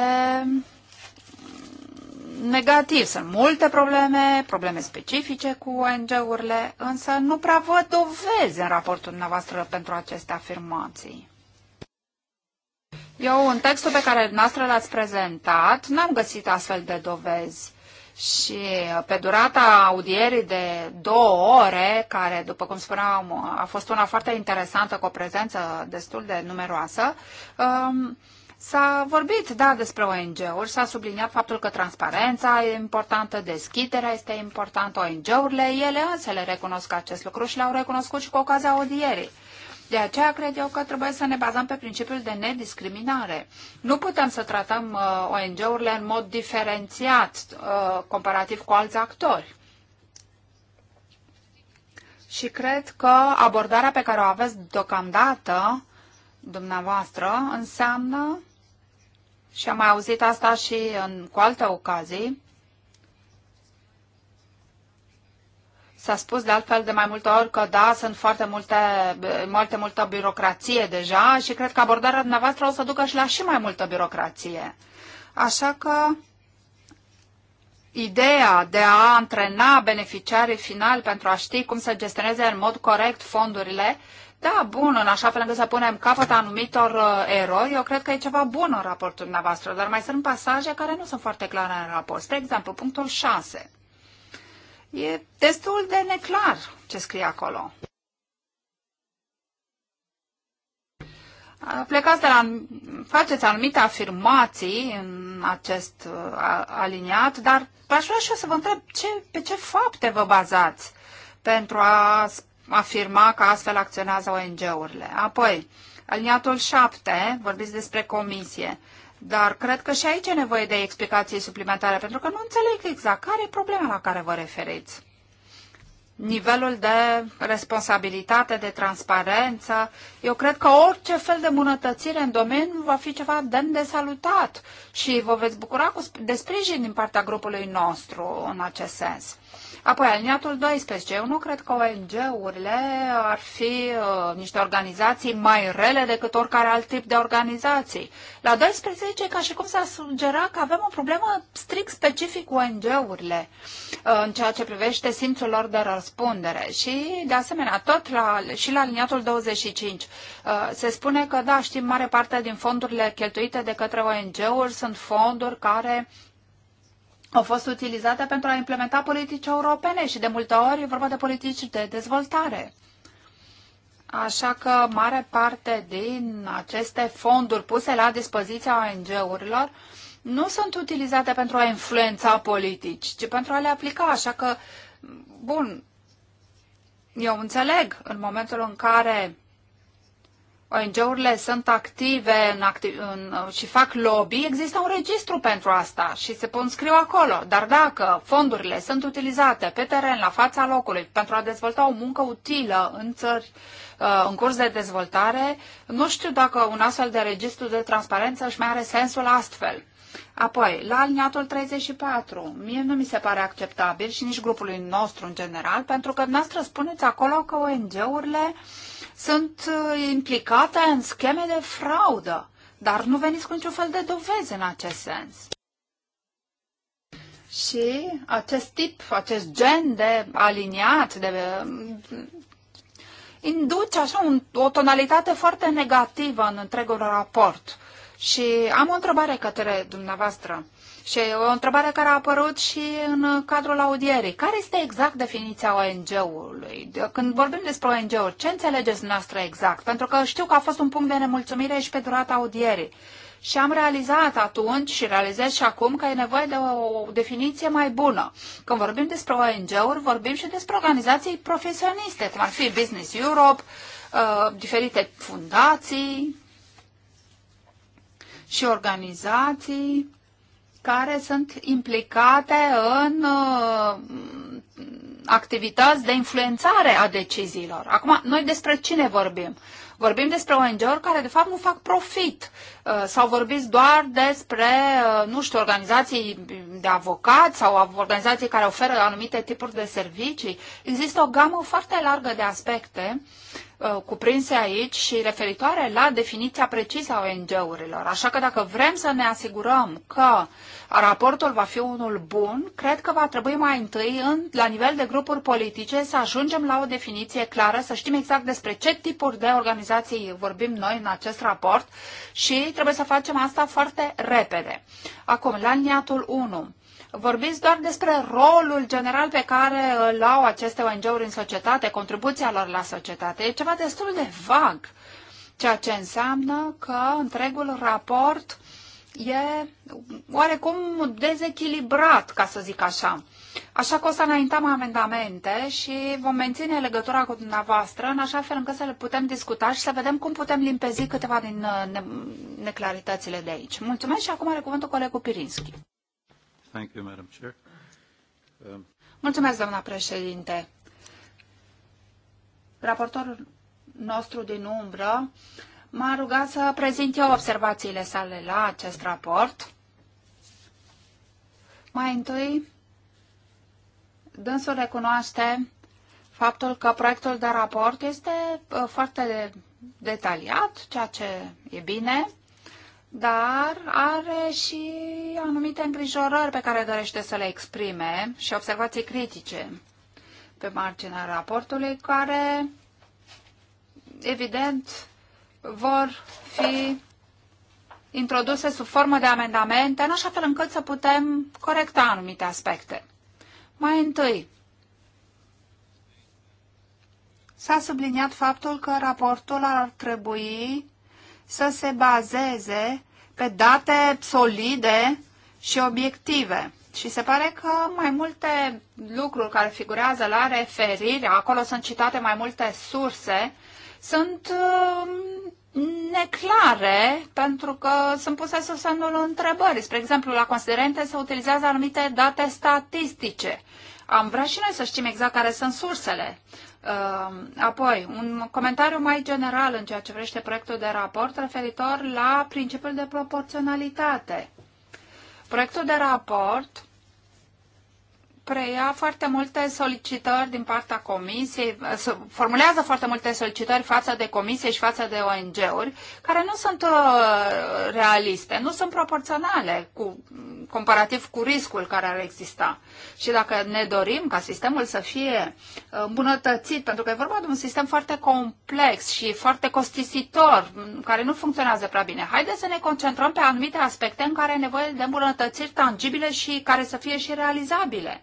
negativ. Sunt multe probleme, probleme specifice cu ONG-urile, însă nu prea văd dovezi în raportul dumneavoastră pentru aceste afirmații. Eu, în textul pe care noastră l-ați prezentat, n-am găsit astfel de dovezi. Și uh, pe durata audierii de două ore, care, după cum spuneam, a fost una foarte interesantă, cu o prezență destul de numeroasă, um, S-a vorbit, da, despre ONG-uri, s-a subliniat faptul că transparența e importantă, deschiderea este importantă, ONG-urile, ele însele recunosc acest lucru și l-au recunoscut și cu ocazia audierii. De aceea cred eu că trebuie să ne bazăm pe principiul de nediscriminare. Nu putem să tratăm uh, ONG-urile în mod diferențiat uh, comparativ cu alți actori. Și cred că abordarea pe care o aveți deocamdată dumneavoastră înseamnă, și am mai auzit asta și în, cu alte ocazii, S-a spus de altfel de mai multe ori că da, sunt foarte multe, multe multă birocrație deja și cred că abordarea dumneavoastră o să ducă și la și mai multă birocrație. Așa că ideea de a antrena beneficiarii final pentru a ști cum să gestioneze în mod corect fondurile, da, bun, în așa fel încât să punem capăt anumitor uh, eroi, eu cred că e ceva bun în raportul dumneavoastră, dar mai sunt pasaje care nu sunt foarte clare în raport. Spre exemplu, punctul 6 E destul de neclar ce scrie acolo. Plecați de la, faceți anumite afirmații în acest uh, aliniat, dar aș vrea și eu să vă întreb ce, pe ce fapte vă bazați pentru a afirma că astfel acționează ONG-urile. Apoi, aliniatul 7, vorbiți despre comisie. Dar cred că și aici e nevoie de explicații suplimentare, pentru că nu înțeleg exact care e problema la care vă referiți. Nivelul de responsabilitate, de transparență, eu cred că orice fel de bunătățire în domeniu va fi ceva demn de salutat și vă veți bucura de sprijin din partea grupului nostru în acest sens. Apoi, aliniatul 12. Eu nu cred că ONG-urile ar fi uh, niște organizații mai rele decât oricare alt tip de organizații. La 12, ca și cum s-ar sugera că avem o problemă strict specific cu ONG-urile uh, în ceea ce privește simțul lor de răspundere. Și, de asemenea, tot la, și la aliniatul 25 uh, se spune că, da, știm, mare parte din fondurile cheltuite de către ONG-uri sunt fonduri care uh, au fost utilizate pentru a implementa politici europene și de multe ori e vorba de politici de dezvoltare. Așa că mare parte din aceste fonduri puse la dispoziția ONG-urilor nu sunt utilizate pentru a influența politici, ci pentru a le aplica. Așa că, bun, eu înțeleg în momentul în care ONG-urile sunt active în acti- în, uh, și fac lobby, există un registru pentru asta și se pot scriu acolo. Dar dacă fondurile sunt utilizate pe teren, la fața locului, pentru a dezvolta o muncă utilă în țări uh, în curs de dezvoltare, nu știu dacă un astfel de registru de transparență își mai are sensul astfel. Apoi, la aliniatul 34, mie nu mi se pare acceptabil și nici grupului nostru în general, pentru că dumneavoastră spuneți acolo că ONG-urile uh, sunt uh, implicate în scheme de fraudă, dar nu veniți cu niciun fel de dovezi în acest sens. Și acest tip, acest gen de aliniat, de um, induce așa un, o tonalitate foarte negativă în întregul raport. Și am o întrebare către dumneavoastră. Și e o întrebare care a apărut și în cadrul audierii. Care este exact definiția ONG-ului? Când vorbim despre ONG-uri, ce înțelegeți noastră exact? Pentru că știu că a fost un punct de nemulțumire și pe durata audierii. Și am realizat atunci și realizez și acum că e nevoie de o definiție mai bună. Când vorbim despre ONG-uri, vorbim și despre organizații profesioniste, cum ar fi Business Europe, uh, diferite fundații și organizații care sunt implicate în uh, activități de influențare a deciziilor. Acum, noi despre cine vorbim? Vorbim despre ONG-uri care, de fapt, nu fac profit. Uh, sau vorbiți doar despre, uh, nu știu, organizații de avocați sau organizații care oferă anumite tipuri de servicii. Există o gamă foarte largă de aspecte Uh, cuprinse aici și referitoare la definiția precisă a ONG-urilor. Așa că dacă vrem să ne asigurăm că raportul va fi unul bun, cred că va trebui mai întâi, în, la nivel de grupuri politice, să ajungem la o definiție clară, să știm exact despre ce tipuri de organizații vorbim noi în acest raport și trebuie să facem asta foarte repede. Acum, la liniatul 1 vorbiți doar despre rolul general pe care îl au aceste ONG-uri în societate, contribuția lor la societate. E ceva destul de vag, ceea ce înseamnă că întregul raport e oarecum dezechilibrat, ca să zic așa. Așa că o să înaintăm amendamente și vom menține legătura cu dumneavoastră în așa fel încât să le putem discuta și să vedem cum putem limpezi câteva din neclaritățile de aici. Mulțumesc și acum are cuvântul colegul Pirinski. Thank you, Madam Chair. Um... Mulțumesc, doamna președinte. Raportorul nostru din umbră m-a rugat să prezint eu observațiile sale la acest raport. Mai întâi, dânsul recunoaște faptul că proiectul de raport este uh, foarte detaliat, ceea ce e bine dar are și anumite îngrijorări pe care dorește să le exprime și observații critice pe marginea raportului, care, evident, vor fi introduse sub formă de amendamente, în așa fel încât să putem corecta anumite aspecte. Mai întâi, s-a subliniat faptul că raportul ar trebui să se bazeze pe date solide și obiective. Și se pare că mai multe lucruri care figurează la referire, acolo sunt citate mai multe surse, sunt um, neclare pentru că sunt puse sub semnul întrebării. Spre exemplu, la considerente se utilizează anumite date statistice. Am vrea și noi să știm exact care sunt sursele. Um, apoi, un comentariu mai general în ceea ce vrește proiectul de raport referitor la principiul de proporționalitate. Proiectul de raport preia foarte multe solicitări din partea comisiei, uh, formulează foarte multe solicitări față de comisie și față de ONG-uri, care nu sunt uh, realiste, nu sunt proporționale cu comparativ cu riscul care ar exista. Și dacă ne dorim ca sistemul să fie uh, îmbunătățit, pentru că e vorba de un sistem foarte complex și foarte costisitor, care nu funcționează prea bine, haideți să ne concentrăm pe anumite aspecte în care e nevoie de îmbunătățiri tangibile și care să fie și realizabile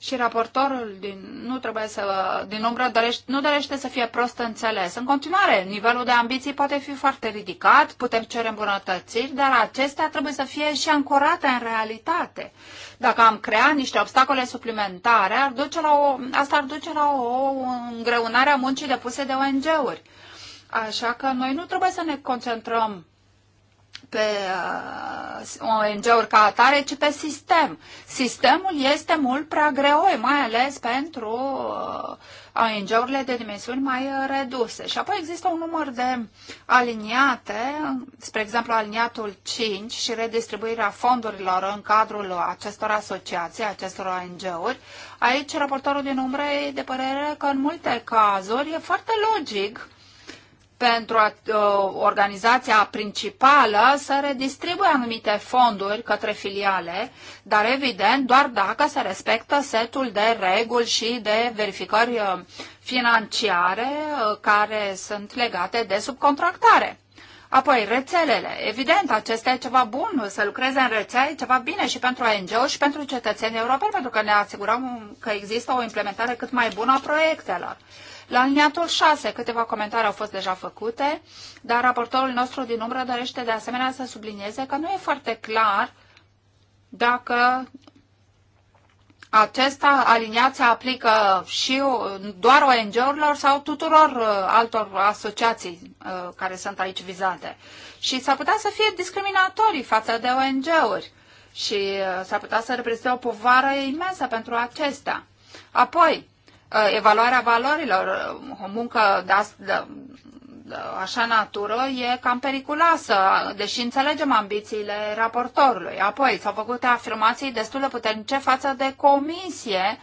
și raportorul din, nu trebuie să, din umbră dorește, nu dorește să fie prost înțeles. În continuare, nivelul de ambiții poate fi foarte ridicat, putem cere îmbunătățiri, dar acestea trebuie să fie și ancorate în realitate. Dacă am creat niște obstacole suplimentare, ar duce la o, asta ar duce la o îngreunare a muncii depuse de ONG-uri. Așa că noi nu trebuie să ne concentrăm pe uh, ONG-uri ca atare, ci pe sistem. Sistemul este mult prea greu, mai ales pentru uh, ONG-urile de dimensiuni mai uh, reduse. Și apoi există un număr de aliniate, spre exemplu aliniatul 5 și redistribuirea fondurilor în cadrul acestor asociații, acestor ONG-uri. Aici raportorul din umbră e de părere că în multe cazuri e foarte logic pentru a, uh, organizația principală să redistribuie anumite fonduri către filiale, dar evident doar dacă se respectă setul de reguli și de verificări uh, financiare uh, care sunt legate de subcontractare. Apoi, rețelele. Evident, acesta e ceva bun, să lucreze în rețea e ceva bine și pentru ong și pentru cetățenii europeni, pentru că ne asigurăm că există o implementare cât mai bună a proiectelor. Uh, la aliniatul 6, câteva comentarii au fost deja făcute, dar raportorul nostru din umbră dorește de asemenea să sublinieze că nu e foarte clar dacă acesta aliniat se aplică și doar ONG-urilor sau tuturor uh, altor asociații uh, care sunt aici vizate. Și s-ar putea să fie discriminatorii față de ONG-uri și uh, s-ar putea să reprezinte o povară imensă pentru acestea. Apoi, Uh, evaluarea valorilor. O uh, muncă de, de, de așa natură e cam periculoasă, deși înțelegem ambițiile raportorului. Apoi s-au făcut afirmații destul de puternice față de comisie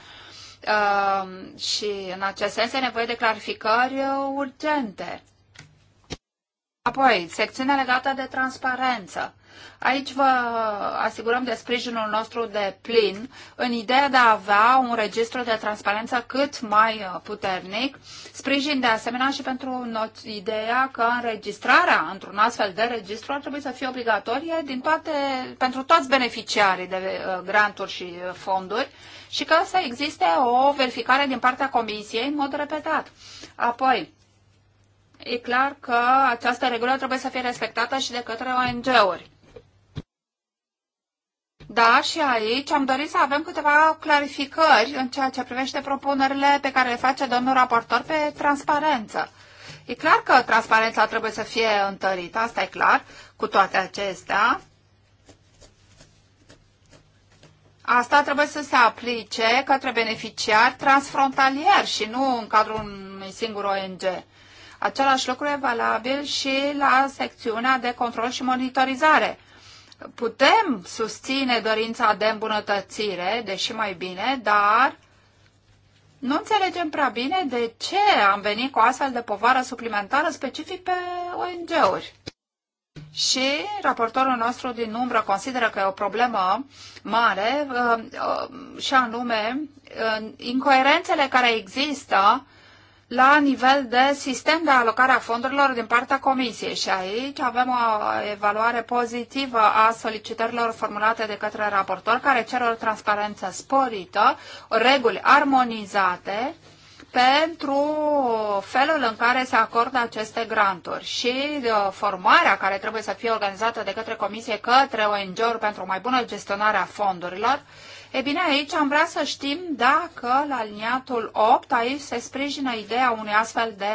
uh, și în acest sens e nevoie de clarificări urgente. Apoi, secțiunea legată de transparență. Aici vă asigurăm de sprijinul nostru de plin în ideea de a avea un registru de transparență cât mai uh, puternic, sprijin de asemenea și pentru ideea că înregistrarea într-un astfel de registru ar trebui să fie obligatorie din toate, pentru toți beneficiarii de uh, granturi și uh, fonduri și că să existe o verificare din partea Comisiei în mod repetat. Apoi, e clar că această regulă trebuie să fie respectată și de către ONG-uri. Da și aici am dorit să avem câteva clarificări în ceea ce privește propunerile pe care le face domnul raportor pe transparență. E clar că transparența trebuie să fie întărită, asta e clar, cu toate acestea. Asta trebuie să se aplice către beneficiari transfrontalieri și nu în cadrul unui singur ONG. Același lucru e valabil și la secțiunea de control și monitorizare putem susține dorința de îmbunătățire, deși mai bine, dar nu înțelegem prea bine de ce am venit cu astfel de povară suplimentară specific pe ONG-uri. Și raportorul nostru din umbră consideră că e o problemă mare uh, uh, și anume uh, incoerențele care există la nivel de sistem de alocare a fondurilor din partea Comisiei și aici avem o evaluare pozitivă a solicitărilor formulate de către raportor care cer o transparență sporită, reguli armonizate pentru felul în care se acordă aceste granturi și formarea care trebuie să fie organizată de către Comisie către ONG-uri pentru o mai bună gestionare a fondurilor E bine, aici am vrea să știm dacă la liniatul 8 aici se sprijină ideea unui astfel de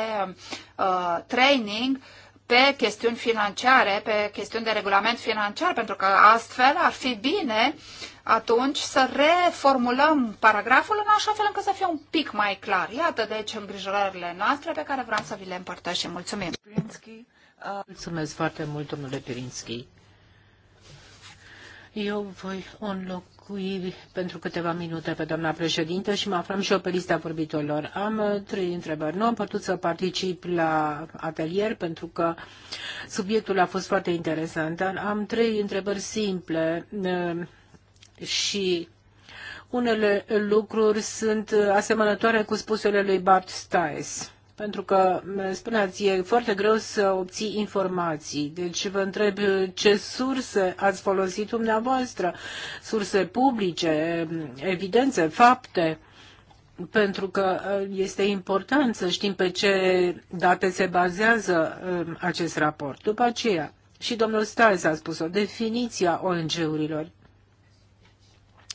uh, training pe chestiuni financiare, pe chestiuni de regulament financiar, pentru că astfel ar fi bine atunci să reformulăm paragraful în așa fel încât să fie un pic mai clar. Iată, deci, îngrijorările noastre pe care vreau să vi le împărtășim. Mulțumim! Pirinski, uh... Mulțumesc foarte mult, domnule Pirinski. Eu voi un loc înlocui pentru câteva minute pe doamna Președintă și mă aflam și eu pe lista vorbitorilor. Am uh, trei întrebări. Nu am putut să particip la atelier pentru că subiectul a fost foarte interesant, dar am trei întrebări simple uh, și unele lucruri sunt uh, asemănătoare cu spusele lui Bart Stais. Pentru că, spuneați, e foarte greu să obții informații. Deci vă întreb ce surse ați folosit dumneavoastră, surse publice, evidențe, fapte pentru că uh, este important să știm pe ce date se bazează um, acest raport. După aceea, și domnul Stais a spus-o, definiția ONG-urilor.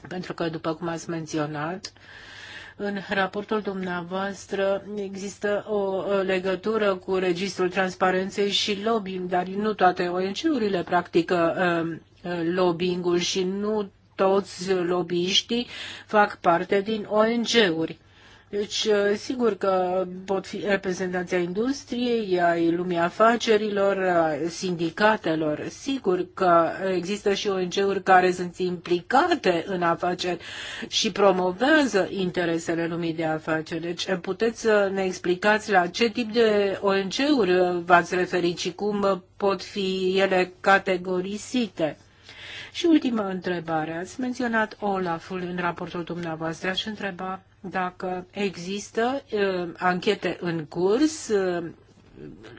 Pentru că, după cum ați menționat, uh, în raportul dumneavoastră există o legătură cu Registrul Transparenței și lobbying, dar nu toate ONG-urile practică um, lobbying-ul și nu toți lobbyiștii fac parte din ONG-uri. Deci, uh, sigur că pot fi reprezentanții industriei, ai lumii afacerilor, sindicatelor. Sigur că există și ONG-uri care sunt implicate în afaceri și promovează interesele lumii de afaceri. Deci, puteți să ne explicați la ce tip de ONG-uri v-ați referit și cum pot fi ele categorisite? Și ultima întrebare. Ați menționat Olaful în raportul dumneavoastră. Aș întreba dacă există uh, anchete în curs uh,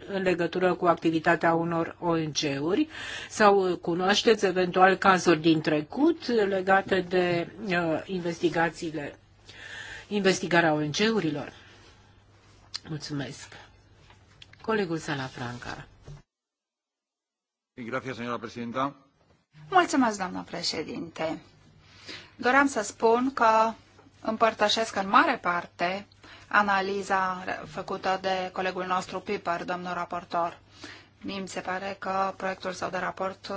în legătură cu activitatea unor ONG-uri sau cunoașteți eventual cazuri din trecut legate de uh, investigațiile, investigarea ONG-urilor. Mulțumesc. Colegul Salafranca. Franca. Mulțumesc, doamna președinte. Doream să spun că împărtășesc în mare parte analiza făcută de colegul nostru Piper, domnul raportor. Mie mi se pare că proiectul sau de raport uh,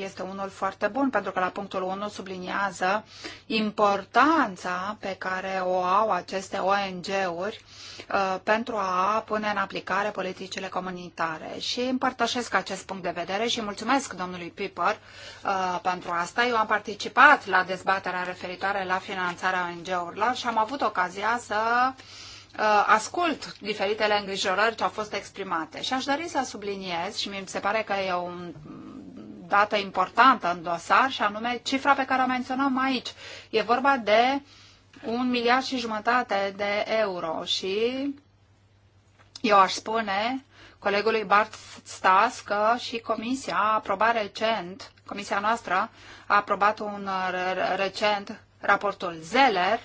este unul foarte bun, pentru că la punctul 1 subliniază importanța pe care o au aceste ONG-uri uh, pentru a pune în aplicare politicile comunitare. Și împărtășesc acest punct de vedere și mulțumesc domnului Piper uh, pentru asta. Eu am participat la dezbaterea referitoare la finanțarea ONG-urilor și am avut ocazia să Uh, ascult diferitele îngrijorări ce au fost exprimate și aș dori să subliniez și mi se pare că e o dată importantă în dosar și anume cifra pe care o menționăm aici. E vorba de un miliard și jumătate de euro și eu aș spune colegului Bart Stas că și Comisia a aprobat recent, Comisia noastră a aprobat un uh, recent raportul Zeller,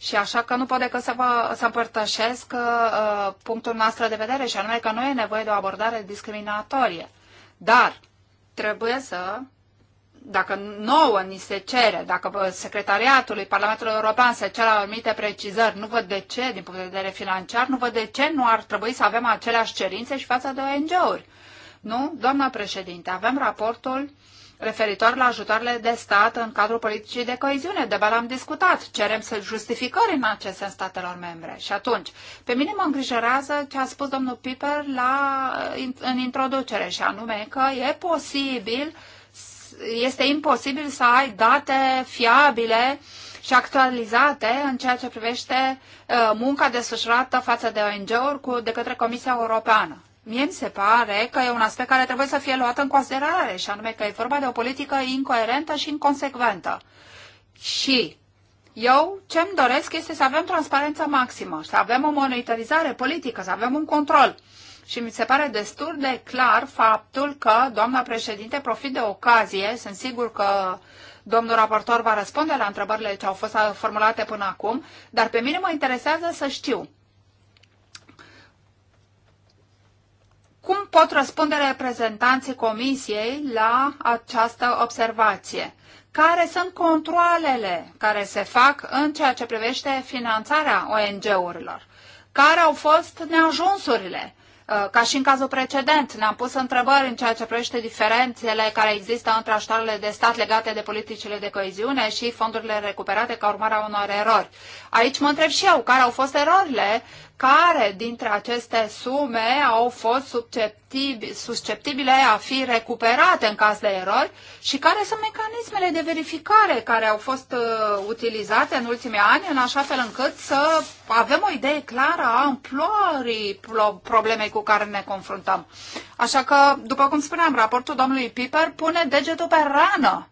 și așa că nu pot decât să, vă, să împărtășesc uh, punctul nostru de vedere și anume că nu e nevoie de o abordare discriminatorie. Dar trebuie să, dacă nouă ni se cere, dacă secretariatului Parlamentului European se cer anumite precizări, nu văd de ce, din punct de vedere financiar, nu văd de ce nu ar trebui să avem aceleași cerințe și față de ONG-uri. Nu? Doamna președinte, avem raportul referitor la ajutoarele de stat în cadrul politicii de coeziune. De am discutat. Cerem să justificări în acest sens statelor membre. Și atunci, pe mine mă îngrijorează ce a spus domnul Piper la, in, în introducere, și anume că e posibil, este imposibil să ai date fiabile și actualizate în ceea ce privește uh, munca desfășurată față de ONG-uri de către Comisia Europeană. Mie mi se pare că e un aspect care trebuie să fie luat în considerare, și anume că e vorba de o politică incoerentă și inconsecventă. Și eu ce îmi doresc este să avem transparență maximă, să avem o monitorizare politică, să avem un control. Și mi se pare destul de clar faptul că doamna președinte profit de ocazie, sunt sigur că domnul raportor va răspunde la întrebările ce au fost formulate până acum, dar pe mine mă interesează să știu Cum pot răspunde reprezentanții Comisiei la această observație? Care sunt controlele care se fac în ceea ce privește finanțarea ONG-urilor? Care au fost neajunsurile? Uh, ca și în cazul precedent, ne-am pus întrebări în ceea ce privește diferențele care există între ajutoarele de stat legate de politicile de coeziune și fondurile recuperate ca urmare a unor erori. Aici mă întreb și eu, care au fost erorile care dintre aceste sume au fost susceptibile, a fi recuperate în caz de erori și care sunt mecanismele de verificare care au fost uh, utilizate în ultimii ani, în așa fel încât să avem o idee clară a amploarii problemei cu care ne confruntăm. Așa că, după cum spuneam, raportul domnului Piper pune degetul pe rană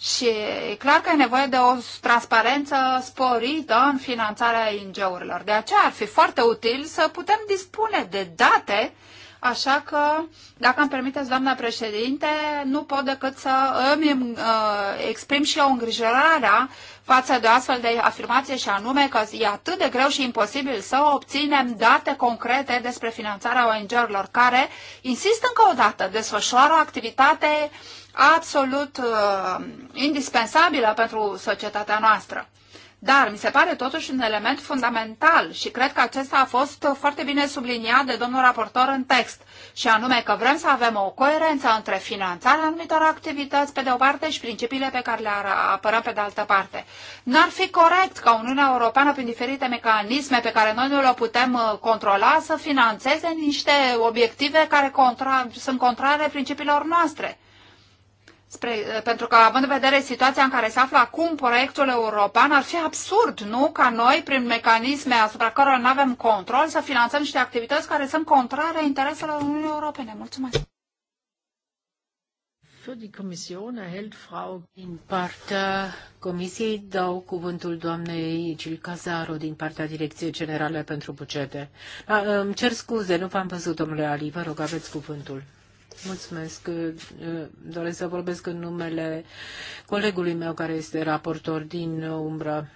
și e clar că e nevoie de o transparență sporită în finanțarea ING-urilor. De aceea ar fi foarte util să putem dispune de date, așa că, dacă îmi permiteți, doamna președinte, nu pot decât să îmi uh, exprim și eu îngrijorarea uh, față de astfel de afirmație și anume că e atât de greu și imposibil să obținem date concrete despre finanțarea ONG-urilor care, insist încă o dată, desfășoară o activitate absolut uh, indispensabilă pentru societatea noastră. Dar mi se pare totuși un element fundamental și cred că acesta a fost foarte bine subliniat de domnul raportor în text, și anume că vrem să avem o coerență între finanțarea anumitor activități pe de o parte și principiile pe care le apărăm pe de altă parte. N-ar fi corect ca Uniunea Europeană, prin diferite mecanisme pe care noi nu le putem uh, controla, să financeze niște obiective care contra, sunt contrare principiilor noastre. Spre, eh, pentru că, având în vedere situația în care se află acum proiectul european, ar fi absurd, nu, ca noi, prin mecanisme asupra cărora nu avem control, să finanțăm niște activități care sunt contrare intereselor Uniunii Europene. Mulțumesc! Für die Kommission erhält Frau din partea Comisiei dau cuvântul doamnei Gil Cazaro din partea Direcției Generale pentru Bugete. A, da, îmi cer scuze, nu v-am văzut, domnule Ali, vă rog, aveți cuvântul. Mulțumesc. Doresc să vorbesc în numele colegului meu care este raportor din umbră.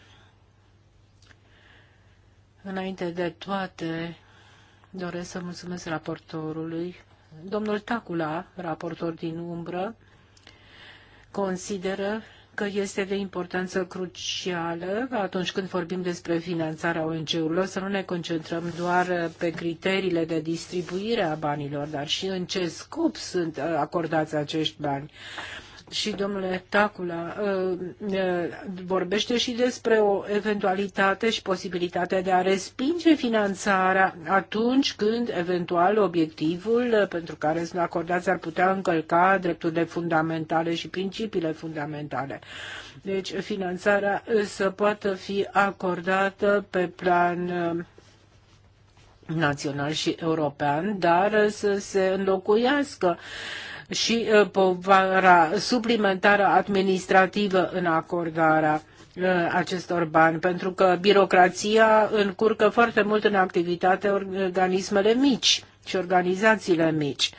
Înainte de toate, doresc să mulțumesc raportorului. Domnul Tacula, raportor din umbră, consideră că este de importanță crucială atunci când vorbim despre finanțarea ONG-urilor să nu ne concentrăm doar pe criteriile de distribuire a banilor, dar și în ce scop sunt uh, acordați acești bani. Uh, și domnule Tacula uh, uh, vorbește și despre o eventualitate și posibilitatea de a respinge finanțarea atunci când eventual obiectivul uh, pentru care sunt acordați ar putea încălca drepturile fundamentale și principiile fundamentale. Deci finanțarea să poată fi acordată pe plan național și european, dar să se înlocuiască uh, și uh, povara suplimentară administrativă în acordarea uh, acestor bani, pentru că birocrația încurcă foarte mult în activitate organismele mici și organizațiile mici.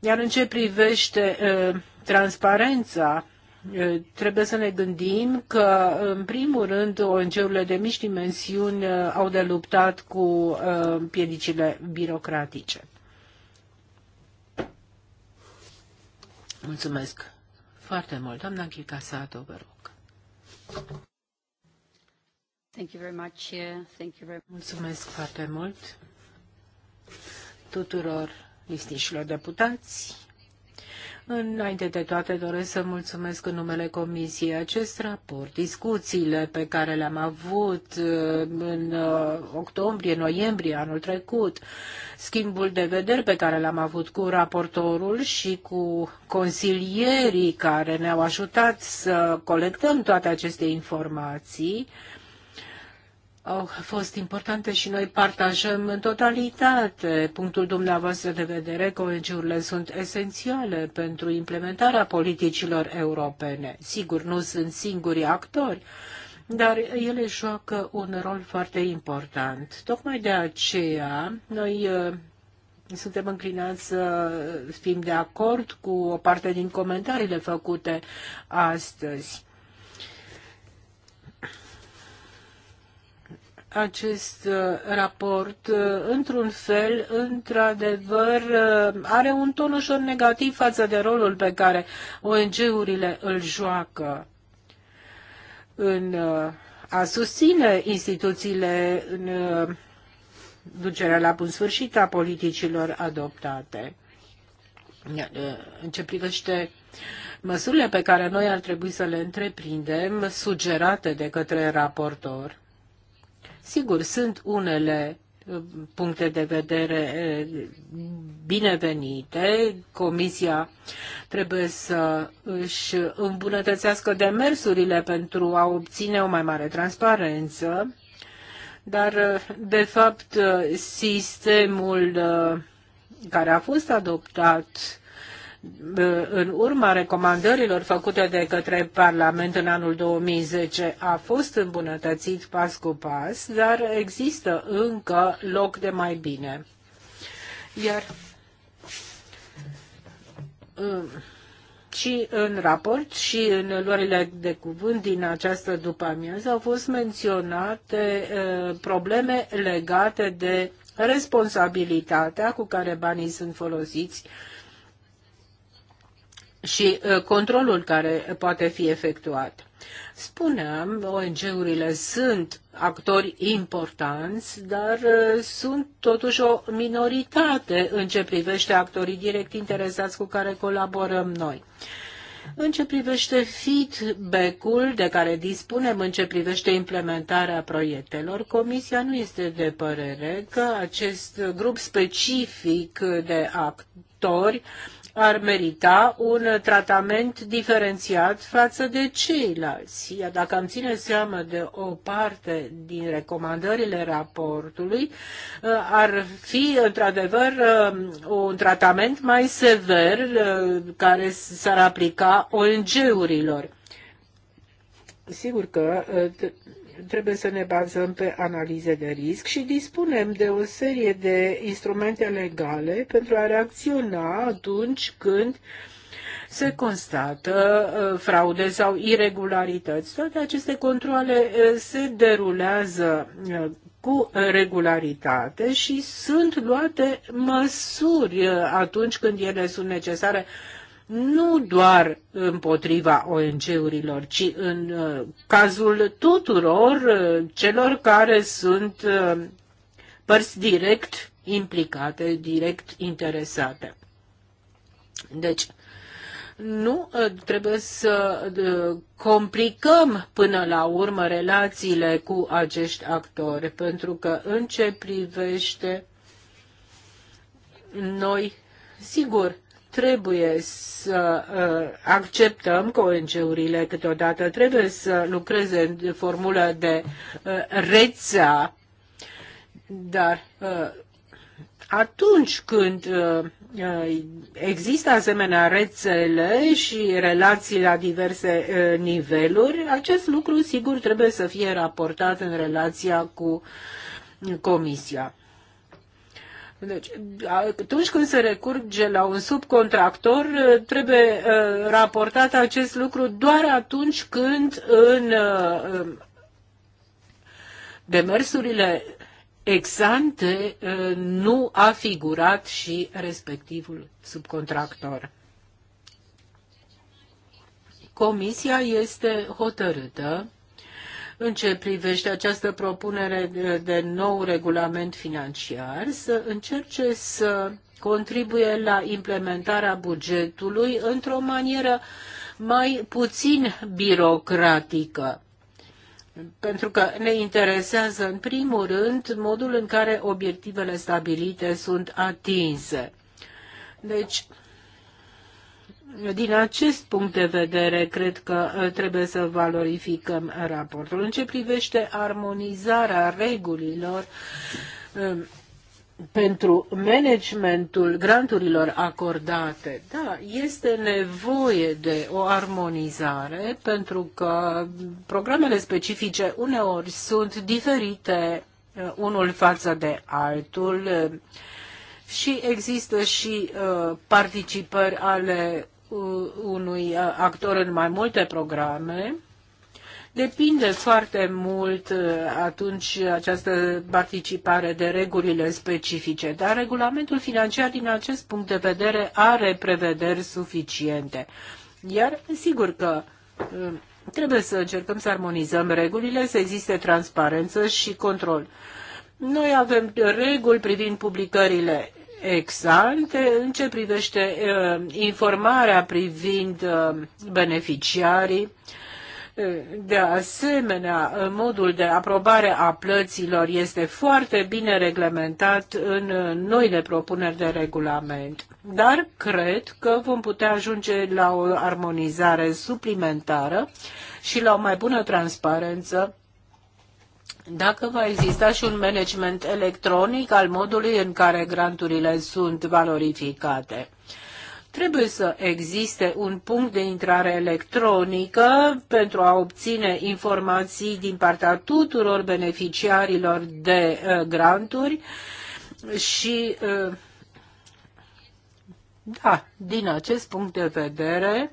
Iar în ce privește uh, transparența, trebuie să ne gândim că, în primul rând, ONG-urile de mici dimensiuni au de luptat cu piedicile birocratice. Mulțumesc foarte mult, doamna Ghica Sato, vă rog. Thank you very much. Thank you very Mulțumesc foarte mult tuturor listișilor deputați Înainte de toate doresc să mulțumesc în numele Comisiei acest raport. Discuțiile pe care le-am avut uh, în uh, octombrie, noiembrie anul trecut, schimbul de vederi pe care l-am avut cu raportorul și cu consilierii care ne-au ajutat să colectăm toate aceste informații, au fost importante și noi partajăm în totalitate punctul dumneavoastră de vedere. ONG-urile sunt esențiale pentru implementarea politicilor europene. Sigur, nu sunt singuri actori, dar ele joacă un rol foarte important. Tocmai de aceea, noi uh, suntem înclinați să fim de acord cu o parte din comentariile făcute astăzi acest uh, raport, uh, într-un fel, într-adevăr, uh, are un ton ușor negativ față de rolul pe care ONG-urile îl joacă în a susține instituțiile în ducerea la bun sfârșit a politicilor adoptate. În ce privește măsurile pe care noi ar trebui să le întreprindem, sugerate de către raportor, Sigur, sunt unele uh, puncte de vedere uh, binevenite. Comisia trebuie să își îmbunătățească demersurile pentru a obține o mai mare transparență, dar, uh, de fapt, sistemul care a fost adoptat în urma recomandărilor făcute de către Parlament în anul 2010 a fost îmbunătățit pas cu pas, dar există încă loc de mai bine. Iar um, și în raport și în luările de cuvânt din această după-amiază au fost menționate uh, probleme legate de responsabilitatea cu care banii sunt folosiți și uh, controlul care poate fi efectuat. Spuneam, ONG-urile sunt actori importanți, dar uh, sunt totuși o minoritate în ce privește actorii direct interesați cu care colaborăm noi. În ce privește feedback-ul de care dispunem în ce privește implementarea proiectelor, Comisia nu este de părere că acest grup specific de actori ar merita un tratament diferențiat față de ceilalți. Iar dacă am ține seama de o parte din recomandările raportului, uh, ar fi într-adevăr uh, un tratament mai sever uh, care s-ar aplica ONG-urilor. Sigur că trebuie să ne bazăm pe analize de risc și dispunem de o serie de instrumente legale pentru a reacționa atunci când se constată uh, fraude sau irregularități. Toate aceste controle uh, se derulează uh, cu regularitate și sunt luate măsuri atunci când ele sunt necesare nu doar împotriva ONG-urilor, ci în uh, cazul tuturor uh, celor care sunt uh, părți direct implicate, direct interesate. Deci, nu trebuie să complicăm până la urmă relațiile cu acești actori, pentru că în ce privește noi, sigur, trebuie să uh, acceptăm că ONG-urile câteodată trebuie să lucreze în formulă de uh, rețea, dar uh, atunci când există asemenea rețele și relații la diverse niveluri, acest lucru sigur trebuie să fie raportat în relația cu Comisia. Deci, atunci când se recurge la un subcontractor, trebuie raportat acest lucru doar atunci când în demersurile exante nu a figurat și respectivul subcontractor. Comisia este hotărâtă în ce privește această propunere de nou regulament financiar, să încerce să contribuie la implementarea bugetului într-o manieră mai puțin birocratică. Pentru că ne interesează în primul rând modul în care obiectivele stabilite sunt atinse. Deci, din acest punct de vedere, cred că uh, trebuie să valorificăm raportul. În ce privește armonizarea regulilor um, pentru managementul granturilor acordate, da, este nevoie de o armonizare pentru că programele specifice uneori sunt diferite uh, unul față de altul uh, și există și uh, participări ale unui uh, actor în mai multe programe, depinde foarte mult uh, atunci această participare de regulile specifice, dar regulamentul financiar din acest punct de vedere are prevederi suficiente. Iar sigur că uh, trebuie să încercăm să armonizăm regulile, să existe transparență și control. Noi avem reguli privind publicările Exact. în ce privește uh, informarea privind uh, beneficiarii, uh, de asemenea, modul de aprobare a plăților este foarte bine reglementat în noile propuneri de regulament, dar cred că vom putea ajunge la o armonizare suplimentară și la o mai bună transparență dacă va exista și un management electronic al modului în care granturile sunt valorificate. Trebuie să existe un punct de intrare electronică pentru a obține informații din partea tuturor beneficiarilor de uh, granturi și, uh, da, din acest punct de vedere,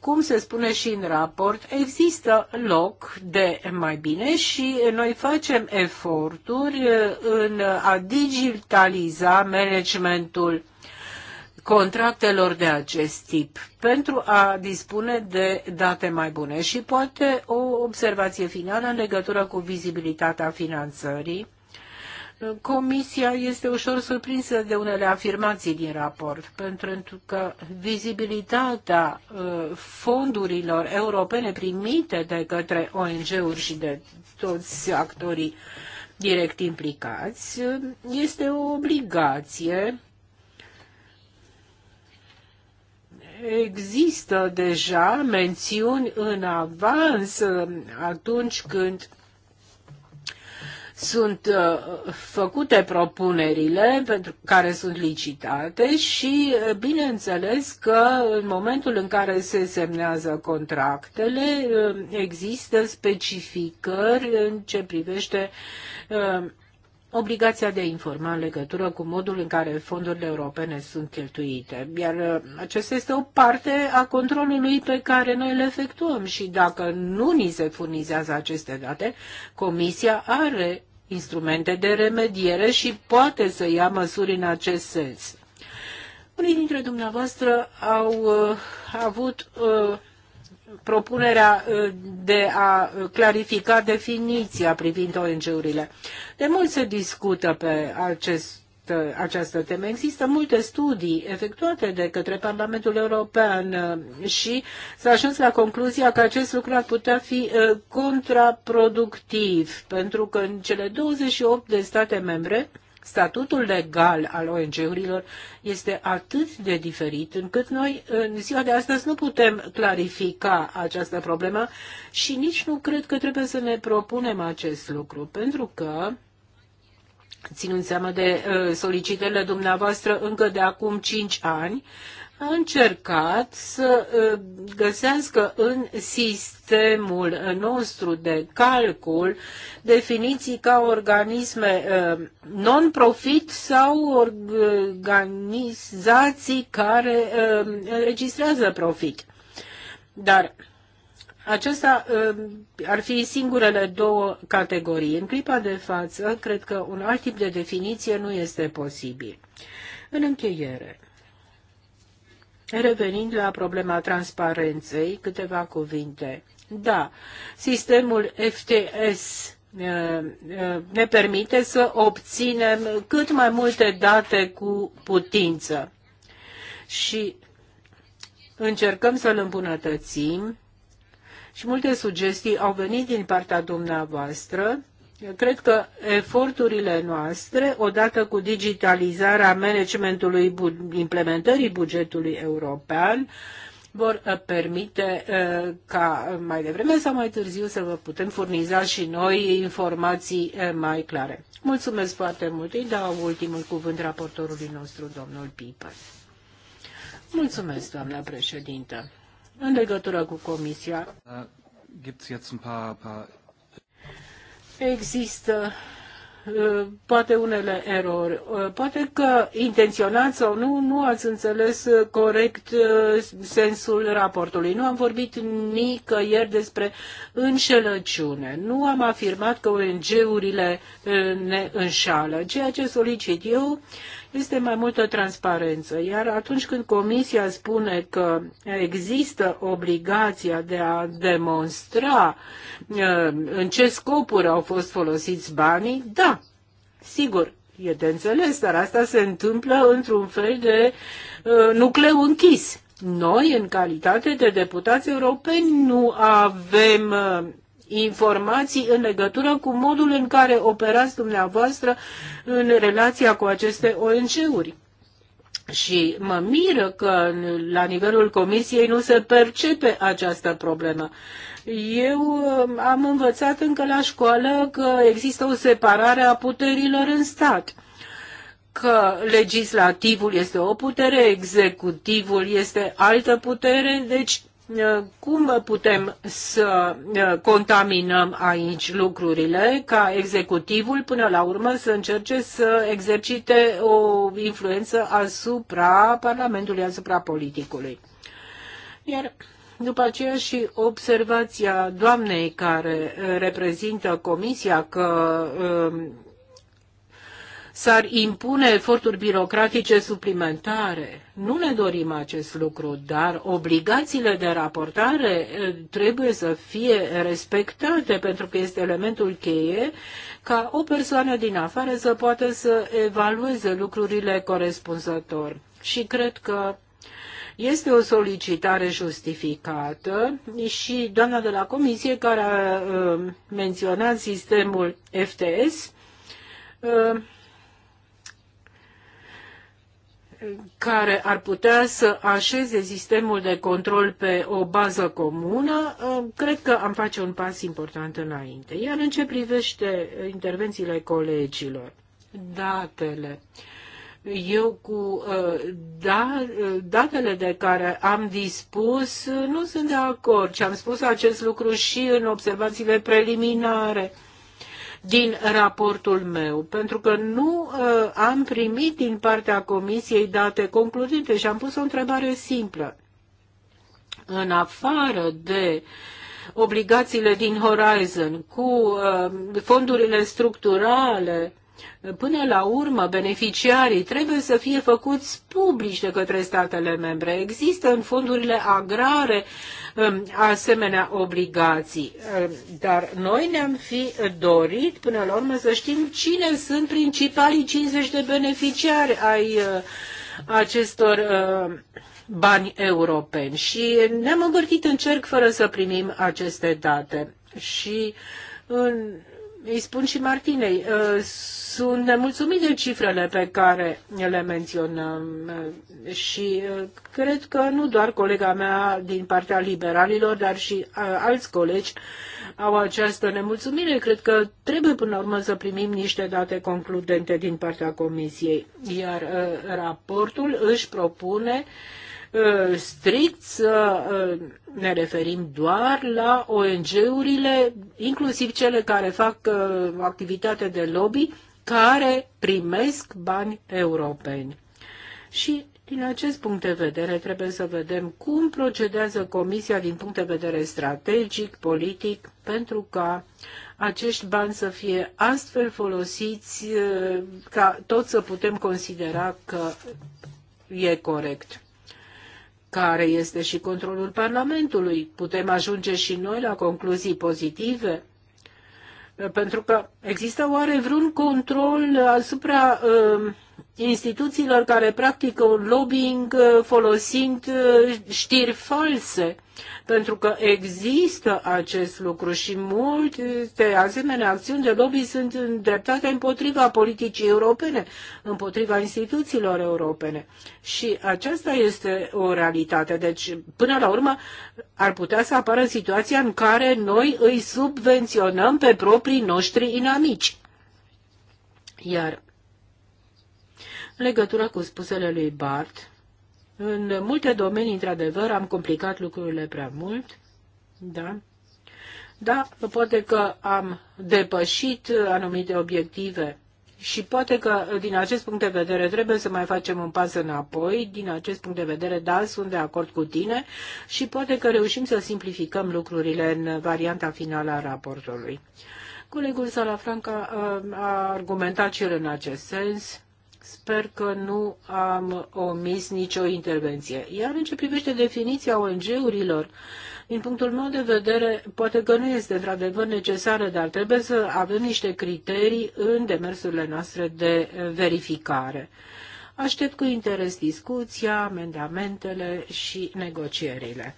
cum se spune și în raport, există loc de mai bine și noi facem eforturi în a digitaliza managementul contractelor de acest tip pentru a dispune de date mai bune. Și poate o observație finală în legătură cu vizibilitatea finanțării. Comisia este ușor surprinsă de unele afirmații din raport, pentru că vizibilitatea uh, fondurilor europene primite de către ONG-uri și de toți actorii direct implicați uh, este o obligație există deja mențiuni în avans uh, atunci când sunt uh, făcute propunerile pentru care sunt licitate și uh, bineînțeles că în momentul în care se semnează contractele uh, există specificări în ce privește obligația de a informa în legătură cu modul în care fondurile europene sunt cheltuite. Iar acesta este o parte a controlului pe care noi le efectuăm și dacă nu ni se furnizează aceste date, Comisia are instrumente de remediere și poate să ia măsuri în acest sens. Unii dintre dumneavoastră au uh, avut uh, propunerea uh, de a uh, clarifica definiția privind ONG-urile. De mult se discută pe acest această, această temă. Există multe studii efectuate de către Parlamentul European uh, și s-a ajuns la concluzia că acest lucru ar putea fi uh, contraproductiv, pentru că în cele 28 de state membre statutul legal al ONG-urilor este atât de diferit încât noi în ziua de astăzi nu putem clarifica această problemă și nici nu cred că trebuie să ne propunem acest lucru, pentru că ținând seama de uh, solicitările dumneavoastră încă de acum 5 ani, a încercat să uh, găsească în sistemul uh, nostru de calcul definiții ca organisme non-profit sau organizații care înregistrează profit. Dar Acestea um, ar fi singurele două categorii. În clipa de față, cred că un alt tip de definiție nu este posibil. În încheiere, revenind la problema transparenței, câteva cuvinte. Da, sistemul FTS uh, uh, ne permite să obținem cât mai multe date cu putință și încercăm să-l îmbunătățim și multe sugestii au venit din partea dumneavoastră. Cred că eforturile noastre, odată cu digitalizarea managementului implementării bugetului european, vor uh, permite uh, ca mai devreme sau mai târziu să vă putem furniza și noi informații uh, mai clare. Mulțumesc foarte mult. Îi dau ultimul cuvânt raportorului nostru, domnul Piper. Mulțumesc, doamna președintă în legătură cu Comisia. Uh, Există uh, poate unele erori, uh, poate că intenționat sau nu, nu ați înțeles corect sensul raportului. Nu am vorbit nicăieri despre înșelăciune. Nu am afirmat că ONG-urile ne înșală. Ceea ce solicit eu este mai multă transparență. Iar atunci când Comisia spune că există obligația de a demonstra uh, în ce scopuri au fost folosiți banii, da, sigur, e de înțeles, dar asta se întâmplă într-un fel de uh, nucleu închis. Noi, în calitate de deputați europeni, nu avem uh, informații în legătură cu modul în care operați dumneavoastră în relația cu aceste ONG-uri. Și mă miră că la nivelul comisiei nu se percepe această problemă. Eu um, am învățat încă la școală că există o separare a puterilor în stat că legislativul este o putere, executivul este altă putere, deci cum putem să uh, contaminăm aici lucrurile ca executivul până la urmă să încerce să exercite o influență asupra Parlamentului, asupra politicului. Iar după aceea și observația doamnei care uh, reprezintă comisia că uh, s-ar impune eforturi birocratice suplimentare. Nu ne dorim acest lucru, dar obligațiile de raportare eh, trebuie să fie respectate pentru că este elementul cheie ca o persoană din afară să poată să evalueze lucrurile corespunzător. Și cred că este o solicitare justificată și doamna de la comisie care a eh, menționat sistemul FTS eh, care ar putea să așeze sistemul de control pe o bază comună, uh, cred că am face un pas important înainte. Iar în ce privește intervențiile colegilor, datele, eu cu uh, da, uh, datele de care am dispus nu sunt de acord și am spus acest lucru și în observațiile preliminare din raportul meu, pentru că nu uh, am primit din partea Comisiei date concludente și am pus o întrebare simplă. În afară de obligațiile din Horizon cu uh, fondurile structurale, uh, Până la urmă, beneficiarii trebuie să fie făcuți publici de către statele membre. Există în fondurile agrare um, asemenea obligații, um, dar noi ne-am fi dorit până la urmă să știm cine sunt principalii 50 de beneficiari ai uh, acestor uh, bani europeni și ne-am învârtit în cerc fără să primim aceste date. Și în îi spun și Martinei, uh, sunt nemulțumit de cifrele pe care le menționăm uh, și uh, cred că nu doar colega mea din partea liberalilor, dar și alți colegi au această nemulțumire. Cred că trebuie până la urmă să primim niște date concludente din partea Comisiei, iar raportul își propune uh, Uh, strict să uh, ne referim doar la ONG-urile, inclusiv cele care fac uh, activitate de lobby, care primesc bani europeni. Și din acest punct de vedere trebuie să vedem cum procedează Comisia din punct de vedere strategic, politic, pentru ca acești bani să fie astfel folosiți ca tot să putem considera că e corect care este și controlul Parlamentului. Putem ajunge și noi la concluzii pozitive? Pentru că există oare vreun control asupra uh, instituțiilor care practică un lobbying uh, folosind uh, știri false, pentru că există acest lucru și multe asemenea acțiuni de lobby sunt îndreptate împotriva politicii europene, împotriva instituțiilor europene. Și aceasta este o realitate. Deci, până la urmă, ar putea să apară situația în care noi îi subvenționăm pe proprii noștri inamici. Iar în legătură cu spusele lui Bart, în multe domenii, într-adevăr, am complicat lucrurile prea mult, da? Da, poate că am depășit anumite obiective și poate că, din acest punct de vedere, trebuie să mai facem un pas înapoi. Din acest punct de vedere, da, sunt de acord cu tine și poate că reușim să simplificăm lucrurile în varianta finală a raportului. Colegul Salafranca uh, a argumentat și el în acest sens Sper că nu am omis nicio intervenție. Iar în ce privește definiția ONG-urilor, din punctul meu de vedere, poate că nu este într-adevăr necesară, dar trebuie să avem niște criterii în demersurile noastre de verificare. Aștept cu interes discuția, amendamentele și negocierile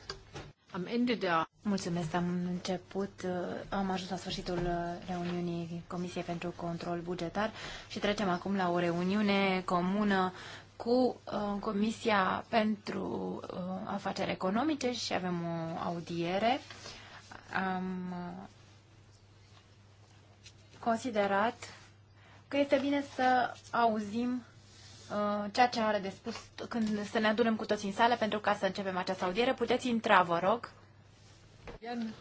am Ende der... Mulțumesc, am început, uh, am ajuns la sfârșitul uh, reuniunii Comisiei pentru Control Bugetar și trecem acum la o reuniune comună cu uh, Comisia pentru Afaceri Economice și avem o audiere. Am considerat că este bine să auzim Uh, ceea ce are de spus când să ne adunăm cu toți în sală pentru ca să începem această audiere. Puteți intra, vă rog. Ian.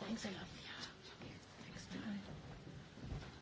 Thanks a